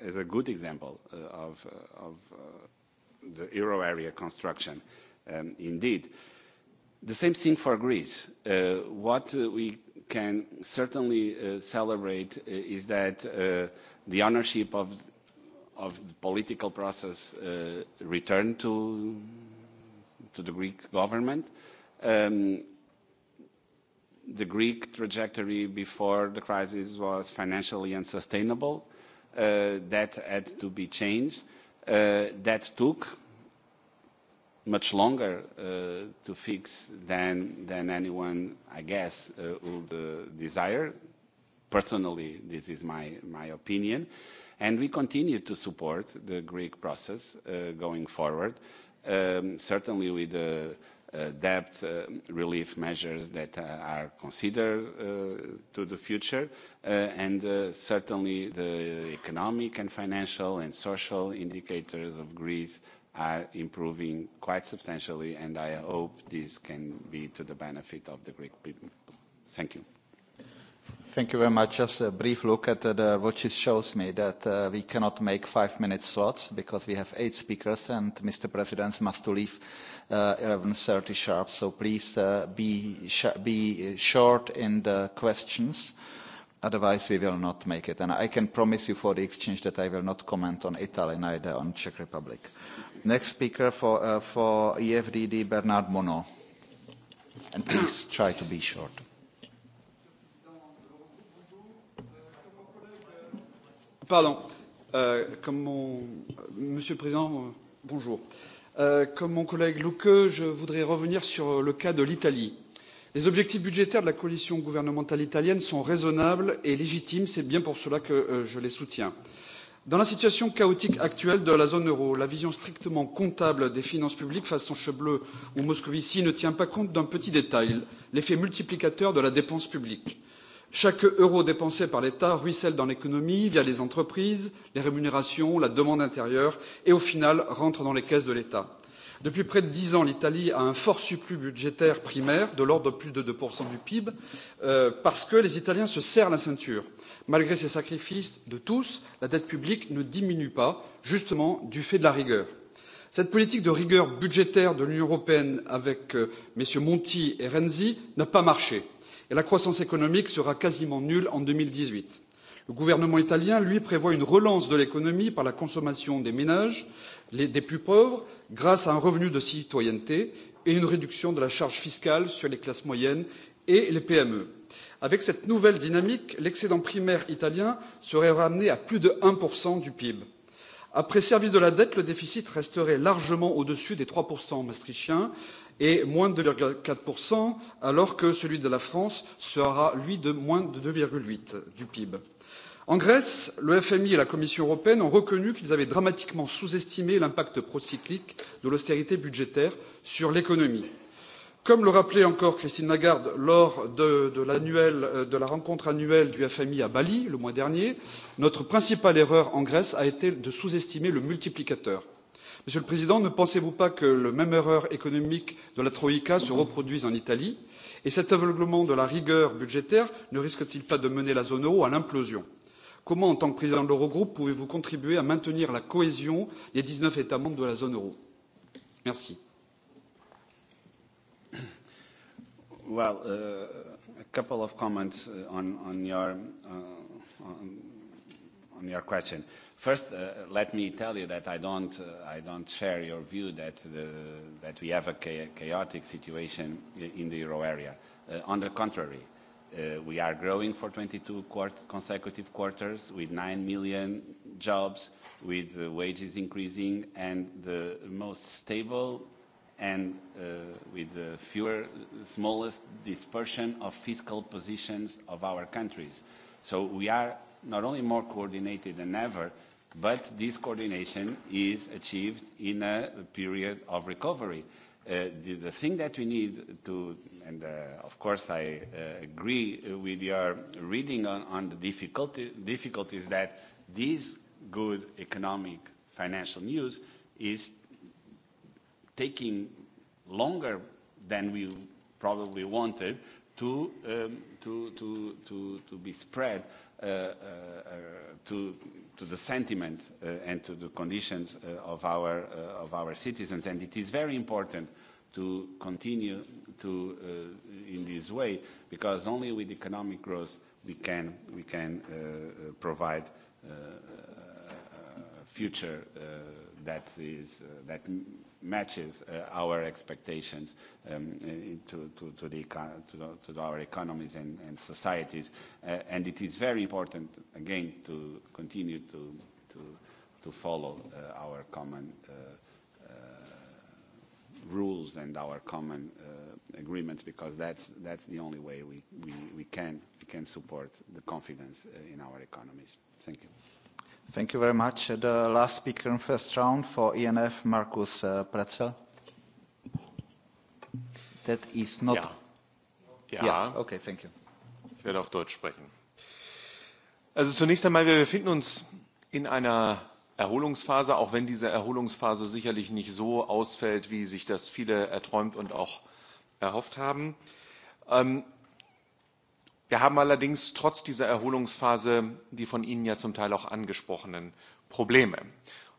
as a good example of, of the euro area construction, um, indeed. The same thing for Greece. Uh, what uh, we can certainly uh, celebrate uh, is that uh, the ownership of, of the political process uh, returned to, to the Greek government. Um, the Greek trajectory before the crisis was financially unsustainable. that had to be changed. that took much longer uh, to fix than, than anyone, I guess, uh, would uh, desire. Personally, this is my, my opinion. And we continue to support the Greek process uh, going forward, um, certainly with the uh, uh, debt uh, relief measures that uh, are considered uh, to the future, uh, and uh, certainly the economic and financial and social indicators of Greece are improving quite substantially, and I hope this can be to the benefit of the Greek people. Thank you. Thank you very much. Just a brief look at the watches shows me that uh, we cannot make five-minute slots because we have eight speakers and Mr. President must leave uh, 11.30 sharp. So please uh, be, sh be short in the questions otherwise we will not make it. And I can promise you for the exchange that I will not comment on Italy, neither on Czech Republic. Next speaker for, uh, Bernard Monod. And please try to be short. Pardon. Euh, comme mon... Euh, Monsieur le Président, euh, bonjour. comme mon collègue Luque, je voudrais revenir sur le cas de l'Italie. Les objectifs budgétaires de la coalition gouvernementale italienne sont raisonnables et légitimes. C'est bien pour cela que je les soutiens. Dans la situation chaotique actuelle de la zone euro, la vision strictement comptable des finances publiques façon Chebleu ou Moscovici ne tient pas compte d'un petit détail, l'effet multiplicateur de la dépense publique. Chaque euro dépensé par l'État ruisselle dans l'économie via les entreprises, les rémunérations, la demande intérieure et au final rentre dans les caisses de l'État. Depuis près de dix ans, l'Italie a un fort surplus budgétaire primaire, de l'ordre de plus de 2% du PIB, euh, parce que les Italiens se serrent la ceinture. Malgré ces sacrifices de tous, la dette publique ne diminue pas, justement du fait de la rigueur. Cette politique de rigueur budgétaire de l'Union européenne avec euh, messieurs Monti et Renzi n'a pas marché et la croissance économique sera quasiment nulle en 2018. Le gouvernement italien, lui, prévoit une relance de l'économie par la consommation des ménages, les, des plus pauvres grâce à un revenu de citoyenneté et une réduction de la charge fiscale sur les classes moyennes et les PME. Avec cette nouvelle dynamique, l'excédent primaire italien serait ramené à plus de 1% du PIB. Après service de la dette, le déficit resterait largement au-dessus des 3% maastrichtiens et moins de 2,4%, alors que celui de la France sera, lui, de moins de 2,8% du PIB. En Grèce, le FMI et la Commission européenne ont reconnu qu'ils avaient dramatiquement sous-estimé l'impact procyclique de l'austérité budgétaire sur l'économie. Comme le rappelait encore Christine Lagarde lors de, de, euh, de la rencontre annuelle du FMI à Bali le mois dernier, notre principale erreur en Grèce a été de sous-estimer le multiplicateur. Monsieur le Président, ne pensez-vous pas que la même erreur économique de la Troïka se reproduise en Italie Et cet aveuglement de la rigueur budgétaire ne risque-t-il pas de mener la zone euro à l'implosion comment en tant que président de l'Eurogroupe pouvez-vous contribuer à maintenir la cohésion des 19 États membres de la zone euro Merci. Well, uh, a couple of comments uh, on, on your uh, on, on your question. First, uh, let me tell you that I don't uh, I don't share your view that the, that we have a chaotic situation in the euro area. Uh, on the contrary, uh, Uh, we are growing for 22 quart consecutive quarters with 9 million jobs, with the wages increasing, and the most stable and uh, with the fewer, smallest dispersion of fiscal positions of our countries. So we are not only more coordinated than ever, but this coordination is achieved in a period of recovery. Uh, the, the thing that we need to and uh, of course I uh, agree with your reading on, on the difficulty, difficulties that this good economic financial news is taking longer than we probably wanted to, um, to, to, to, to be spread uh, uh, uh, to, to the sentiment uh, and to the conditions uh, of, our, uh, of our citizens. And it is very important to continue to, uh, in this way, because only with economic growth we can, we can uh, uh provide uh, a uh, future uh, that, is, uh, that matches uh, our expectations um, uh, to, to, to, the to, to our economies and, and societies. Uh, and it is very important, again, to continue to, to, to follow uh, our common uh, rules and our common uh, agreements because that's, that's the only way we, we, we, can, we can support the confidence uh, in our economies. Thank you. Thank you very much. The uh, last speaker in first round for ENF, Markus uh, Pretzel. That is not... Yeah. Ja. ja. Okay, thank you. Ich werde auf Deutsch sprechen. Also zunächst einmal, wir befinden uns in einer Erholungsphase, auch wenn diese Erholungsphase sicherlich nicht so ausfällt, wie sich das viele erträumt und auch erhofft haben. Ähm, wir haben allerdings trotz dieser Erholungsphase die von Ihnen ja zum Teil auch angesprochenen Probleme.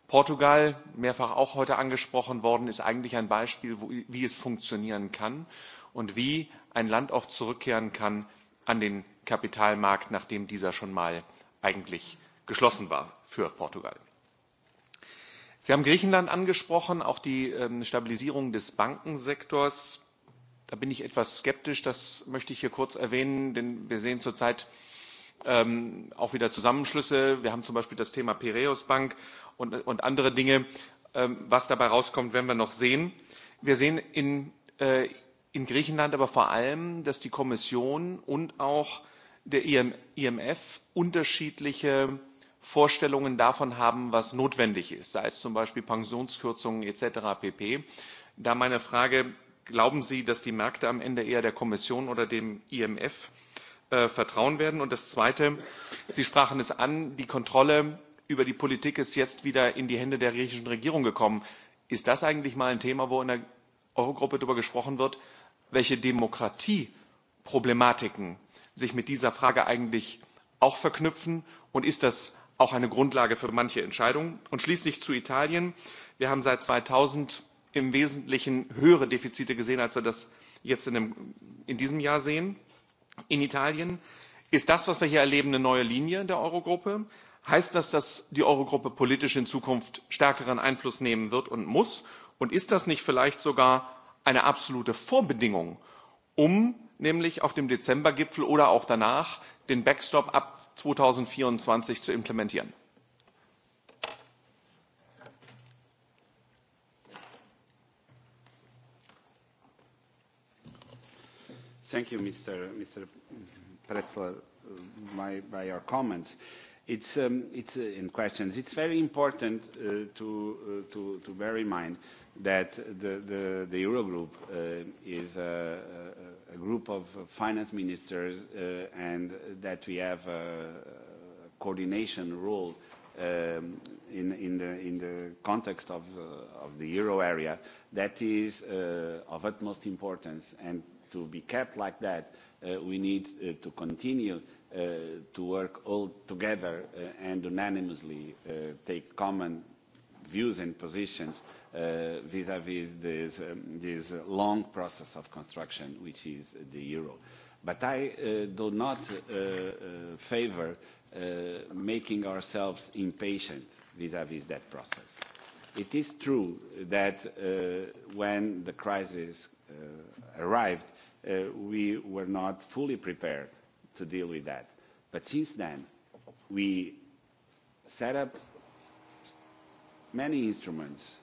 Portugal, mehrfach auch heute angesprochen worden, ist eigentlich ein Beispiel, wo, wie es funktionieren kann und wie ein Land auch zurückkehren kann an den Kapitalmarkt, nachdem dieser schon mal eigentlich geschlossen war für Portugal. Sie haben Griechenland angesprochen, auch die ähm, Stabilisierung des Bankensektors. Da bin ich etwas skeptisch, das möchte ich hier kurz erwähnen, denn wir sehen zurzeit ähm, auch wieder Zusammenschlüsse. Wir haben zum Beispiel das Thema Piraeus Bank und, und andere Dinge. Ähm, was dabei rauskommt, werden wir noch sehen. Wir sehen in, äh, in Griechenland aber vor allem, dass die Kommission und auch der IMF unterschiedliche Vorstellungen davon haben, was notwendig ist, sei es zum Beispiel Pensionskürzungen etc. pp. Da meine Frage, glauben Sie, dass die Märkte am Ende eher der Kommission oder dem IMF äh, vertrauen werden? Und das Zweite, Sie sprachen es an, die Kontrolle über die Politik ist jetzt wieder in die Hände der griechischen Regierung gekommen. Ist das eigentlich mal ein Thema, wo in der Eurogruppe darüber gesprochen wird, welche Demokratieproblematiken sich mit dieser Frage eigentlich auch verknüpfen? Und ist das auch eine Grundlage für manche Entscheidungen. Und schließlich zu Italien. Wir haben seit 2000 im Wesentlichen höhere Defizite gesehen, als wir das jetzt in, dem, in diesem Jahr sehen. In Italien ist das, was wir hier erleben, eine neue Linie der Eurogruppe. Heißt das, dass die Eurogruppe politisch in Zukunft stärkeren Einfluss nehmen wird und muss? Und ist das nicht vielleicht sogar eine absolute Vorbedingung, um nämlich auf dem Dezembergipfel oder auch danach den Backstop ab 2024 zu implementieren. Thank you, Mr. Mr. Pretzler, by, uh, by your comments. It's, um, it's uh, in questions. It's very important uh, to, uh, to, to bear in mind that the, the, the Eurogroup uh, is a, uh, a uh, a group of finance ministers uh, and that we have a coordination role um, in, in, the, in the context of, uh, of the euro area that is uh, of utmost importance and to be kept like that uh, we need uh, to continue uh, to work all together uh, and unanimously uh, take common views and positions uh, vis-à-vis -vis this, um, this long process of construction, which is the euro. But I uh, do not uh, favor making ourselves impatient vis-à-vis -vis that process. It is true that when the crisis arrived, we were not fully prepared to deal with that. But since then, we set up many instruments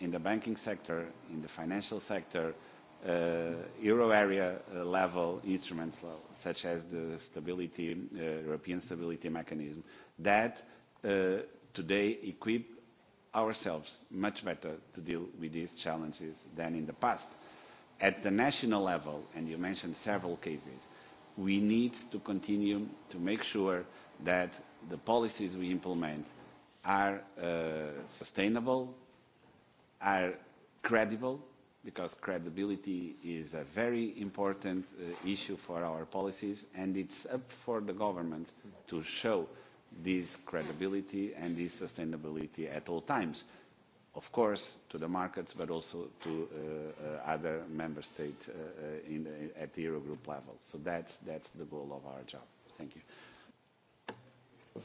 in the banking sector, in the financial sector, uh, euro area uh, level instruments uh, such as the stability, uh, European stability mechanism that uh, today equip ourselves much better to deal with these challenges than in the past. At the national level, and you mentioned several cases, we need to continue to make sure that the policies we implement are uh, sustainable, are credible, because credibility is a very important uh, issue for our policies, and it's up for the governments to show this credibility and this sustainability at all times. Of course, to the markets, but also to uh, uh, other member states uh, uh, in the, uh, at the Eurogroup level. So that's, that's the goal of our job. Thank you.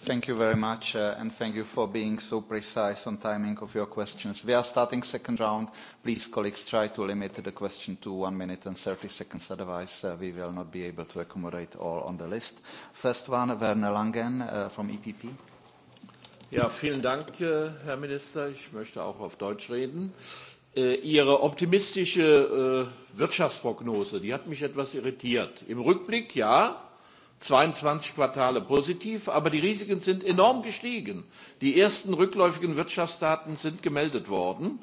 Thank you very much, uh, and thank you for being so precise on timing of your questions. We are starting second round. Please, colleagues, try to limit the question to one minute and 30 seconds, otherwise uh, we will not be able to accommodate all on the list. First one, Werner Langen uh, from EPP. Ja, vielen Dank, äh, Herr Minister. Ich möchte auch auf Deutsch reden. Äh, Ihre optimistische äh, Wirtschaftsprognose, die hat mich etwas irritiert. Im Rückblick, ja, 22 Quartale positiv, aber die Risiken sind enorm gestiegen. Die ersten rückläufigen Wirtschaftsdaten sind gemeldet worden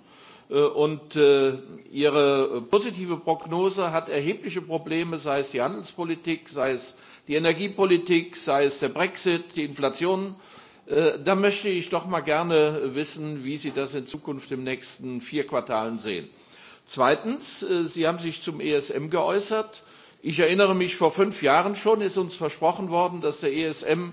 äh, und äh, ihre positive Prognose hat erhebliche Probleme, sei es die Handelspolitik, sei es die Energiepolitik, sei es der Brexit, die Inflation. Äh, da möchte ich doch mal gerne wissen, wie Sie das in Zukunft im nächsten vier Quartalen sehen. Zweitens, Sie haben sich zum ESM geäußert. Ich erinnere mich, vor fünf Jahren schon ist uns versprochen worden, dass der ESM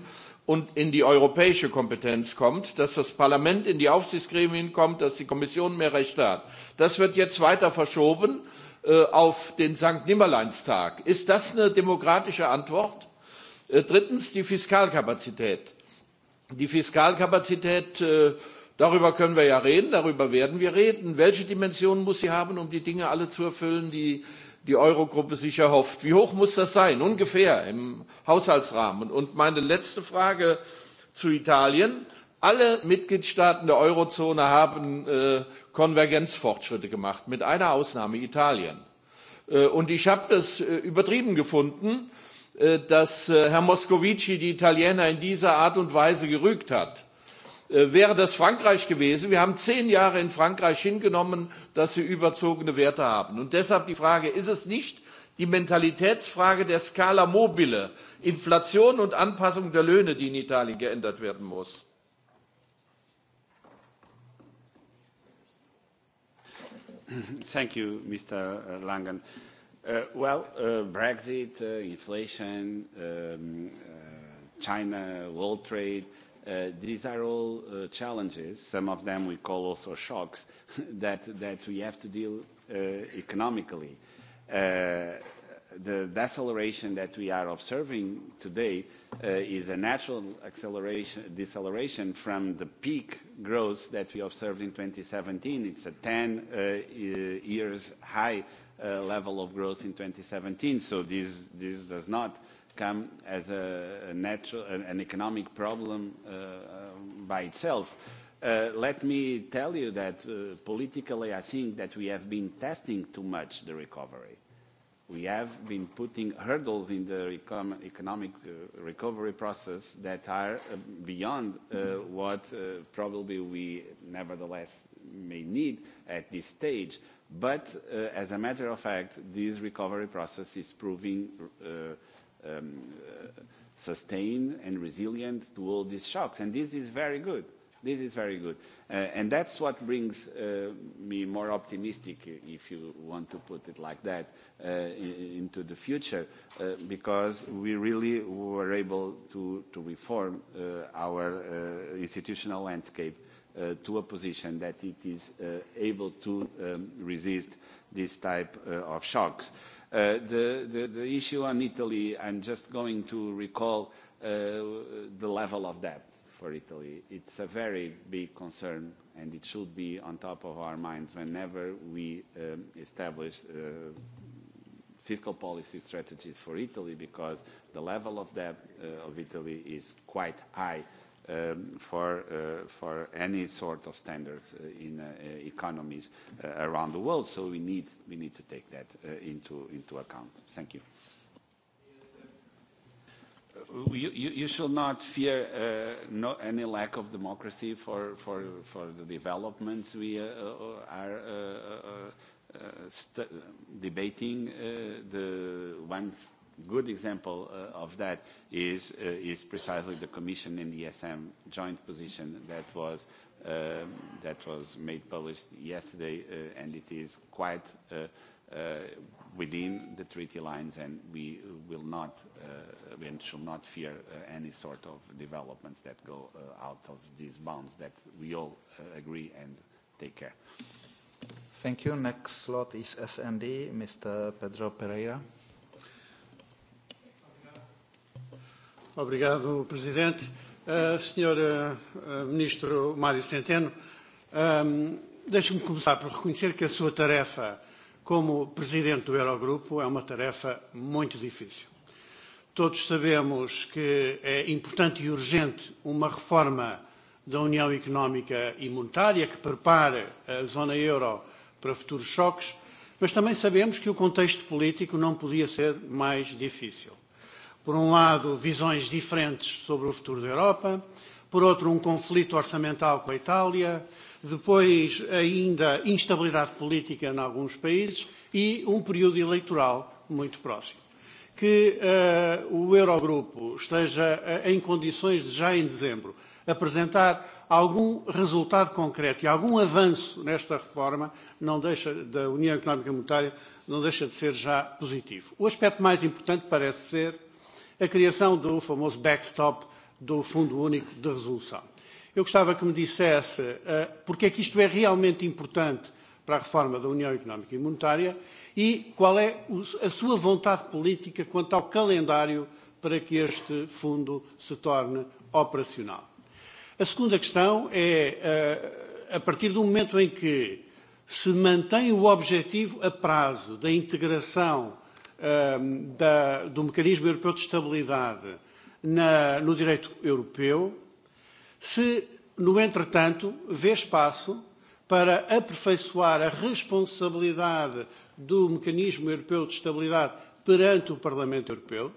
in die europäische Kompetenz kommt, dass das Parlament in die Aufsichtsgremien kommt, dass die Kommission mehr Rechte hat. Das wird jetzt weiter verschoben äh, auf den Sankt Nimmerleinstag. Ist das eine demokratische Antwort? Äh, drittens die Fiskalkapazität. Die Fiskalkapazität, äh, darüber können wir ja reden, darüber werden wir reden. Welche Dimension muss sie haben, um die Dinge alle zu erfüllen, die die Eurogruppe sich erhofft. Wie hoch muss das sein? Ungefähr im Haushaltsrahmen. Und meine letzte Frage zu Italien. Alle Mitgliedstaaten der Eurozone haben äh, Konvergenzfortschritte gemacht, mit einer Ausnahme Italien. Äh, und ich habe das äh, übertrieben gefunden, äh, dass äh, Herr Moscovici die Italiener in dieser Art und Weise gerügt hat Äh, wäre das Frankreich gewesen. Wir haben zehn Jahre in Frankreich hingenommen, dass sie überzogene Werte haben. Und deshalb die Frage, ist es nicht die Mentalitätsfrage der Scala mobile, Inflation und Anpassung der Löhne, die in Italien geändert werden muss? Thank you, Mr. Äh, Langen. Uh, well, uh, Brexit, uh, inflation, um, uh, China, world trade, Uh, these are all uh, challenges, some of them we call also shocks, that, that we have to deal uh, economically. Uh, the deceleration that we are observing today uh, is a natural acceleration, deceleration from the peak growth that we observed in 2017. It's a 10 uh, years high uh, level of growth in 2017, so this, this does not uh, come as a, a natural, an economic problem uh, uh, by itself. Uh, let me tell you that uh, politically, I think that we have been testing too much the recovery. We have been putting hurdles in the economic uh, recovery process that are uh, beyond what probably we nevertheless may need at this stage. But as a matter of fact, this recovery process is proving Um, uh, sustained and resilient to all these shocks. And this is very good. This is very good. Uh, and that's what brings uh, me more optimistic, if you want to put it like that, into the future, because we really were able to, reform our institutional landscape to a position that it is able to um, resist this type of shocks. Uh, the, issue on Italy, I'm just going to recall uh, the level of debt for Italy. It's a very big concern, and it should be on top of our minds whenever we um, establish uh, fiscal policy strategies for Italy, because the level of debt of Italy is quite high Um, for, uh, for any sort of standards uh, in uh, economies uh, around the world. So we need, we need to take that uh, into, into account. Thank you. Uh, you, you, you should not fear uh, no, any lack of democracy for, for, for the developments we uh, uh are uh, uh, uh, st debating. Uh, the one good example uh, of that is, uh, is precisely the Commission and the ESM joint position that was, uh, that was made published yesterday, uh, and it is quite uh, uh, within the treaty lines, and we will not uh, and should not fear uh, any sort of developments that go uh, out of these bounds that we all uh, agree and take care. Thank you. Next slot is SND, Mr. Pedro Pereira. Obrigado, Presidente. Uh, Sr. uh, Ministro Mário Centeno, um, deixe-me começar por reconhecer que a sua tarefa como Presidente do Eurogrupo é uma tarefa muito difícil. Todos sabemos que é importante e urgente uma reforma da União Económica e Monetária que prepare a zona euro para futuros choques, mas também sabemos que o contexto político não podia ser mais difícil por um lado, visões diferentes sobre o futuro da Europa, por outro, um conflito orçamental com a Itália, depois, ainda, instabilidade política em alguns países e um período eleitoral muito próximo. Que uh, o Eurogrupo esteja uh, em condições de, já em dezembro, apresentar algum resultado concreto e algum avanço nesta reforma não deixa, da União Económica e Monetária não deixa de ser já positivo. O aspecto mais importante parece ser a criação do famoso backstop do Fundo Único de Resolução. Eu gostava que me dissesse uh, porque é que isto é realmente importante para a reforma da União Económica e Monetária e qual é o, a sua vontade política quanto ao calendário para que este fundo se torne operacional. A segunda questão é, uh, a partir do momento em que se mantém o objetivo a prazo da integração uh, Ehm, da, do mecanismo europeu de estabilidade na, no direito europeu, se, no entretanto, vê espaço para aperfeiçoar a responsabilidade do mecanismo europeu de estabilidade perante o Parlamento Europeu,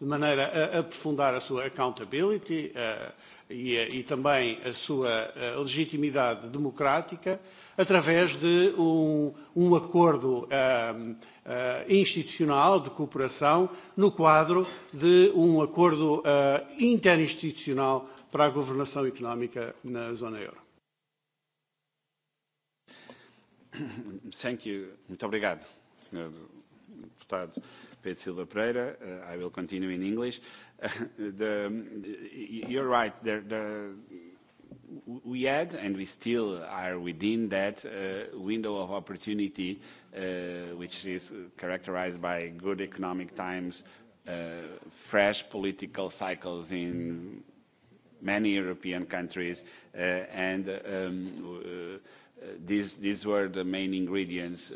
de maneira a aprofundar a sua accountability uh, e, e também a sua uh, legitimidade democrática, através de um, um acordo um, uh, institucional de cooperação no quadro de um acordo uh, interinstitucional para a governação económica na zona euro. Thank you. Muito obrigado, Sr. Deputado Pedro Silva Pereira. Uh, I will continue in English. Uh, the, you're right. There, there, we had, and we still are within that uh, window of opportunity, uh, which is characterized by good economic times, uh, fresh political cycles in many European countries, and um, these, were the main ingredients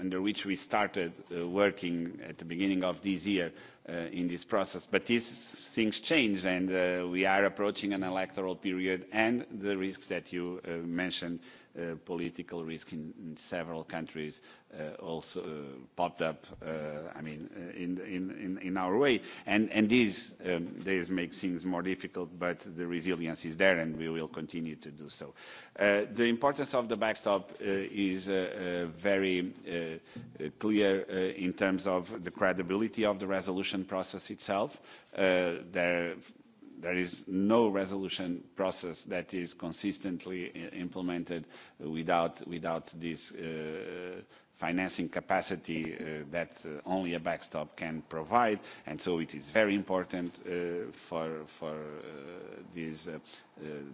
under which we started working at the beginning of this year uh, in this process. But these things change, and uh, we are approaching an electoral period, and the risks that you uh, mentioned uh, Uh, political risk in, in several countries uh, also uh, popped up, uh, I mean, uh, in, in, in our way. And, and these, um, days make things more difficult, but the resilience is there and we will continue to do so. the importance of the backstop is very clear in terms of the credibility of the resolution process itself. there There is no resolution process that is consistently implemented without, without this uh, financing capacity uh, that uh, only a backstop can provide. And so it is very important uh, for, for uh, this uh,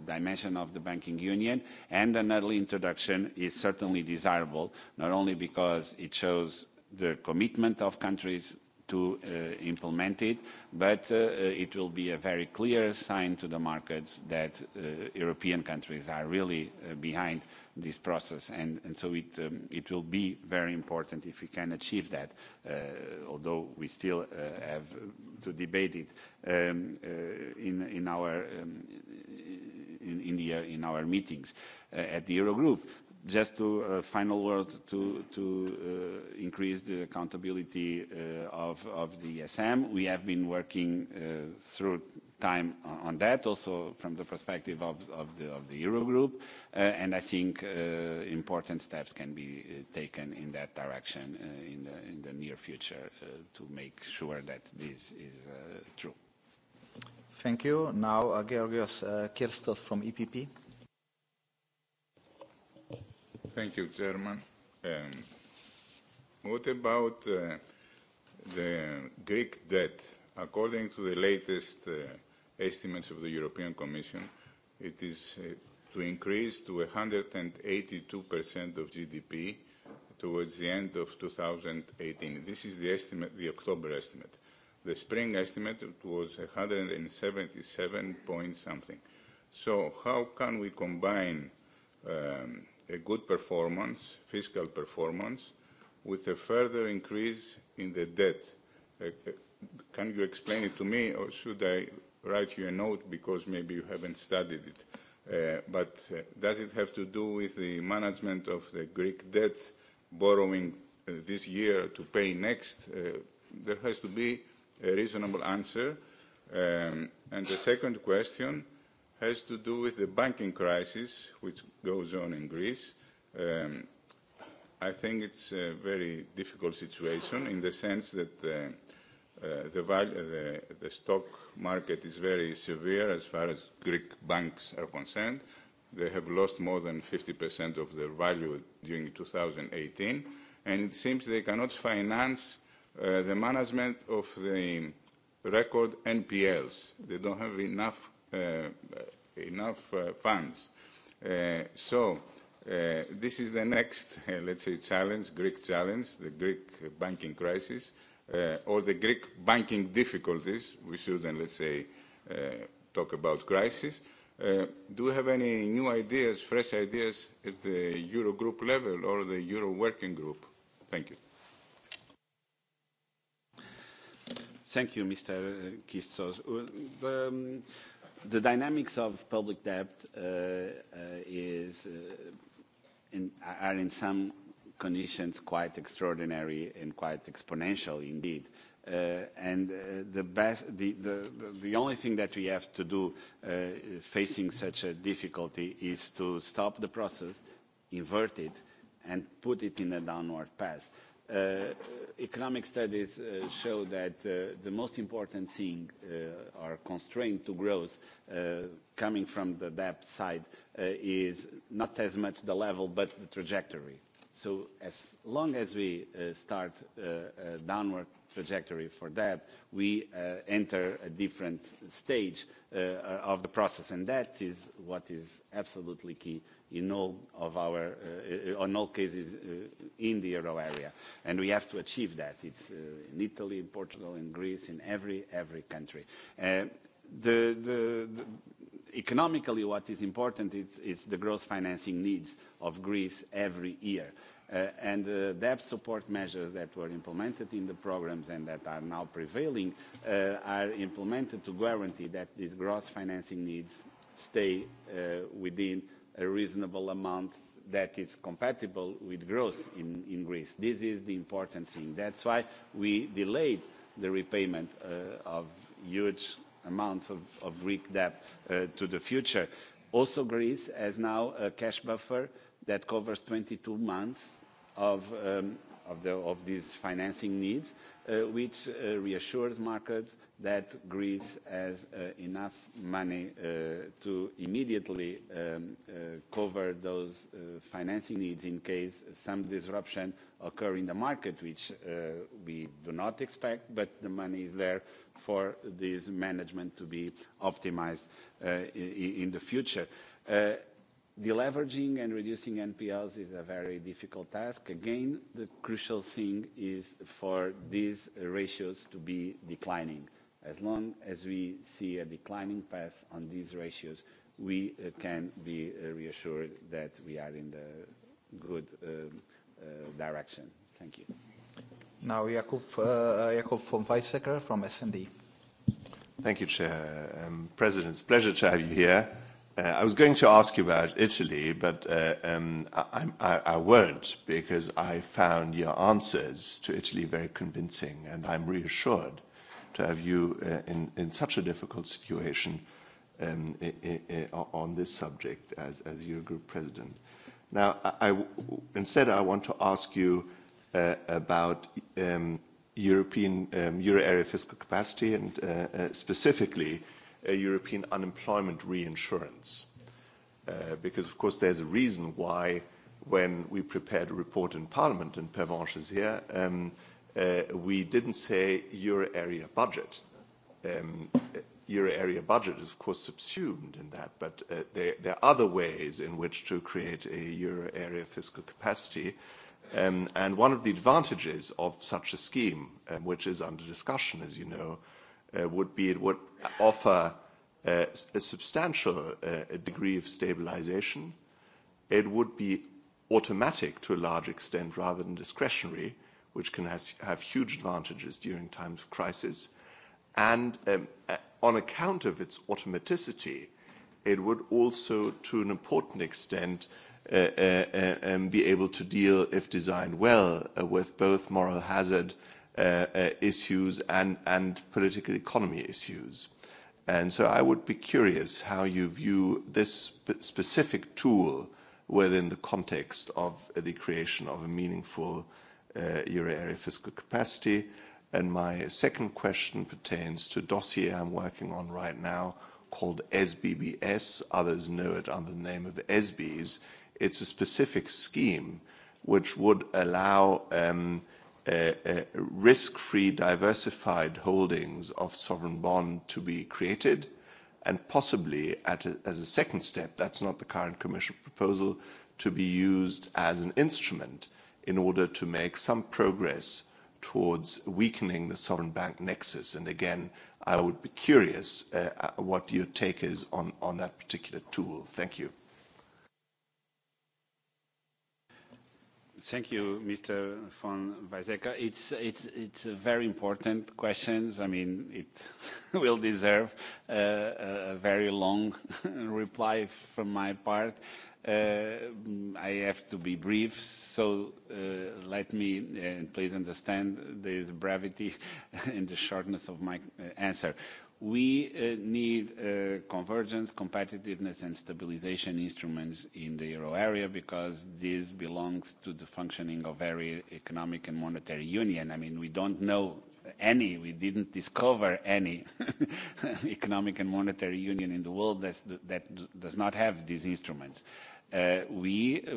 dimension of the banking union. And an early introduction is certainly desirable, not only because it shows the commitment of countries to uh, implement it, but uh, uh, it will be a very clear sign to the markets that European countries are really behind this process. And, and so it, um, it will be very important if we can achieve that, uh, although we still uh, have to debate it um, uh, in, in, our, um, in, in our meetings at the Eurogroup. Just to uh, final word to, to uh, increase the accountability uh, of, of the ESM. We have been working uh, through time on that, also from the perspective of, of the, of the Eurogroup. Uh, and I think uh, important steps can be taken in that direction in the, in the near future to make sure that this is true. Thank you. Now, Georgios Kirstos from EPP. Thank you, Chairman. Um, what about uh, the Greek debt? According to the latest uh, estimates of the European Commission, it is uh, to increase to 182% of GDP towards the end of 2018. This is the estimate, the October estimate. The spring estimate was 177 point something. So how can we combine um, a good performance, fiscal performance, with a further increase in the debt. Uh, uh, can you explain it to me, or should I write you a note because maybe you haven't studied it? Uh, but uh, does it have to do with the management of the Greek debt, borrowing uh, this year to pay next? Uh, there has to be a reasonable answer. Um, and the second question, has to do with the banking crisis which goes on in Greece. Um, I think it's a very difficult situation in the sense that uh, uh, the, value, uh, the, the stock market is very severe as far as Greek banks are concerned. They have lost more than 50% of their value during 2018, and it seems they cannot finance uh, the management of the record NPLs. They don't have enough Uh, enough uh, funds. Uh, so this is the next, let's say, challenge, Greek challenge, the Greek banking crisis, or the Greek banking difficulties. We shouldn't, let's say, talk about crisis. Uh, do we have any new ideas, fresh ideas at the Eurogroup level or the Euro Working Group? Thank you. Thank you, Mr. Kistos. The, um, the dynamics of public debt uh, uh, is, uh, in, are in some conditions quite extraordinary and quite exponential indeed. and the, only thing that we have to do facing such a difficulty is to stop the process, invert it, and put it in a downward path. Uh, economic studies uh, show that uh, the most important thing uh, our constraint to growth uh, coming from the debt side uh, is not as much the level but the trajectory. So as long as we start a downward trajectory for debt, we enter a different stage of the process. And that is what is absolutely key in all of our, uh, uh, on all cases uh, in the euro area. And we have to achieve that. It's uh, in Italy, in Portugal, in Greece, in every, every country. Uh, the, the, the economically, what is important is, is the gross financing needs of Greece every year. Uh, and the uh, debt support measures that were implemented in the programs and that are now prevailing uh, are implemented to guarantee that these gross financing needs stay uh, within a reasonable amount that is compatible with growth in, in Greece. This is the important thing. That's why we delayed the repayment uh, of huge amounts of, of Greek debt uh, to the future. Also, Greece has now a cash buffer that covers 22 months of um, of, the, of these financing needs, uh, which uh, reassured markets that Greece has uh, enough money uh, to immediately um, uh, cover those uh, financing needs in case some disruption occur in the market, which we do not expect, but the money is there for this management to be optimized in the future. Deleveraging and reducing NPLs is a very difficult task. Again, the crucial thing is for these ratios to be declining. As long as we see a declining path on these ratios, we uh, can be uh, reassured that we are in the good uh, direction. Thank you. Now, Jakub, von Weizsäcker from S&D. Thank you, Chair. Um, President, it's a pleasure to have you here. Uh, I was going to ask you about Italy, but uh, um, I, I, I won't because I found your answers to Italy very convincing, and I'm reassured to have you uh, in, in such a difficult situation um, i, i, i, on this subject as, as your group president. Now, I, I, instead, I want to ask you uh, about um, European um, euro area fiscal capacity and uh, uh, specifically a European unemployment reinsurance. Uh, because, of course, there's a reason why when we prepared a report in Parliament, and Pervenche is here, um, uh, we didn't say euro area budget. Um, euro area budget is, of course, subsumed in that, but uh, there, there are other ways in which to create a euro area fiscal capacity. Um, and one of the advantages of such a scheme, um, which is under discussion, as you know, uh, would be it would offer a, uh, a substantial uh, degree of stabilization. It would be automatic to a large extent rather than discretionary, which can has, have huge advantages during times of crisis. And um, uh, on account of its automaticity, it would also, to an important extent, uh, uh, uh, um, be able to deal, if designed well, uh, with both moral hazard Uh, uh, issues and, and political economy issues. And so I would be curious how you view this specific tool within the context of the creation of a meaningful uh, euro area fiscal capacity. And my second question pertains to a dossier I'm working on right now called SBBS. Others know it under the name of SBs. It's a specific scheme which would allow um, uh, risk-free diversified holdings of sovereign bond to be created and possibly at a, as a second step, that's not the current commercial proposal, to be used as an instrument in order to make some progress towards weakening the sovereign bank nexus. And again, I would be curious uh, uh what your take is on, on that particular tool. Thank you. Thank you, Mr. von Weizsäcker. It's, it's, it's a very important questions. I mean, it will deserve a, a very long reply from my part. Uh, I have to be brief, so uh, let me uh, please understand the brevity and the shortness of my uh, answer we uh, need uh, convergence, competitiveness and stabilization instruments in the euro area because this belongs to the functioning of every economic and monetary union. I mean, we don't know any, we didn't discover any economic and monetary union in the world that's, that does not have these instruments. Uh, we uh,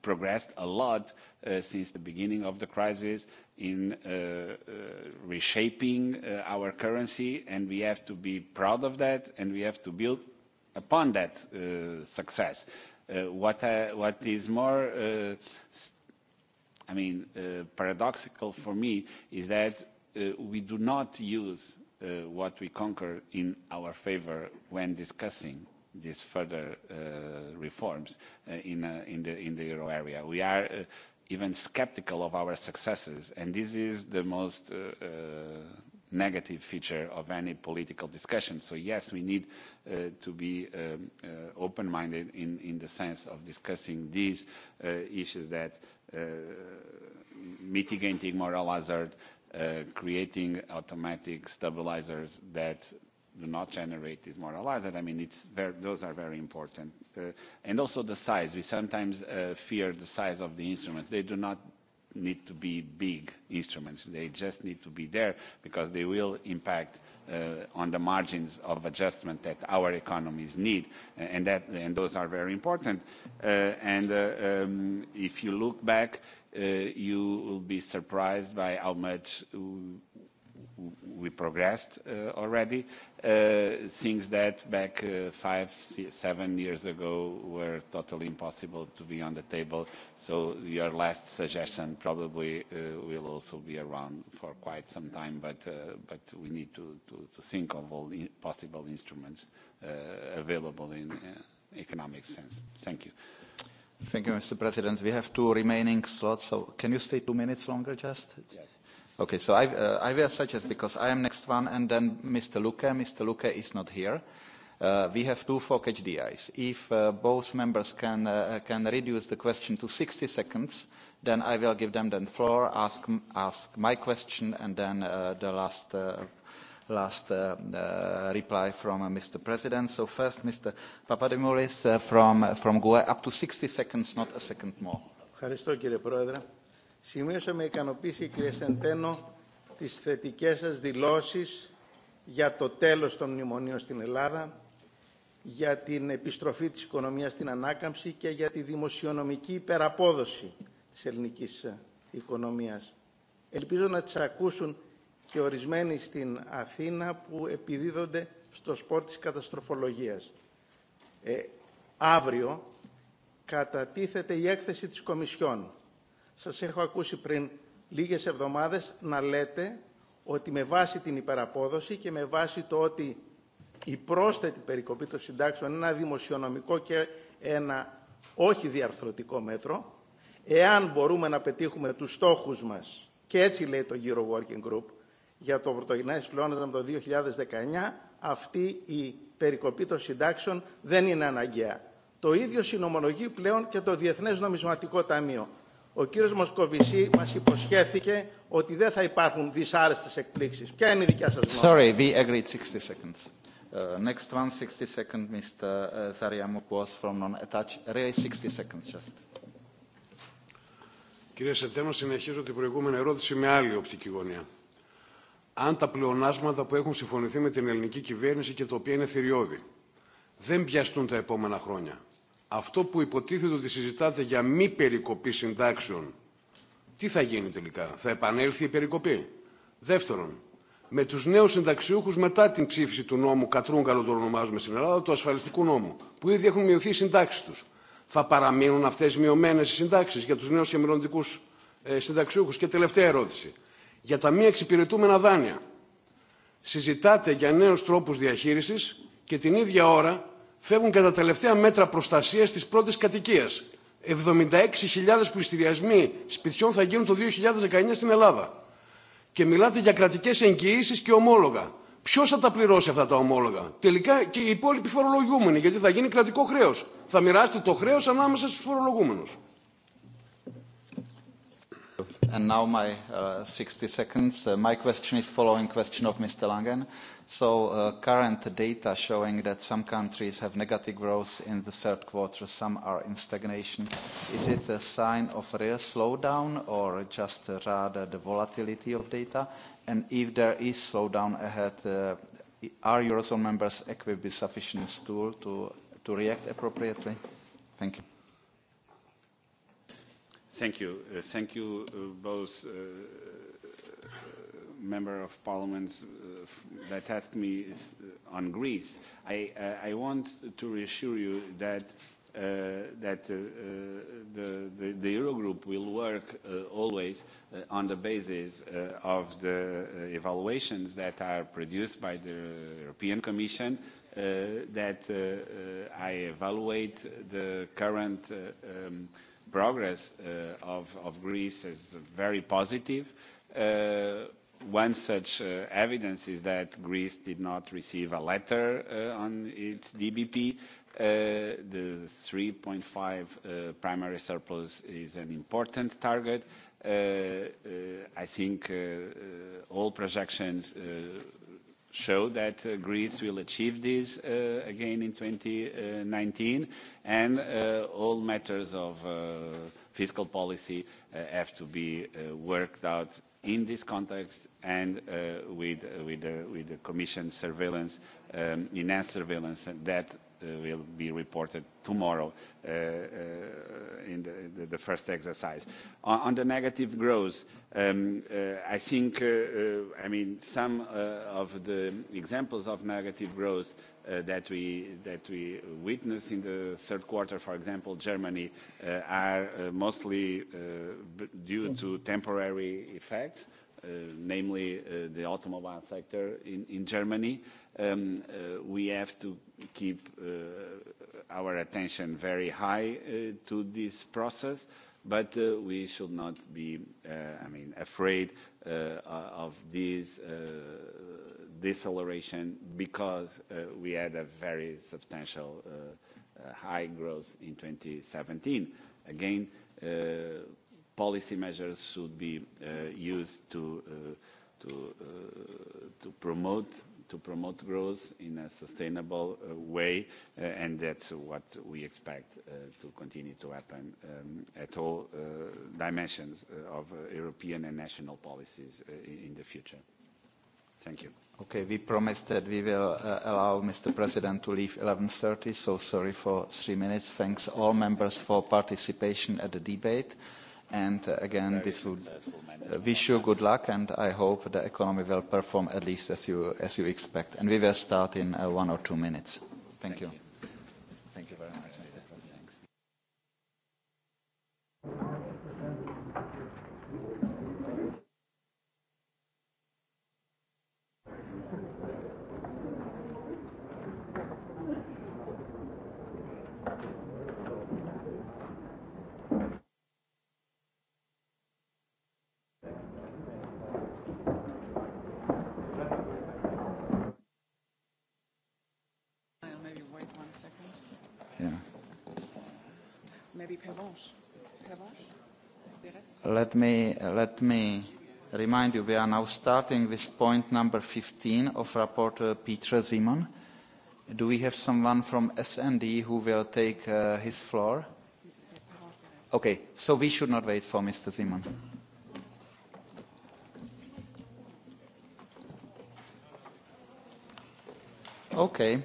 progressed a lot uh, since the beginning of the crisis in uh, uh, reshaping uh, our currency, and we have to be proud of that, and we have to build upon that success. What, is more, I mean, paradoxical for me is that we do not use what we conquer in our favor when discussing these further reforms in the euro area. We are even sceptical of our successes, and this is the most uh, uh, negative feature of any political discussion. So yes, we need uh, to be um, uh, open-minded in, in the sense of discussing these uh, issues that uh, mitigating moral hazard, creating automatic stabilizers that do not generate this moral hazard. I mean, it's very, those are very important Uh, and also the size. We sometimes uh, fear the size of the instruments. They do not need to be big instruments. They just need to be there because they will impact uh, on the margins of adjustment that our economies need, and that and those are very important. Uh, and uh, um, if you look back, uh, you will be surprised by how much we progressed uh, already. Uh, things that back uh, five, six, seven years ago were totally impossible to be on the table. So your last suggestion probably uh, will also be around for quite some time, but, uh, but we need to, to, to think of all the possible instruments uh, available in economic sense. Thank you. Thank you, Mr. President. We have two remaining slots, so can you stay two minutes longer just? Yes. Okay, so I, uh, I will suggest, because I am next one, and then Mr. Luque. Mr. Luque is not here. Uh, we have two for HDIs. If uh, both members can, uh, can reduce the question to 60 seconds, then I will give them the floor, ask, ask my question, and then uh, the last, uh, last uh, uh, reply from uh, Mr. President. So first, Mr. Papadimoulis uh, from, from GUE, up to 60 seconds, not a second more σημείωσα με ικανοποίηση, κύριε Σεντένο, τις θετικές σας δηλώσεις για το τέλος των μνημονίων στην Ελλάδα, για την επιστροφή της οικονομίας στην ανάκαμψη και για τη δημοσιονομική υπεραπόδοση της ελληνικής οικονομίας. Ελπίζω να τις ακούσουν και ορισμένοι στην Αθήνα που επιδίδονται στο σπορ της καταστροφολογίας. Ε, αύριο κατατίθεται η έκθεση της Κομισιόν σας έχω ακούσει πριν λίγες εβδομάδες να λέτε ότι με βάση την υπεραπόδοση και με βάση το ότι η πρόσθετη περικοπή των συντάξεων είναι ένα δημοσιονομικό και ένα όχι διαρθρωτικό μέτρο, εάν μπορούμε να πετύχουμε τους στόχους μας, και έτσι λέει το Euro Working Group, για το πρωτογενές πλεόνασμα το 2019, αυτή η περικοπή των συντάξεων δεν είναι αναγκαία. Το ίδιο συνομολογεί πλέον και το Διεθνές Νομισματικό Ταμείο. Ο κύριος Μοσκοβισή μας υποσχέθηκε ότι δεν θα υπάρχουν δυσάρεστες εκπλήξεις. Ποια είναι η δικιά σας γνώμη. Sorry, we agreed 60 seconds. Uh, next one, 60 seconds, Mr. Zariamopoulos from non-attached. Really 60 seconds just. Κύριε Σετέμα, συνεχίζω την προηγούμενη ερώτηση με άλλη οπτική γωνία. Αν τα πλεονάσματα που έχουν συμφωνηθεί με την ελληνική κυβέρνηση και τα οποία είναι θηριώδη δεν πιαστούν τα επόμενα χρόνια, αυτό που υποτίθεται ότι συζητάτε για μη περικοπή συντάξεων, τι θα γίνει τελικά, θα επανέλθει η περικοπή. Δεύτερον, με του νέου συνταξιούχου μετά την ψήφιση του νόμου, κατρούγκαλο το ονομάζουμε στην Ελλάδα, του ασφαλιστικού νόμου, που ήδη έχουν μειωθεί οι συντάξει του, Θα παραμείνουν αυτέ μειωμένε οι συντάξει για του νέου και μελλοντικού ε, συνταξιούχους. Και τελευταία ερώτηση. Για τα μη εξυπηρετούμενα δάνεια. Συζητάτε για νέου τρόπου διαχείριση και την ίδια ώρα φεύγουν κατά τελευταία μέτρα προστασίας στις πρώτες κατοικίες. 76.000 πληστηριασμοί σπιτιών θα γίνουν το 2019 στην Ελλάδα. Και μιλάτε για κρατικές εγγυήσεις και ομόλογα. Ποιο θα τα πληρώσει αυτά τα ομόλογα. Τελικά και οι υπόλοιποι φορολογούμενοι, γιατί θα γίνει κρατικό χρέο. Θα μοιράσετε το χρέο ανάμεσα στου φορολογούμενου. And now my uh, 60 seconds. Uh, my question is following question of Mr. Langen. So uh, current data showing that some countries have negative growth in the third quarter, some are in stagnation. Is it a sign of real slowdown or just rather the volatility of data? And if there is slowdown ahead, uh, are Eurozone members equipped with sufficient tools to, to react appropriately? Thank you. Thank you. Uh, thank you uh, both uh, uh, member of parliament that asked me on Greece. I, uh, I want to reassure you that uh, that uh, the, the, the Eurogroup will work uh, always uh, on the basis uh, of the evaluations that are produced by the European Commission uh, that uh, uh, I evaluate the current uh, um, progress uh, of, of Greece is very positive. Uh, one such uh, evidence is that Greece did not receive a letter uh, on its DBP. Uh, the 3.5 uh, primary surplus is an important target. Uh, uh, I think uh, uh, all projections uh, show that uh, Greece will achieve this uh, again in 2019, and uh, all matters of uh, fiscal policy uh, have to be uh, worked out in this context and with, with, with the Commission surveillance, um, enhanced surveillance that Uh, will be reported tomorrow uh, uh, in the, the, the first exercise. On, on the negative growth, um, I think, I mean, some of the examples of negative growth Uh, that we that we witness in the third quarter, for example, Germany, uh, are uh, mostly due to temporary effects Uh, namely uh, the automobile sector in, in Germany, um, uh, we have to keep our attention very high to this process but uh, we should not be, uh, I mean, afraid uh, of this deceleration because we had a very substantial high growth in 2017. Again, policy measures should be uh, used to uh, to uh, to promote to promote growth in a sustainable uh, way, uh, and that's what we expect uh, to continue to happen um, at all uh, dimensions uh, of uh, European and national policies uh, in the future. Thank you. Okay, we promised that we will uh, allow Mr. President to leave 11.30, so sorry for three minutes. Thanks all members for participation at the debate. And uh, again, this will uh, wish you good luck, and I hope the economy will perform at least as you, as you expect. And we will start in uh, one or two minutes. Thank, Thank you. you. Let me, let me remind you, we are now starting with point number 15 of Rapporteur Peter Zimon. Do we have someone from SND who will take uh, his floor? Okay, so we should not wait for Mr. Zimon. Okay,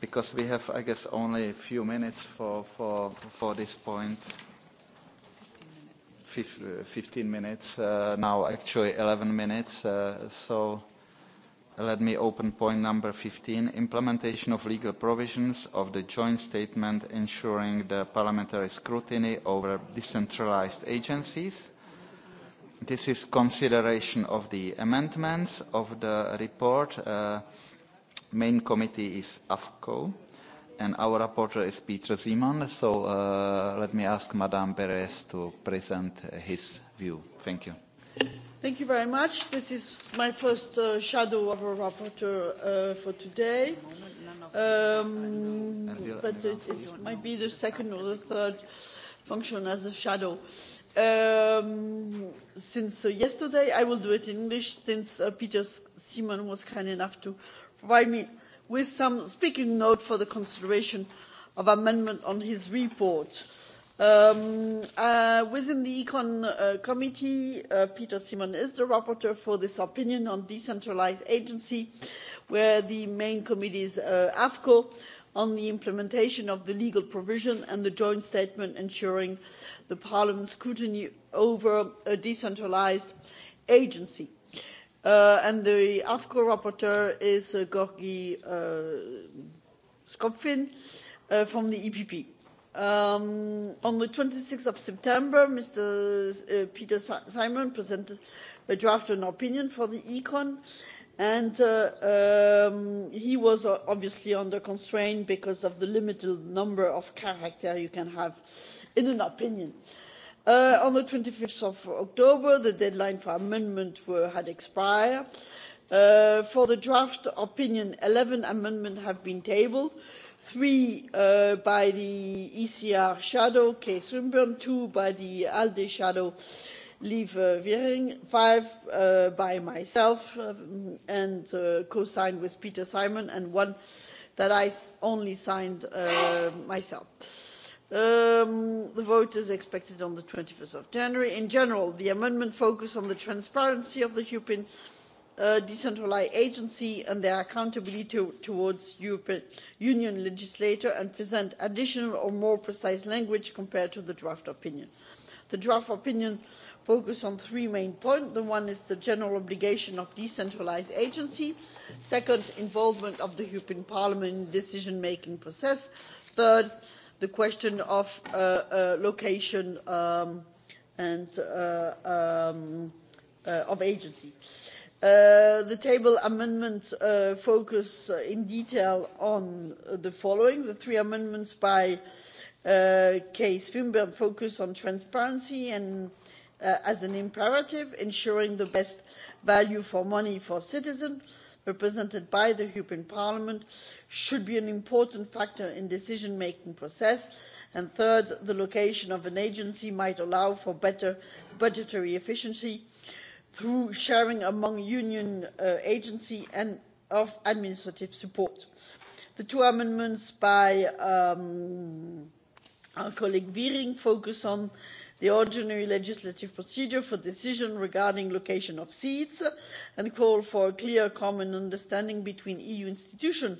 because we have, I guess, only a few minutes for, for, for this point. 15 minutes, uh, now actually 11 minutes. Uh, so let me open point number 15, implementation of legal provisions of the joint statement ensuring the parliamentary scrutiny over decentralized agencies. This is consideration of the amendments of the report. Uh, main committee is AFCO and our rapporteur is Peter Zeman, so uh, let me ask Madame Perez to present his view. Thank you. Thank you very much. This is my first uh, shadow of a rapporteur uh, for today, um, but it, it might be the second or the third function as a shadow. Um, since uh, yesterday, I will do it in English, since uh, Peter Simon was kind enough to provide me with some speaking note for the consideration of amendment on his report. Um, uh, within the econ uh, committee uh, peter simon is the rapporteur for this opinion on decentralised agency where the main committee is uh, afco on the implementation of the legal provision and the joint statement ensuring the parliament's scrutiny over a decentralised agency Uh, and the AFCO rapporteur is uh, Gorgi uh, Skopfin uh, from the EPP. Um, on the 26th of September, Mr. Uh, Peter Simon presented a draft an opinion for the Econ, and uh, um, he was uh, obviously under constraint because of the limited number of characters you can have in an opinion. Uh, on the 25th of October, the deadline for amendment had expired. Uh, for the draft opinion, 11 amendments have been tabled, three uh, by the ECR shadow, Kay Swinburne, two by the ALDE shadow, Liv Wiering, five by myself um, and co-signed with Peter Simon, and one that I only signed myself Um, the vote is expected on the 21st of January. In general, the amendment focuses on the transparency of the European uh, decentralised agency and their accountability to, towards European Union legislator and present additional or more precise language compared to the draft opinion. The draft opinion focuses on three main points. The one is the general obligation of decentralised agency. Second, involvement of the European Parliament in decision-making process. Third, the question of uh, uh, location um, and uh, um, of agency. the table amendments focus in detail on the following. The three amendments by Kees Wimberg focus on transparency and as an imperative, ensuring the best value for money for citizens represented by the european parliament should be an important factor in the decision making process and third the location of an agency might allow for better budgetary efficiency through sharing among union uh, agencies and of administrative support. the two amendments by um, our colleague viering focus on the ordinary legislative procedure for decision regarding location of seats and call for a clear common understanding between eu institutions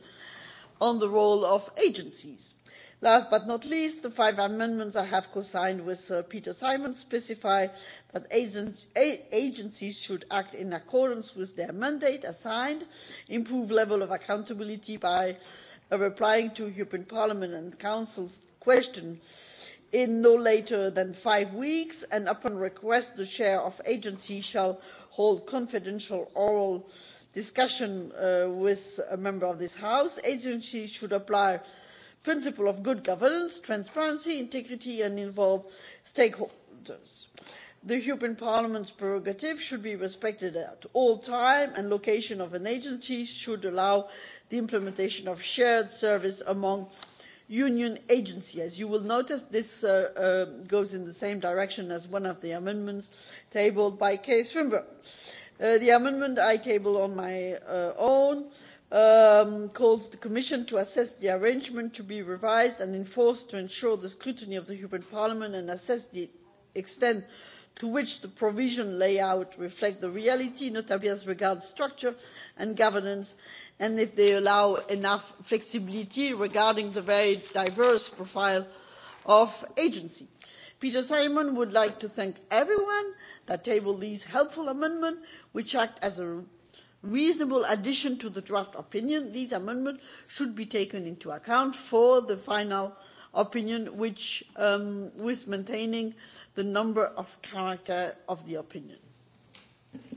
on the role of agencies. last but not least the five amendments i have co signed with Sir peter simon specify that agencies should act in accordance with their mandate assigned improve level of accountability by replying to european parliament and council's questions in no later than five weeks and upon request the chair of the agency shall hold confidential oral discussions uh, with a member of this house. agencies should apply the principle of good governance transparency integrity and involve stakeholders. the european parliament's prerogative should be respected at all times and location of an agency should allow the implementation of shared service among union agency. As you will notice, this uh, uh, goes in the same direction as one of the amendments tabled by Kay Swinburne. Uh, the amendment I table on my uh, own um, calls the Commission to assess the arrangement to be revised and enforced to ensure the scrutiny of the European Parliament and assess the extent to which the provision layout reflect the reality, notably as regards structure and governance, and if they allow enough flexibility regarding the very diverse profile of agency. Peter Simon would like to thank everyone that tabled these helpful amendments, which act as a reasonable addition to the draft opinion. These amendments should be taken into account for the final opinion, which um, with maintaining the number of character of the opinion.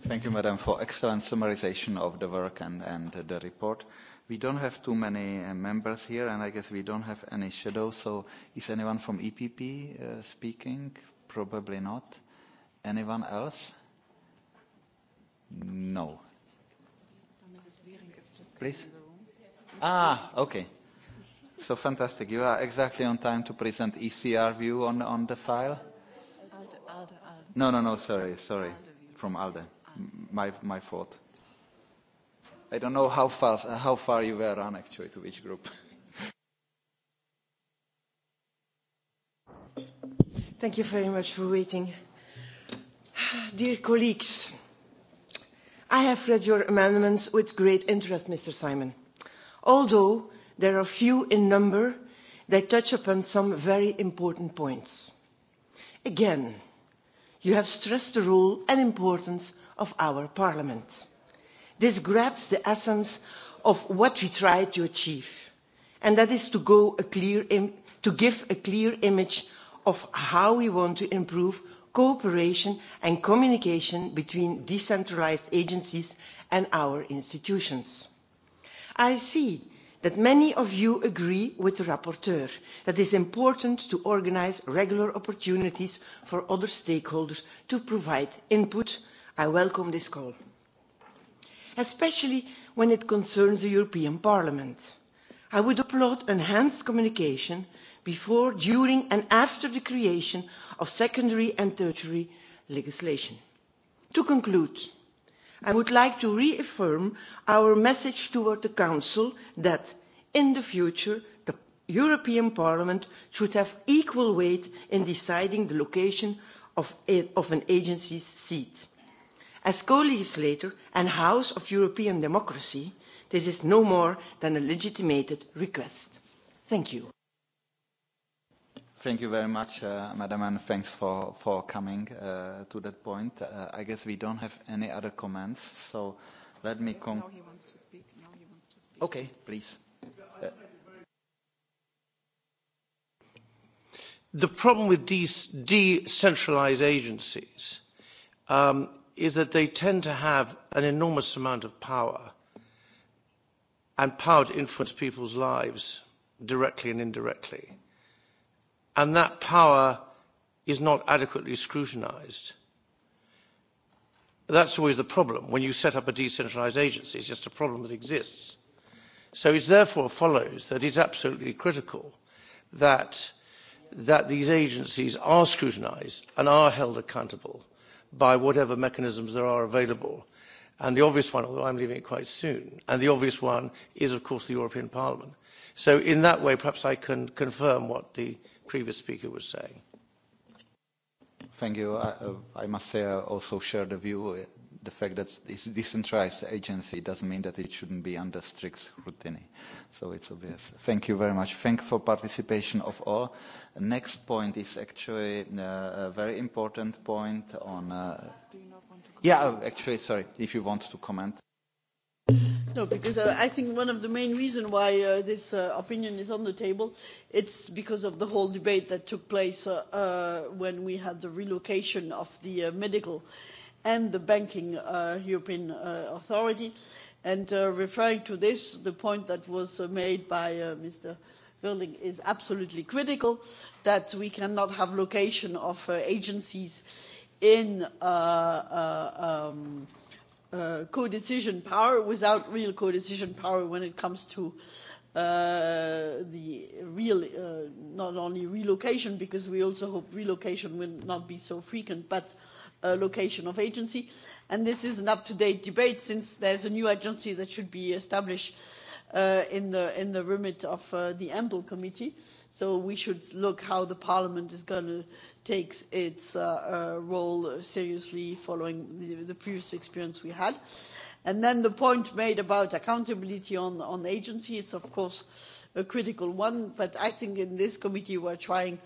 Thank you, Madam, for excellent summarization of the work and, and the report. We don't have too many uh, members here, and I guess we don't have any shadow. So is anyone from EPP uh, speaking? Probably not. Anyone else? No. Please. Ah, okay. So fantastic. You are exactly on time to present ECR view on, on the file. No, no, no, sorry, sorry from ALDE. My, my fault. I don't know how, fast, uh, how far you were on actually to which group. Thank you very much for waiting. Dear colleagues, I have read your amendments with great interest, Mr. Simon. Although there are few in number, they touch upon some very important points. Again, you have stressed the role and importance of our parliament. This grabs the essence of what we try to achieve, and that is to, go a clear to give a clear image of how we want to improve cooperation and communication between decentralised agencies and our institutions. I see that many of you agree with the rapporteur that it is important to organise regular opportunities for other stakeholders to provide input. I welcome this call, especially when it concerns the European Parliament. I would applaud enhanced communication before, during and after the creation of secondary and tertiary legislation. To conclude, I would like to reaffirm our message toward the Council that, in the future, the European Parliament should have equal weight in deciding the location of, of an agency's seat. As co-legislator and House of European Democracy, this is no more than a legitimated request. Thank you. Thank you very much, uh, Madam, and thanks for, for coming uh, to that point. Uh, I guess we don't have any other comments, so let me... Yes, now he wants to speak. Now he wants to speak. Okay, please. Uh, the problem with de decentralized agencies um, is that they tend to have an enormous amount of power and power to influence people's lives directly and indirectly and that power is not adequately scrutinised. That's always the problem when you set up a decentralised agency. It's just a problem that exists. So it therefore follows that it's absolutely critical that, that these agencies are scrutinised and are held accountable by whatever mechanisms there are available. And the obvious one, although I'm leaving it quite soon, and the obvious one is, of course, the European Parliament. So in that way, perhaps I can confirm what the previous speaker was saying. Thank you. I, uh, I must say I also share the view uh, the fact that this decentralized agency doesn't mean that it shouldn't be under strict scrutiny. So it's obvious. Thank you very much. Thank for participation of all. Next point is actually uh, a very important point on... Uh, yeah, uh, actually, sorry, if you want to comment. No, because uh, I think one of the main reasons why uh, this uh, opinion is on the table, it's because of the whole debate that took place uh, uh, when we had the relocation of the uh, medical and the banking uh, European uh, authority. And uh, referring to this, the point that was uh, made by uh, Mr. Building is absolutely critical that we cannot have location of uh, agencies in uh, uh, um, Uh, co-decision power without real co-decision power when it comes to uh, the real, uh, not only relocation, because we also hope relocation will not be so frequent, but uh, location of agency. And this is an up-to-date debate since there's a new agency that should be established Uh, in the in the remit of uh, the ample committee so we should look how the parliament is going to takes its uh, uh, role seriously following the, the previous experience we had. And then the point made about accountability on, on agency is, of course, a critical one, but I think in this committee we're trying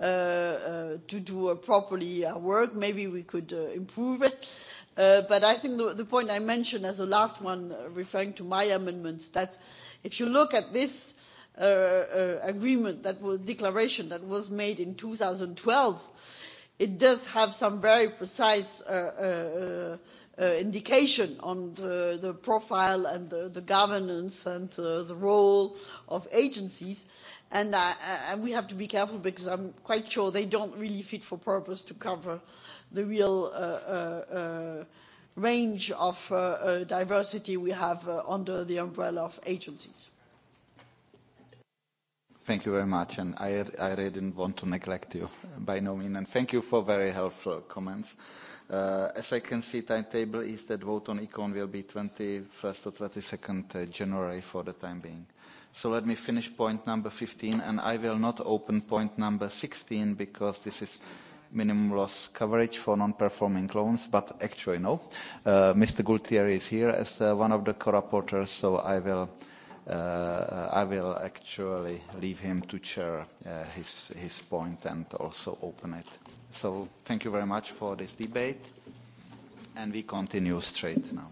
uh, uh, to do a properly our uh, work. Maybe we could uh, improve it. Uh, but I think the, the point I mentioned as the last one, uh, referring to my amendments, that if you look at this Uh, uh, agreement that was declaration that was made in 2012 it does have some very precise uh, indication on the, profile and the, governance and the role of agencies and, and we have to be careful because I'm quite sure they don't really fit for purpose to cover the real range of diversity we have under the umbrella of agencies. Thank you very much, and I, I really didn't want to neglect you by no means. And thank you for very helpful comments. Uh, as I can see, timetable is that vote on Econ will be 21st or 22nd uh, January for the time being. So let me finish point number 15, and I will not open point number 16 because this is minimum loss coverage for non-performing loans, but actually no. Uh, Mr. Gultieri is here as uh, one of the co-rapporteurs, so I will uh, I will actually leave him to share uh, his, his point and also open it. So thank you very much for this debate, and we continue straight now.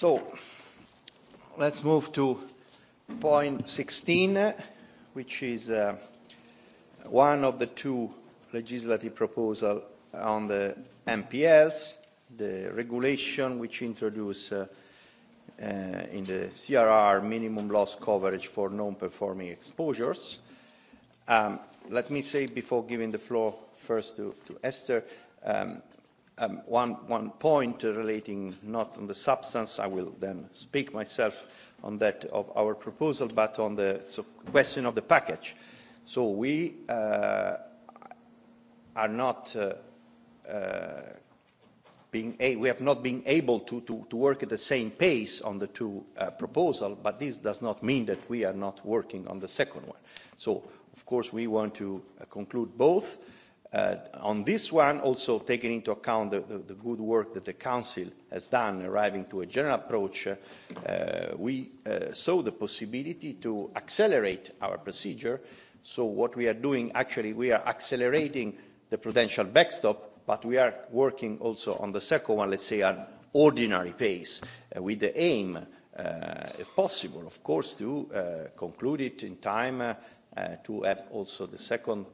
So, let's move to point 16, which is uh, one of the two legislative proposals on the MPLs, the regulation which introduces uh, uh, in the CRR minimum loss coverage for non-performing exposures. Um, let me say before giving the floor first to, to Esther, um, Um, one, one point relating not on the substance, I will then speak myself on that of our proposal, but on the so question of the package. So we uh, are not uh, uh, being a we have not been able to, to, to work at the same pace on the two uh, proposals, but this does not mean that we are not working on the second one. So, of course, we want to uh, conclude both. Uh, Uh, on this one, also taking into account the, the, the, good work that the Council has done arriving to a general approach, uh, we uh, saw the possibility to accelerate our procedure. So what we are doing, actually, we are accelerating the prudential backstop, but we are working also on the second one, let's say, an ordinary pace, uh, with the aim, uh, if possible, of course, to conclude it in time to have also the second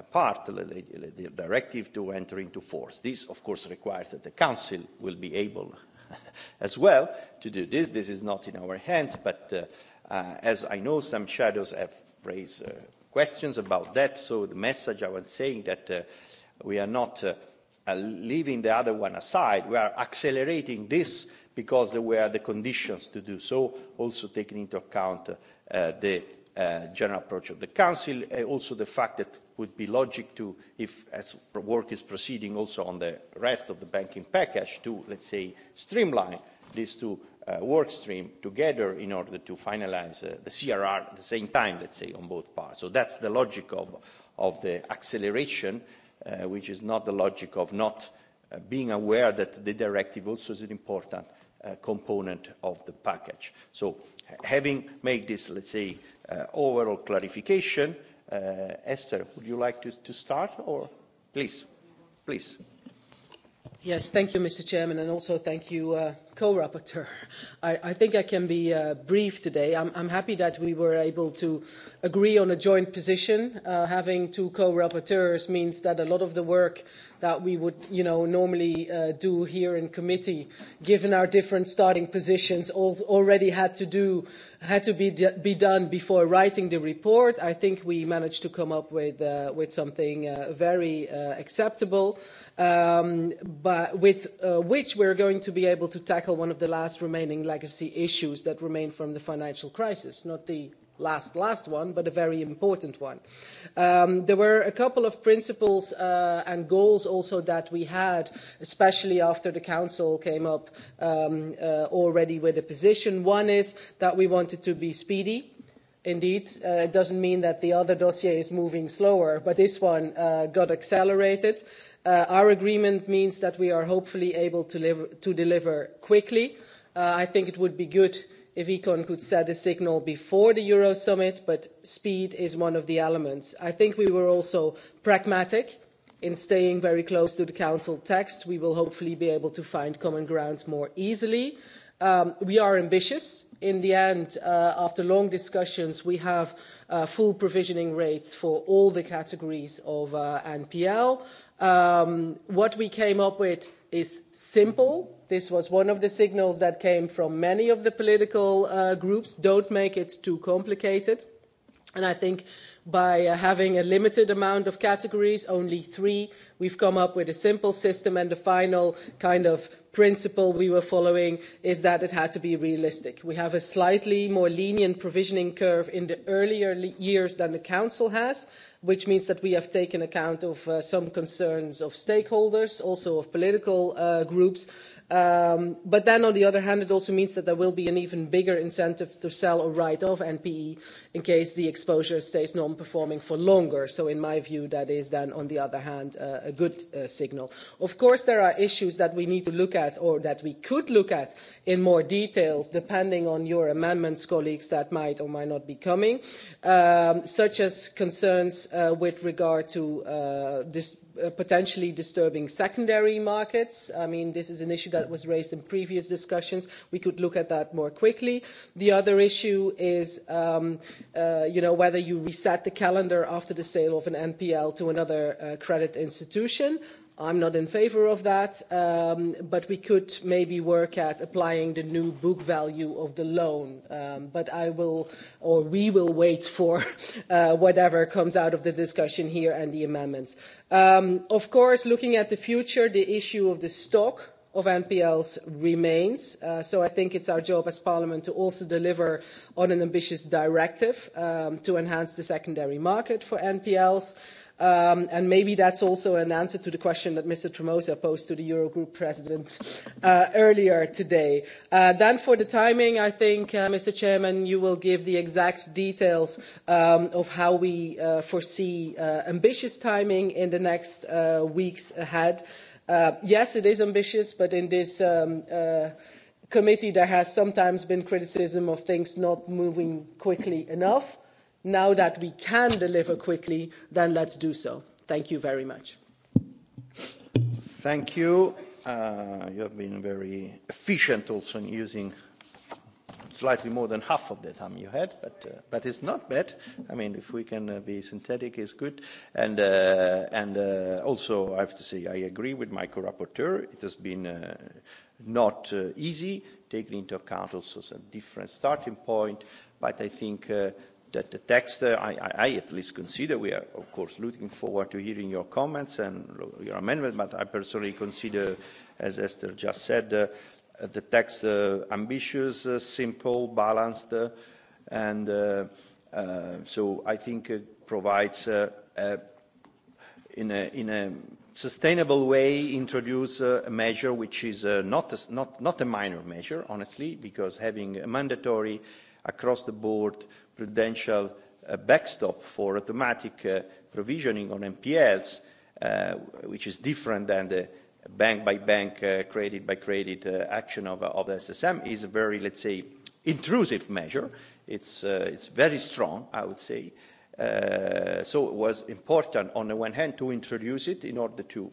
part, the directive to enter into force. This, of course, requires that the Council will be able as well to do this. This is not in our hands, but uh, uh, as I know, some shadows have raised uh, questions about that. So the message I was saying that uh, we are not uh, uh, leaving the other one aside. We are accelerating this because there were the conditions to do so, also taking into account uh, the uh, general approach of the Council, uh, also the fact that would be logic to, if as work is proceeding also on the rest of the banking package, to, let's say, streamline these two uh, work stream together in order to finalize uh, the CRR at the same time, let's say, on both parts. So that's the logic of, of the acceleration, uh, which is not the logic of not uh, being aware that the directive also is an important uh, component of the package. So having made this, let's say, uh, overall clarification, uh, Uh, Esther, would you like to, start or please, please. Yes, thank you, Mr. Chairman, and also thank you, uh, co-rapporteur. I, I, think I can be uh, brief today. I'm, I'm, happy that we were able to agree on a joint position. Uh, having two co-rapporteurs means that a lot of the work that we would, you know, normally uh, do here in committee, given our different starting positions, already had to do had to be be done before writing the report. I think we managed to come up with uh, with something uh, very uh, acceptable um, but with uh, which we're going to be able to tackle one of the last remaining legacy issues that remain from the financial crisis, not the last, last one, but a very important one. Um, there were a couple of principles uh, and goals also that we had, especially after the Council came up um, uh, already with a position. One is that we wanted to be speedy. Indeed, uh, it doesn't mean that the other dossier is moving slower, but this one uh, got accelerated. Uh, our agreement means that we are hopefully able to, live, to deliver quickly. Uh, I think it would be good if Econ could set a signal before the Euro summit, but speed is one of the elements. I think we were also pragmatic in staying very close to the Council text. We will hopefully be able to find common ground more easily. Um, we are ambitious. In the end, uh, after long discussions, we have uh, full provisioning rates for all the categories of uh, NPL. Um, what we came up with is simple. This was one of the signals that came from many of the political uh, groups. Don't make it too complicated. And I think by uh, having a limited amount of categories, only three, we've come up with a simple system. And the final kind of principle we were following is that it had to be realistic. We have a slightly more lenient provisioning curve in the earlier years than the Council has which means that we have taken account of uh, some concerns of stakeholders, also of political uh, groups, Um, but then, on the other hand, it also means that there will be an even bigger incentive to sell or write off NPE in case the exposure stays non-performing for longer. So in my view, that is then, on the other hand, uh, a good uh, signal. Of course, there are issues that we need to look at or that we could look at in more details, depending on your amendments, colleagues, that might or might not be coming, um, such as concerns uh, with regard to uh, this Uh, potentially disturbing secondary markets. I mean, this is an issue that was raised in previous discussions. We could look at that more quickly. The other issue is, um, uh, you know, whether you reset the calendar after the sale of an NPL to another uh, credit institution. I'm not in favour of that, um, but we could maybe work at applying the new book value of the loan. Um, but I will, or we will wait for uh, whatever comes out of the discussion here and the amendments. Um, of course, looking at the future, the issue of the stock of NPLs remains. Uh, so I think it's our job as Parliament to also deliver on an ambitious directive um, to enhance the secondary market for NPLs. Um, and maybe that's also an answer to the question that Mr. Tremosa posed to the Eurogroup president uh, earlier today. Uh, then for the timing, I think, uh, Mr. Chairman, you will give the exact details um, of how we uh, foresee uh, ambitious timing in the next uh, weeks ahead. yes, it is ambitious, but in this um, committee there has sometimes been criticism of things not moving quickly enough now that we can deliver quickly, then let's do so. Thank you very much. Thank you. Uh, you have been very efficient also in using slightly more than half of the time you had, but uh, but it's not bad. I mean, if we can uh, be synthetic, it's good. And uh, and uh, also, I have to say, I agree with my co-rapporteur. It has been. Uh, not uh, easy, taking into account also some different starting point, but I think uh, that the text, uh, I, I, I at least consider, we are of course looking forward to hearing your comments and your amendments, but I personally consider, as Esther just said, uh, the text uh, ambitious, uh, simple, balanced, uh, and uh, uh, so I think it provides, uh, uh, in, a, in a sustainable way, introduce uh, a measure which is uh, not, a, not, not a minor measure, honestly, because having a mandatory across the board prudential uh, backstop for automatic uh, provisioning on NPLs, uh, which is different than the bank-by-bank, -bank, by bank uh, credit by credit uh, action of, of the SSM, is a very, let's say, intrusive measure. It's, uh, it's very strong, I would say. so it was important, on the one hand, to introduce it in order to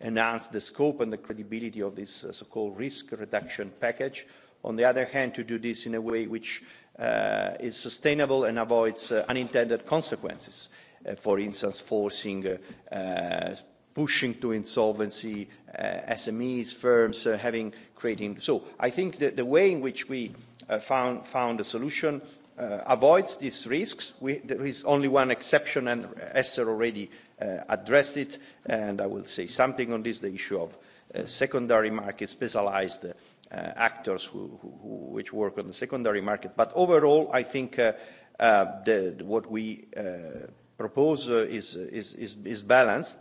enhance the scope and the credibility of this so-called risk reduction package. On the other hand, to do this in a way which Uh, is sustainable and avoids uh, unintended consequences, uh, for instance, forcing, uh, uh, pushing to insolvency SMEs, firms, having creating. So I think that the way in which we found, found a solution avoids these risks. We, there is only one exception, and Esther already addressed it, and I will say something on this, the issue of secondary market, specialized Uh, actors who, who, who, which work on the secondary market. But overall, I think uh, uh, the, what we propose is, is, is, is balanced.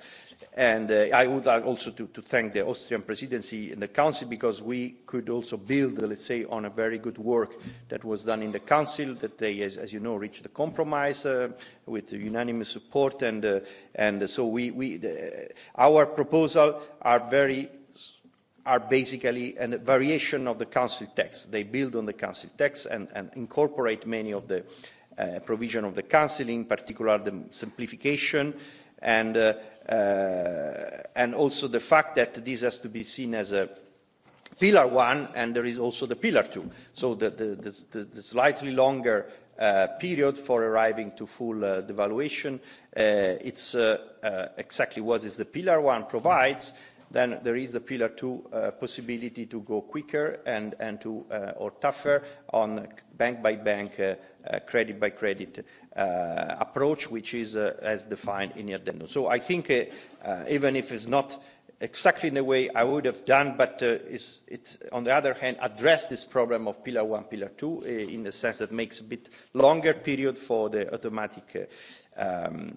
And uh, I would like also to, to thank the Austrian presidency and the Council because we could also build, let's say, on a very good work that was done in the Council, that they, as, as you know, reached a compromise uh, with unanimous support. And, uh, and so we, we, the, our proposal are very are basically a variation of the Council text. They build on the Council text and, and incorporate many of the uh, provision of the Council, in particular the simplification and, uh, uh, and also the fact that this has to be seen as a pillar one and there is also the pillar two. So the, the, the, the, the slightly longer uh, period for arriving to full uh, devaluation, uh, it's uh, uh, exactly what is the pillar one provides. Mm Then there is the Pillar Two uh, possibility to go quicker and, and to, uh, or tougher on bank by bank, uh, uh, credit by credit uh, approach, which is uh, as defined in the addendum. So I think uh, uh, even if it's not exactly in the way I would have done, but uh, it's, it's, on the other hand, address this problem of Pillar 1, Pillar 2, uh, in the sense that makes a bit longer period for the automatic uh, um,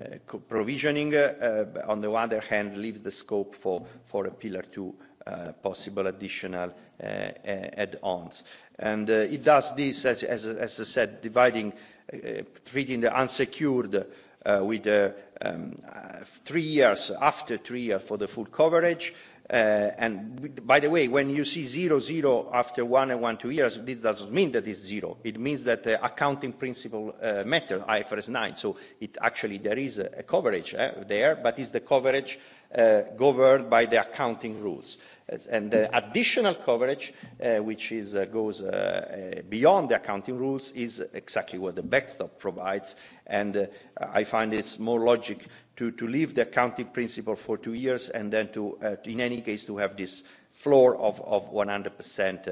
uh, provisioning, uh, on the other hand, leaves the scope for, for a Pillar 2 uh, possible additional uh, add-ons. And uh, it does this, as, as, as I said, dividing, uh, treating the unsecured uh, with uh, um, uh, three years, after three years for the full coverage, Uh, and by the way, when you see zero, zero after one and one, two years, this doesn't mean that it's zero. It means that the uh, accounting principle uh, matter, IFRS 9. So it actually, there is a, a coverage eh, there, but it's the coverage uh, governed by the accounting rules. And the additional coverage, uh, which is, uh, goes uh, uh, beyond the accounting rules, is exactly what the backstop provides. And uh, I find it's more logic to, to leave the accounting principle for two years and then to, uh, in any case, to have this floor of, of 100%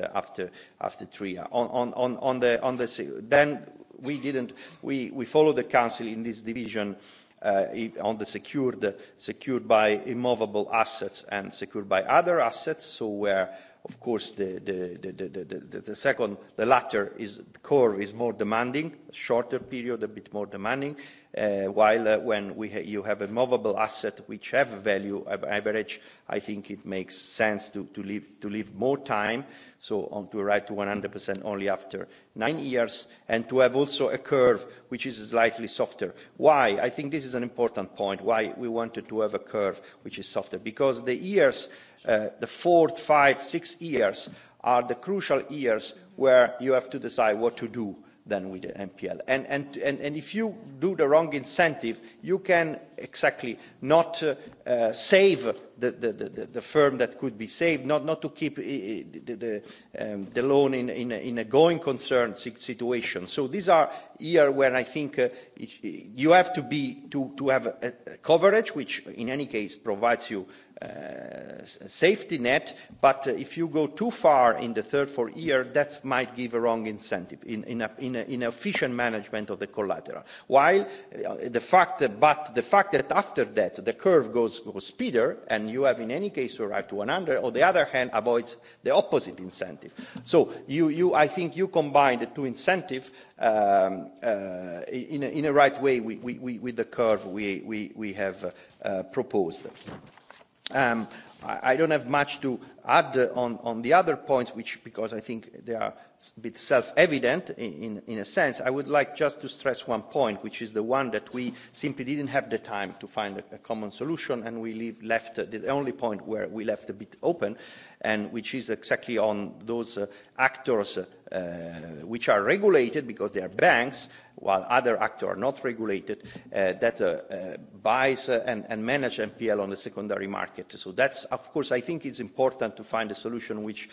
uh, after, after three years. On, on, on the, on the, then we didn't, we, we followed the council in this division uh, on the secured, secured by immovable assets and secured by other assets, so where Of course, the, the, the, the second, the latter is curve is more demanding, shorter period, a bit more demanding, uh, while uh, when we ha you have a movable asset which have value average, I think it makes sense to, to, leave, to leave more time, so on to arrive to 100% only after nine years, and to have also a curve which is slightly softer. Why? I think this is an important point, why we wanted to have a curve which is softer, because the years – Uh, the fourth, five, six years are the crucial years where you have to decide what to do then with the NPL. And, and, and, and if you do the wrong incentive, you can exactly not uh, uh, save the, the, the, the firm that could be saved, not, not to keep uh, the, the, um, the loan in, in, a, in a going concern situation. So these are here where I think uh, it, you have to, be, to, to have a, a coverage, which in any case provides you uh, Uh, safety net, but uh, if you go too far in the third, fourth year, that might give a wrong incentive in, in, a, in, a, in efficient management of the collateral. While uh, the fact, that, but the fact that after that the curve goes, goes speeder and you have in any case to arrive to 100, on the other hand, avoids the opposite incentive. So you, you, I think you combine the two incentives um, uh, in, a, in a right way with, with, with the curve we, we, we have uh, proposed. Um, I, I don't have much to add uh, on, on the other points, which because I think they are bit self-evident in, in a sense, I would like just to stress one point, which is the one that we simply didn't have the time to find a, a common solution, and we leave, left the only point where we left a bit open, and which is exactly on those uh, actors uh, which are regulated because they are banks, while other actors are not regulated, uh, that uh, uh buys uh, and, and manage MPL on the secondary market. So that's, of course, I think it's important to find a solution which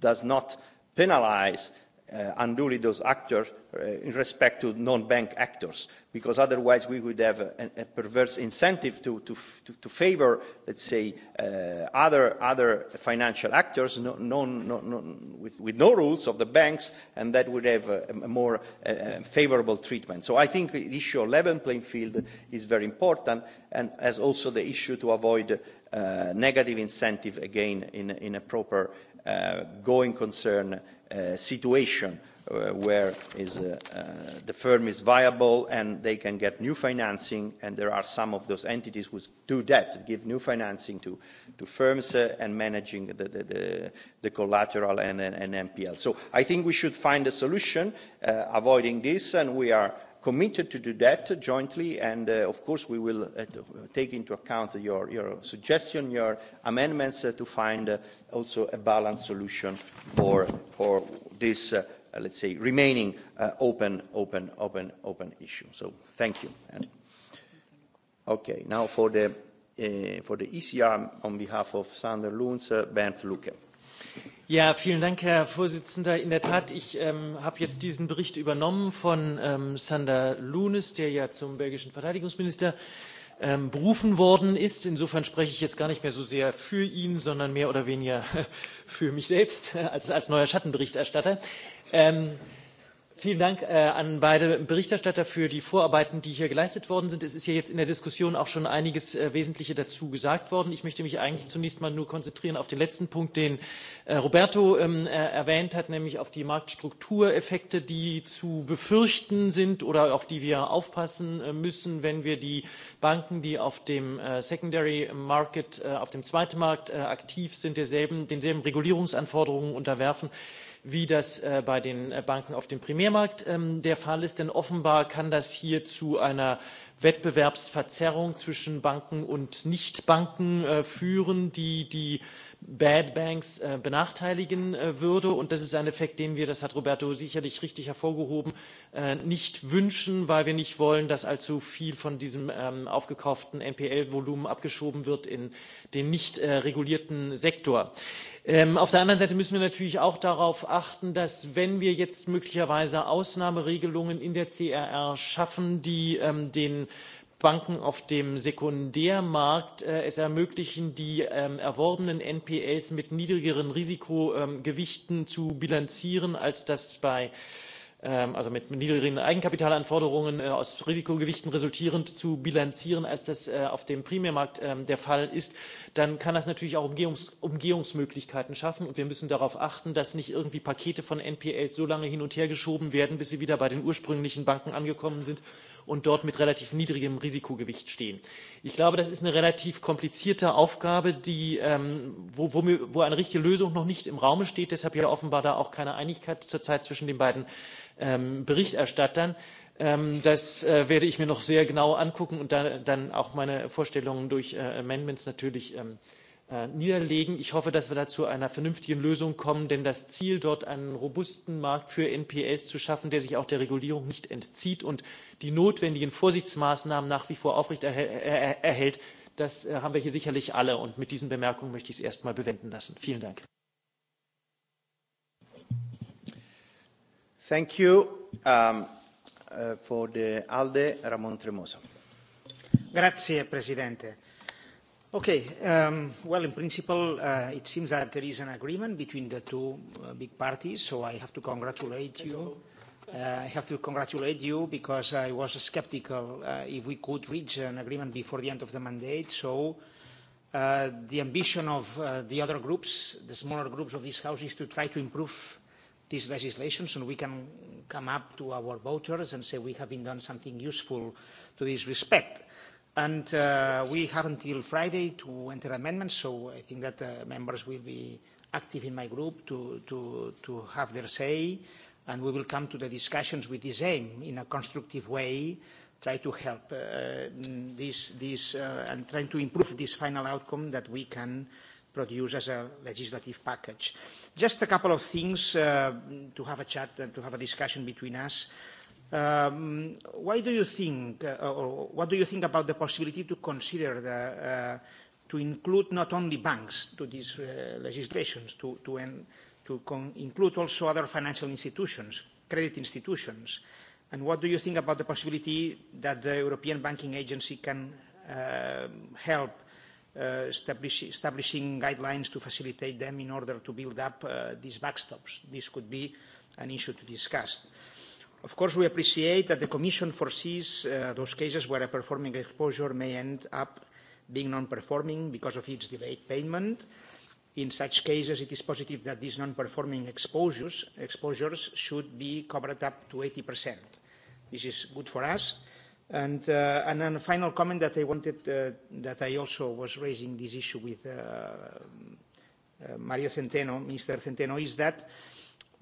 does not – penalise uh, unduly those actors uh, in respect to non-bank actors, because otherwise we would have a, a perverse incentive to, to, to, to favour, let's say, uh, other, other financial actors with, with no rules of the banks, and that would have a, a more uh, favourable treatment. So I think the issue of level playing field is very important, and as also the issue to avoid uh, negative incentive again in, in a proper Uh, going concern uh, situation Uh, where is, uh, uh, the firm is viable and they can get new financing and there are some of those entities which do that, give new financing to, to firms uh, and managing the, the, the, the collateral and, and, and NPL. So I think we should find a solution avoiding this and we are committed to do that jointly, and uh, of course we will uh, uh, take into account your, your suggestion, your amendments uh, to find uh, also a balanced solution for, for this, uh, let's say, remaining uh, open, open, open, open issue. So thank you. And, okay, now for the, uh, for the ECR on behalf of Sander Luns, uh, Bernd Lucke. Ja, vielen Dank, Herr Vorsitzender. In der Tat, ich ähm, habe jetzt diesen Bericht übernommen von ähm, Sander Lunes, der ja zum belgischen Verteidigungsminister ähm, berufen worden ist. Insofern spreche ich jetzt gar nicht mehr so sehr für ihn, sondern mehr oder weniger für mich selbst äh, als, als neuer Schattenberichterstatter. Ähm, Vielen Dank äh, an beide Berichterstatter für die Vorarbeiten, die hier geleistet worden sind. Es ist ja jetzt in der Diskussion auch schon einiges äh, Wesentliche dazu gesagt worden. Ich möchte mich eigentlich zunächst mal nur konzentrieren auf den letzten Punkt, den äh, Roberto ähm, erwähnt hat, nämlich auf die Marktstruktureffekte, die zu befürchten sind oder auf die wir aufpassen müssen, wenn wir die Banken, die auf dem Secondary Market, auf dem Zweitmarkt aktiv sind, denselben Regulierungsanforderungen unterwerfen wie das äh, bei den äh, Banken auf dem Primärmarkt ähm, der Fall ist. Denn offenbar kann das hier zu einer Wettbewerbsverzerrung zwischen Banken und Nichtbanken äh, führen, die die Bad Banks äh, benachteiligen äh, würde. Und das ist ein Effekt, den wir, das hat Roberto sicherlich richtig hervorgehoben, äh, nicht wünschen, weil wir nicht wollen, dass allzu viel von diesem ähm, aufgekauften NPL-Volumen abgeschoben wird in den nicht äh, regulierten Sektor. Ähm, auf der anderen Seite müssen wir natürlich auch darauf achten, dass wenn wir jetzt möglicherweise Ausnahmeregelungen in der CRR schaffen, die ähm, den Banken auf dem Sekundärmarkt äh, es ermöglichen, die ähm, erworbenen NPLs mit niedrigeren Risikogewichten ähm, zu bilanzieren, als das bei ähm, also mit niedrigeren Eigenkapitalanforderungen äh, aus Risikogewichten resultierend zu bilanzieren, als das äh, auf dem Primärmarkt ähm, der Fall ist dann kann das natürlich auch Umgehungs Umgehungsmöglichkeiten schaffen. Und wir müssen darauf achten, dass nicht irgendwie Pakete von NPLs so lange hin und her geschoben werden, bis sie wieder bei den ursprünglichen Banken angekommen sind und dort mit relativ niedrigem Risikogewicht stehen. Ich glaube, das ist eine relativ komplizierte Aufgabe, die, ähm, wo, wo, mir, wo eine richtige Lösung noch nicht im Raume steht. Deshalb ja offenbar da auch keine Einigkeit zurzeit zwischen den beiden ähm, Berichterstattern. Ähm, das äh, werde ich mir noch sehr genau angucken und da, dann auch meine Vorstellungen durch äh, Amendments natürlich ähm, äh, niederlegen. Ich hoffe, dass wir da zu einer vernünftigen Lösung kommen, denn das Ziel, dort einen robusten Markt für NPLs zu schaffen, der sich auch der Regulierung nicht entzieht und die notwendigen Vorsichtsmaßnahmen nach wie vor aufrechterhält, äh, das haben wir hier sicherlich alle. Und mit diesen Bemerkungen möchte ich es erstmal bewenden lassen. Vielen Dank. Thank you. Um, Eh, for the ALDE, Ramon Tremosa. Grazie, Presidente. Okay, um, well, in principle, uh, it seems that there is an agreement between the two uh, big parties, so I have to congratulate you. Uh, I have to congratulate you because I was skeptical uh, if we could reach an agreement before the end of the mandate. So uh, the ambition of uh, the other groups, the smaller groups of this House, is to try to improve these legislations and we can come up to our voters and say we have been done something useful to this respect. And uh, we have until Friday to enter amendments, so I think that uh, members will be active in my group to, to, to have their say, and we will come to the discussions with this aim in a constructive way, try to help uh, this, this uh, and trying to improve this final outcome that we can uh, produce as a legislative package. Just a couple of things uh, to have a chat and uh, to have a discussion between us. Um, why do you think, uh, or what do you think about the possibility to consider the, uh, to include not only banks to these uh, legislations, to, to, en, to con include also other financial institutions, credit institutions? And what do you think about the possibility that the European Banking Agency can uh, help Uh, establish, establishing guidelines to facilitate them in order to build up uh, these backstops. This could be an issue to discuss. Of course, we appreciate that the Commission foresees uh, those cases where a performing exposure may end up being non-performing because of its delayed payment. In such cases, it is positive that these non-performing exposures, exposures should be covered up to 80%. This is good for us And, uh, and then a final comment that I wanted, uh, that I also was raising this issue with uh, uh, Mario Centeno, Mr. Centeno, is that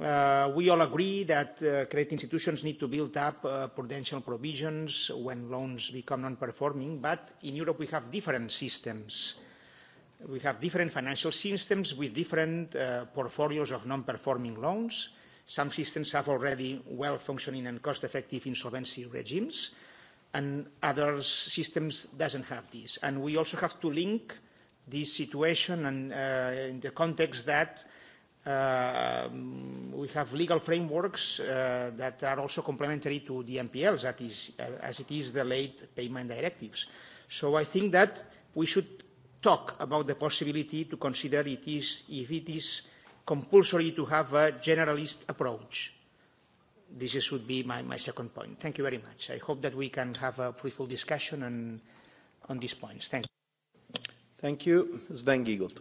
uh, we all agree that uh, credit institutions need to build up uh, prudential provisions when loans become non-performing, but in Europe we have different systems. We have different financial systems with different uh, portfolios of non-performing loans. Some systems have already well-functioning and cost-effective insolvency regimes and other systems doesn't have this. And we also have to link this situation and uh, in the context that uh, we have legal frameworks uh, that are also complementary to the MPLs, that is, uh, as it is the late payment directives. So I think that we should talk about the possibility to consider it is, if it is compulsory to have a generalist approach this should be my, my second point. Thank you very much. I hope that we can have a fruitful discussion on, on these points. Thank you. Thank you. Sven Giegold.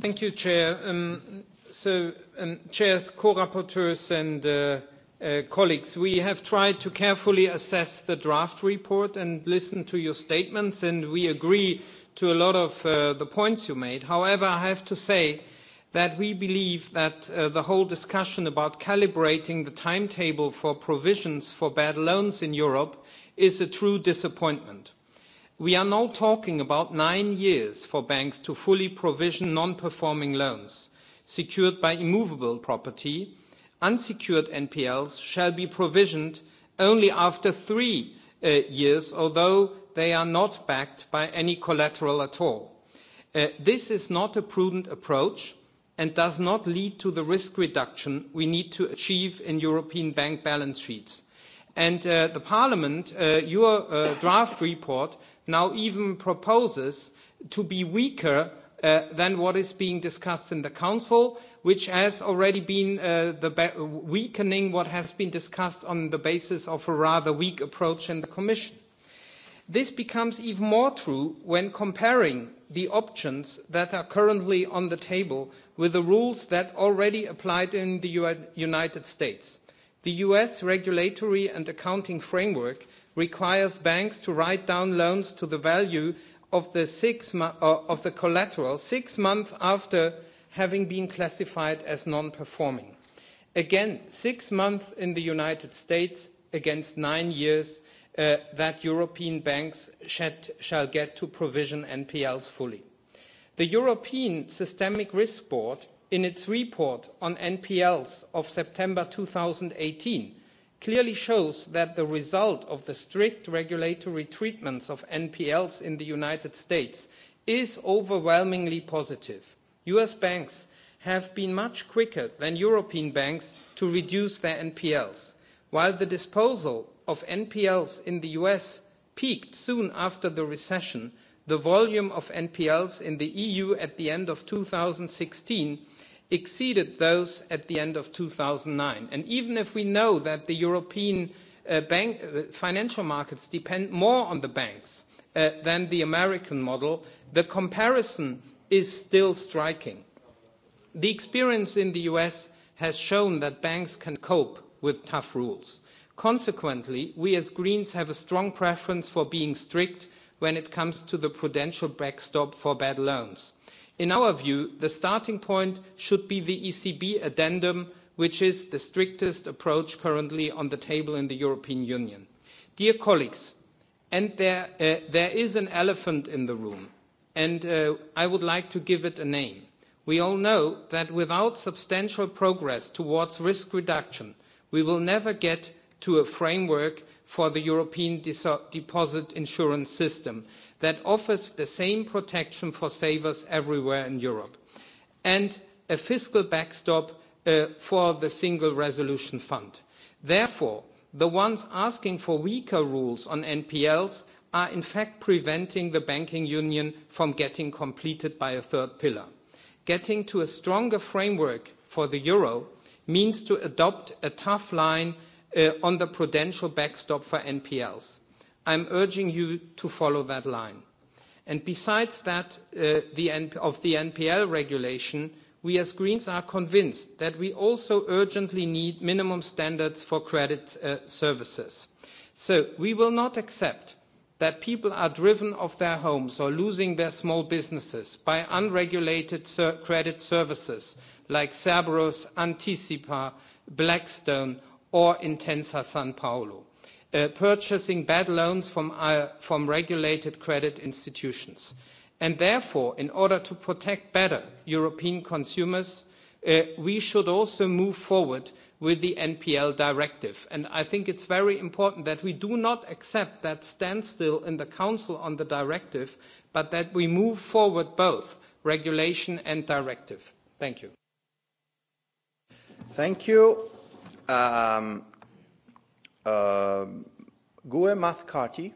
Thank you, Chair. Um, so, um, Chairs, co-rapporteurs and uh, Uh, colleagues, we have tried to carefully assess the draft report and listen to your statements, and we agree to a lot of uh, the points you made. However, I have to say that we believe that uh, the whole discussion about calibrating the timetable for provisions for bad loans in Europe is a true disappointment. We are now talking about nine years for banks to fully provision non-performing loans secured by immovable property. Unsecured NPLs shall be provisioned only after three uh, years, although they are not backed by any collateral at all. Uh, this is not a prudent approach and does not lead to the risk reduction we need to achieve in European bank balance sheets. And uh, the Parliament, uh, your uh, draft report now even proposes to be weaker uh, than what is being discussed in the Council, which has already been uh, the weakening what has been discussed on the basis of a rather weak approach in the Commission. This becomes even more true when comparing the options that are currently on the table with the rules that already applied in the United States. The US regulatory and accounting framework requires banks to write down loans to the value of the, six uh, of the collateral six months after having been classified as non-performing. Again, six months in the United States against nine years uh, that European banks shed, shall get to provision NPLs fully. The European Systemic Risk Board, in its report on NPLs of September 2018, clearly shows that the result of the strict regulatory treatments of NPLs in the United States is overwhelmingly positive. US banks have been much quicker than European banks to reduce their NPLs. While the disposal of NPLs in the US peaked soon after the recession, the volume of NPLs in the EU at the end of 2016 exceeded those at the end of 2009. And even if we know that the European uh, uh, financial markets depend more on the banks uh, than the American model, the comparison is still striking. The experience in the US has shown that banks can cope with tough rules. Consequently, we as Greens have a strong preference for being strict when it comes to the prudential backstop for bad loans. In our view, the starting point should be the ECB addendum, which is the strictest approach currently on the table in the European Union. Dear colleagues, and there, uh, there is an elephant in the room, and uh, I would like to give it a name. We all know that without substantial progress towards risk reduction, we will never get to a framework for the European deposit insurance system that offers the same protection for savers everywhere in Europe and a fiscal backstop uh, for the single resolution fund. Therefore, the ones asking for weaker rules on NPLs are in fact preventing the banking union from getting completed by a third pillar. Getting to a stronger framework for the euro means to adopt a tough line uh, on the prudential backstop for NPLs. I'm urging you to follow that line. And besides that, uh, the of the NPL regulation, we as Greens are convinced that we also urgently need minimum standards for credit uh, services. So we will not accept that people are driven off their homes or losing their small businesses by unregulated ser credit services like Cerberus, Anticipa, Blackstone, or Intensa San Paolo, uh, purchasing bad loans from, uh, from regulated credit institutions. And therefore, in order to protect better European consumers, uh, we should also move forward with the NPL directive. And I think it's very important that we do not accept that standstill in the Council on the directive, but that we move forward both regulation and directive. Thank you. Thank you. Um, uh, Gue Mathcarty.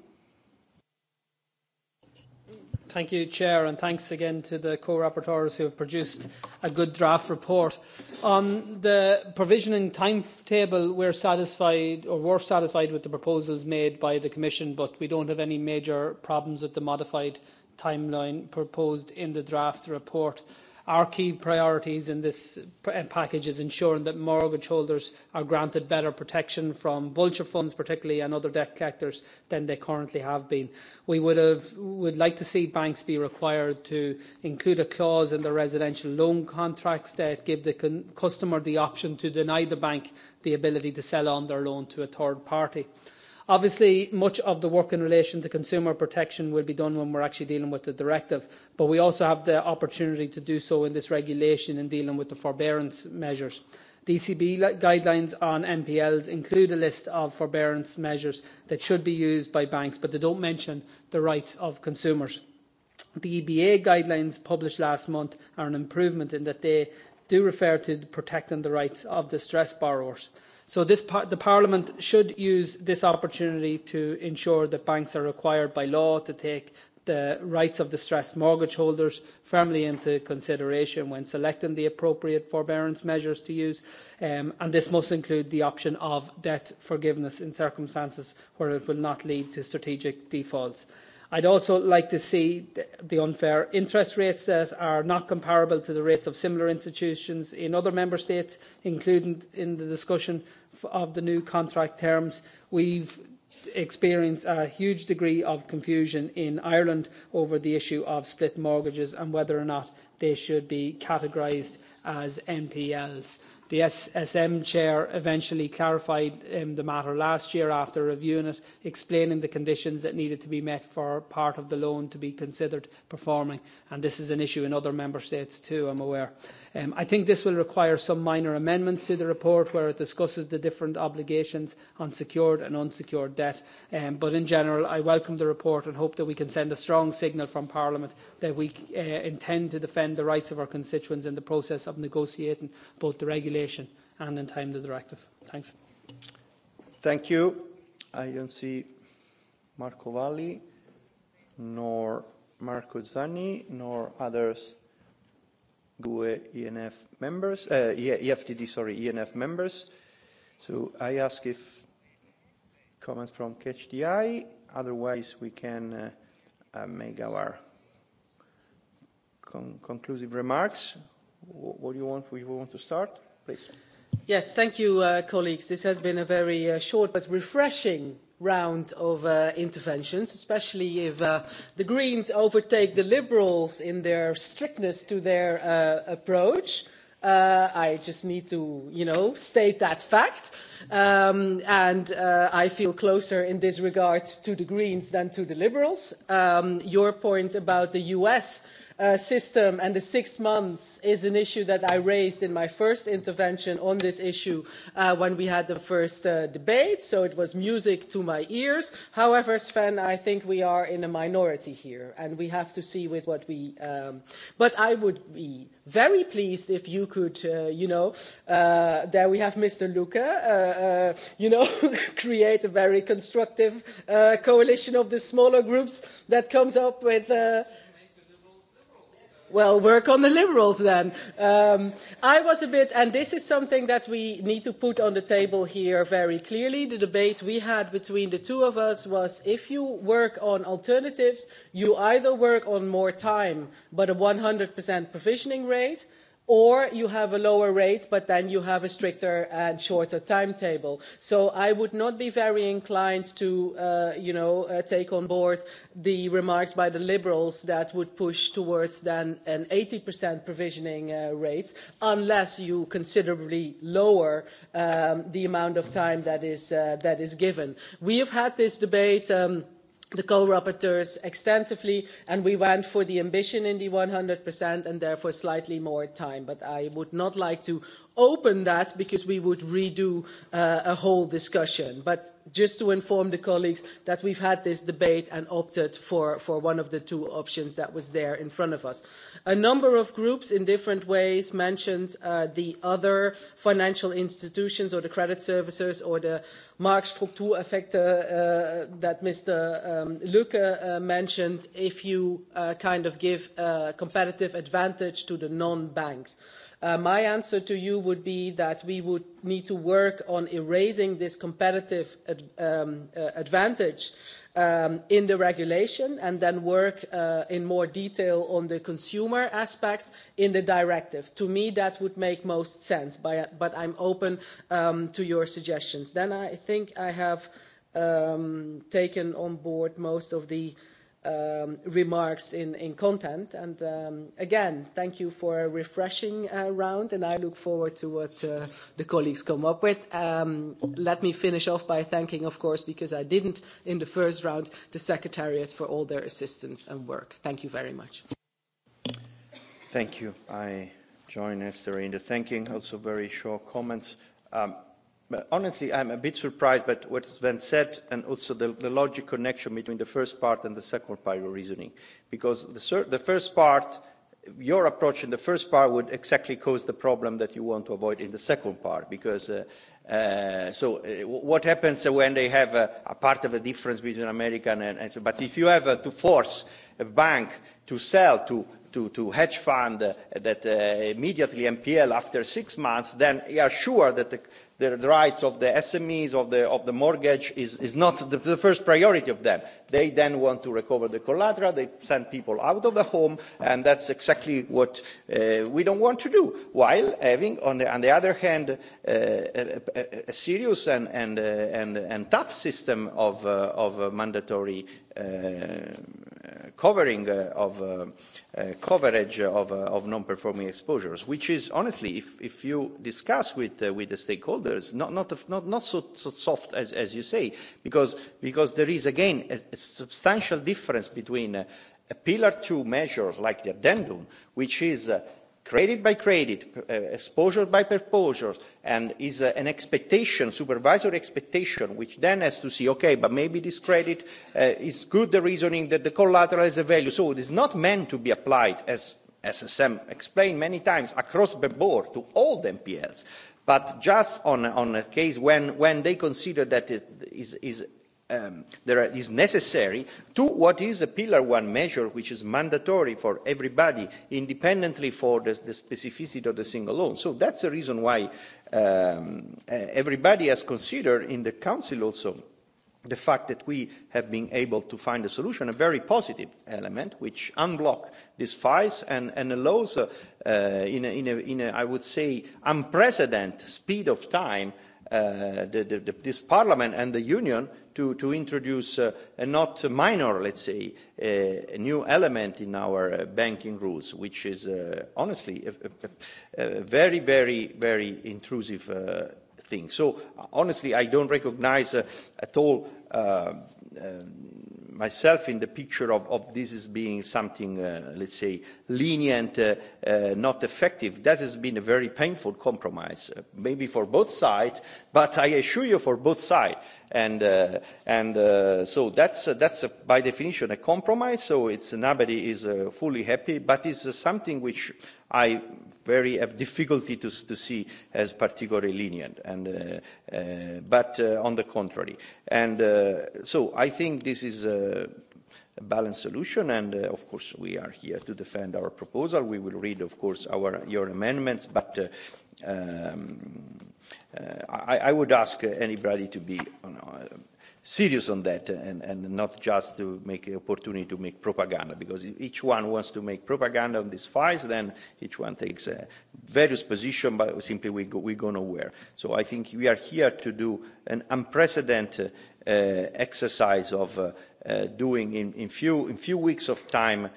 Thank you, Chair, and thanks again to the co-rapporteurs who have produced a good draft report. On the provisioning timetable, we're satisfied, or were satisfied with the proposals made by the Commission, but we don't have any major problems with the modified timeline proposed in the draft report. Our key priorities in this uh, package is ensuring that mortgage holders are granted better protection from vulture funds, particularly, and other debt collectors than they currently have been. We would, have, would like to see banks be required to include a clause in their residential loan contracts that give the customer the option to deny the bank the ability to sell on their loan to a third party. Obviously, much of the work in relation to consumer protection will be done when we're actually dealing with the directive, but we also have the opportunity to do so in this regulation in dealing with the forbearance measures. The ECB guidelines on NPLs include a list of forbearance measures that should be used by banks, but they don't mention the rights of consumers. The EBA guidelines published last month are an improvement in that they do refer to protecting the rights of distressed borrowers. So this par- the Parliament should use this opportunity to ensure that banks are required by law to take the rights of distressed mortgage holders firmly into consideration when selecting the appropriate forbearance measures to use, um, and this must include the option of debt forgiveness in circumstances where it will not lead to strategic defaults. I'd also like to see the unfair interest rates that are not comparable to the rates of similar institutions in other member states, including in the discussion of the new contract terms, we've experienced a huge degree of confusion in Ireland over the issue of split mortgages and whether or not they should be categorised as NPLs. The SSM chair eventually clarified um, the matter last year after reviewing it, explaining the conditions that needed to be met for part of the loan to be considered performing. And this is an issue in other member states too, I'm aware. Um, I think this will require some minor amendments to the report where it discusses the different obligations on secured and unsecured debt. Um, but in general, I welcome the report and hope that we can send a strong signal from Parliament that we uh, intend to defend the rights of our constituents in the process of negotiating both the regulation innovation and in time the directive. Thanks. Thank you. I don't see Marco Valli, nor Marco Zanni, nor others GUE ENF members, uh, EFTD, sorry, ENF members. So I ask if comments from KHDI, otherwise we can uh, uh, make our con conclusive remarks. W what do you want? We want to start? Yes, thank you, uh, colleagues. This has been a very uh, short but refreshing round of uh, interventions, especially if the Greens overtake the Liberals in their strictness to their approach. I just need to, you know, state that fact. Um, and I feel closer in this regard to the Greens than to the Liberals. Um, your point about the US Uh, system and the six months is an issue that I raised in my first intervention on this issue uh, when we had the first uh, debate, so it was music to my ears. However, Sven, I think we are in a minority here, and we have to see with what we... Um, but I would be very pleased if you could, you know, there we have Mr. Luca, you know, create a very constructive coalition of the smaller groups that comes up with... Well, work on the Liberals then. Um, I was a bit, and this is something that we need to put on the table here very clearly. The debate we had between the two of us was if you work on alternatives, you either work on more time, but a 100% provisioning rate, or you have a lower rate, but then you have a stricter and shorter timetable. So I would not be very inclined to, uh, you know, uh, take on board the remarks by the Liberals that would push towards then an 80% provisioning uh, rate, unless you considerably lower um, the amount of time that is, uh, that is given. We have had this debate. Um, the co-rapporteurs extensively and we went for the ambition in the 100% and therefore slightly more time but i would not like to open that because we would redo uh, a whole discussion. But just to inform the colleagues that we've had this debate and opted for, for one of the two options that was there in front of us. A number of groups in different ways mentioned uh, the other financial institutions or the credit servicers or the effect uh, that Mr. Um, Lucke uh, mentioned if you uh, kind of give a competitive advantage to the non-banks. Uh, my answer to you would be that we would need to work on erasing this competitive ad, um, uh, advantage um, in the regulation and then work uh, in more detail on the consumer aspects in the directive. To me, that would make most sense, by, but I'm open um, to your suggestions. Then I think I have um, taken on board most of the uh, um, remarks in, in content. And um, again, thank you for a refreshing uh, round, and I look forward to what uh, the colleagues come up with. Um, let me finish off by thanking, of course, because I didn't in the first round, the Secretariat for all their assistance and work. Thank you very much. Thank you. I join Esther in the thanking. Also, very short comments. Um, honestly, I'm a bit surprised by what has been said and also the, logical connection between the first part and the second part of your reasoning. Because the, first part, your approach in the first part would exactly cause the problem that you want to avoid in the second part. Because uh, uh so uh, what happens when they have a, a part of a difference between American and, and so, but if you have uh, to force a bank to sell to to, to hedge fund uh, that uh, immediately MPL after six months, then you are sure that the, the rights of the SMEs, of the, mortgage, is, not the, first priority of them. They then want to recover the collateral, they send people out of the home, and that's exactly what uh, we don't want to do, while having, on the, other hand, uh, a, serious uh, and, tough system of mandatory Uh, covering uh, of uh, coverage of, of non-performing exposures, which is honestly, if, if you discuss with, with the stakeholders, not, not, not, not so, so soft as, as you say, because, because there is again a, a substantial difference between a Pillar two measure like the addendum, which is credit by credit, uh, exposure by exposure, and is an expectation, supervisory expectation, which then has to see, okay, but maybe this credit uh, is good, the reasoning that the collateral has a value. So it is not meant to be applied, as SSM explained many times, across the board to all the NPLs, but just on, on a case when, when they consider that it is, is um, there is necessary to what is a pillar one measure which is mandatory for everybody independently for the, the specificity of the single loan. So that's the reason why um, everybody has considered in the council also the fact that we have been able to find a solution, a very positive element, which unblocks these files and, and allows, uh, uh, in, a, in, a, in a, I would say, unprecedented speed of time, uh, the, the, the, this parliament and the union to, to introduce uh, a not minor, let's say, uh, a new element in our uh, banking rules, which is uh, honestly a, a, a very, very, very intrusive uh, thing. So honestly, I don't recognize uh, at all uh, um, myself in the picture of, of this as being something, uh, let's say, lenient, uh, uh, not effective. That has been a very painful compromise, uh, maybe for both sides, but I assure you for both sides. And, uh, and uh, so that's, uh, that's a, by definition a compromise, so it's nobody is uh, fully happy, but it's uh, something which I very have difficulty to, to see as particularly lenient, and, uh, uh, but uh, on the contrary. And uh, so I think this is a, a balanced solution, and uh, of course we are here to defend our proposal. We will read, of course, our, your amendments, but uh, um, uh, I, I would ask anybody to be, you uh, know, serious on that and, and not just to make an opportunity to make propaganda because if each one wants to make propaganda on these files then each one takes a uh, various position but simply we go, we go nowhere. So I think we are here to do an unprecedented uh, exercise of uh, uh, doing in, in, few, in few weeks of time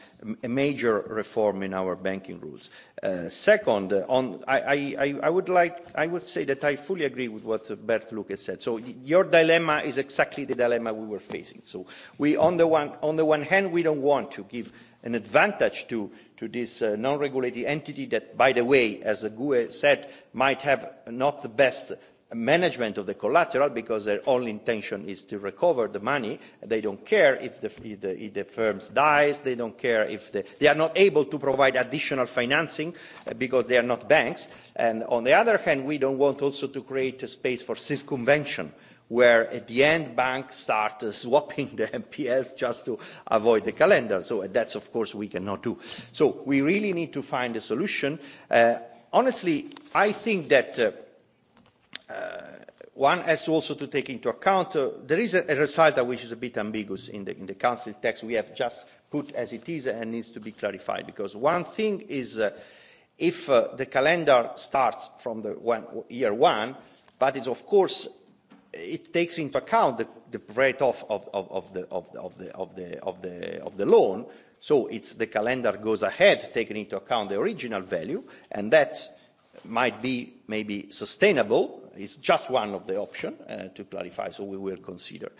a major reform in our banking rules. Uh, second, uh, on, I, I, I, would like, I would say that I fully agree with what Bert Lucas said. So your dilemma is exactly the dilemma we were facing. So we, on the one, on the one hand, we don't want to give an advantage to, to this uh, non-regulated entity that, by the way, as Gue said, might have not the best management of the collateral because their only intention is to recover the money. They don't care if the, if the, if the firm dies. They don't care if the, they are not able to provide additional financing uh, because they are not banks. And on the other hand, we don't want also to create a space for circumvention where at the end banks start uh, swapping the MPLs just to avoid the calendar. So that's of course we cannot do. So we really need to find a solution. Uh, honestly, I think that uh, one has also to take into account uh, there is a, a recital which is a bit ambiguous in the, in the council text we have just put as it is and needs to be clarified because one thing is uh, if uh, the calendar starts from the one, year one but it's of course it takes into account the, the rate off of, of, of, the, of, of, the, of, the, of, the, of the loan so it's the calendar goes ahead taking into account the original value and that might be maybe sustainable is just one of the options uh, to clarify, so we will consider.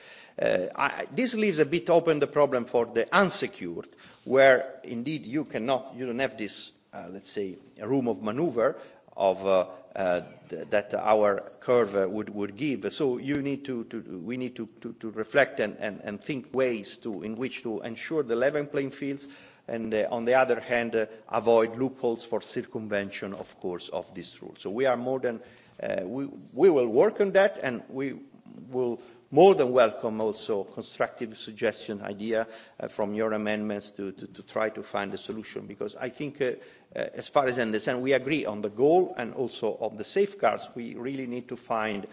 Uh, I, this leaves a bit open the problem for the unsecured, where indeed you cannot, you don't have this, uh, let's say, room of maneuver of uh, uh, th that our curve uh, would, would give. So you need to, to we need to, to, to reflect and, and, and think ways to, in which to ensure the level playing fields, and uh, on the other hand uh, avoid loopholes for circumvention of course of this rule. So we are more than uh, we, we will work on that and we will more than welcome also constructive suggestion idea uh, from your amendments to, to, to try to find a solution because I think uh, uh, as far as I understand we agree on the goal and also on the safeguards we really need to find uh,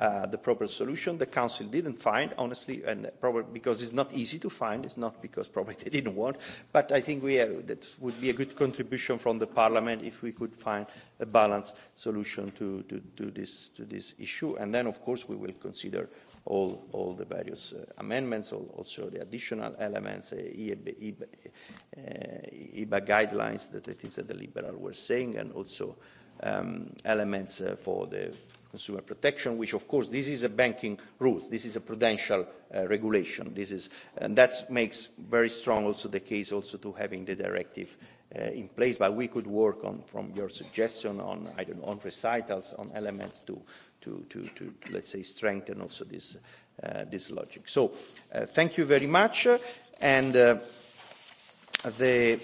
uh, the proper solution. The Council didn't find, honestly, and probably because it's not easy to find, it's not because probably they didn't want, but I think we have, that would be a good contribution from the Parliament if we could find a balanced solution to, to, to, this, to this issue. And then, of course, we will consider all, all the various uh, amendments, all, also the additional elements, uh, EBA, EBA, uh, EBA guidelines that I think that the Liberal were saying, and also um, elements uh, for the consumer protection, which of course this is a banking rule, this is a prudential uh, regulation. This is, and that makes very strong also the case also to having the directive uh, in place, but we could work on from your suggestion on, I don't know, on recitals, on elements to, to, to, to, to let's say, strengthen also this, uh, this logic. So uh, thank you very much, and uh, the,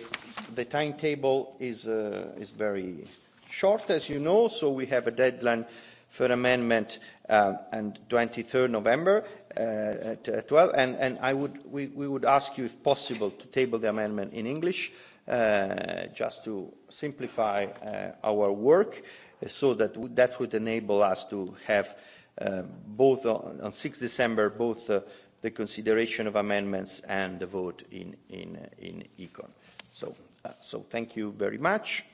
the timetable is, uh, is very short, as you know, so we have a deadline uh, for amendment um, and 23rd November uh, at 12, and, and I would, we, we would ask you, if possible, to table the amendment in English, uh, just to simplify uh, our work, uh, so that that would enable us to have uh, both on, on 6 December, both uh, the consideration of amendments and the vote in, in, uh, in ECON. So, uh, so thank you very much,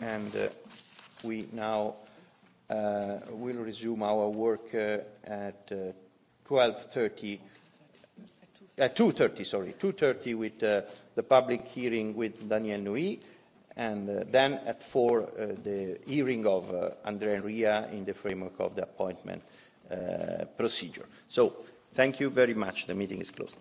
and uh, we now uh, we'll resume our work uh, at uh, 12.30, uh, 2.30, sorry, 2.30 with uh, the public hearing with Daniel Nui, and uh, then at 4, uh, the hearing of uh, Andrea Ria in the framework of the appointment uh, procedure. So thank you very much. The meeting is closed.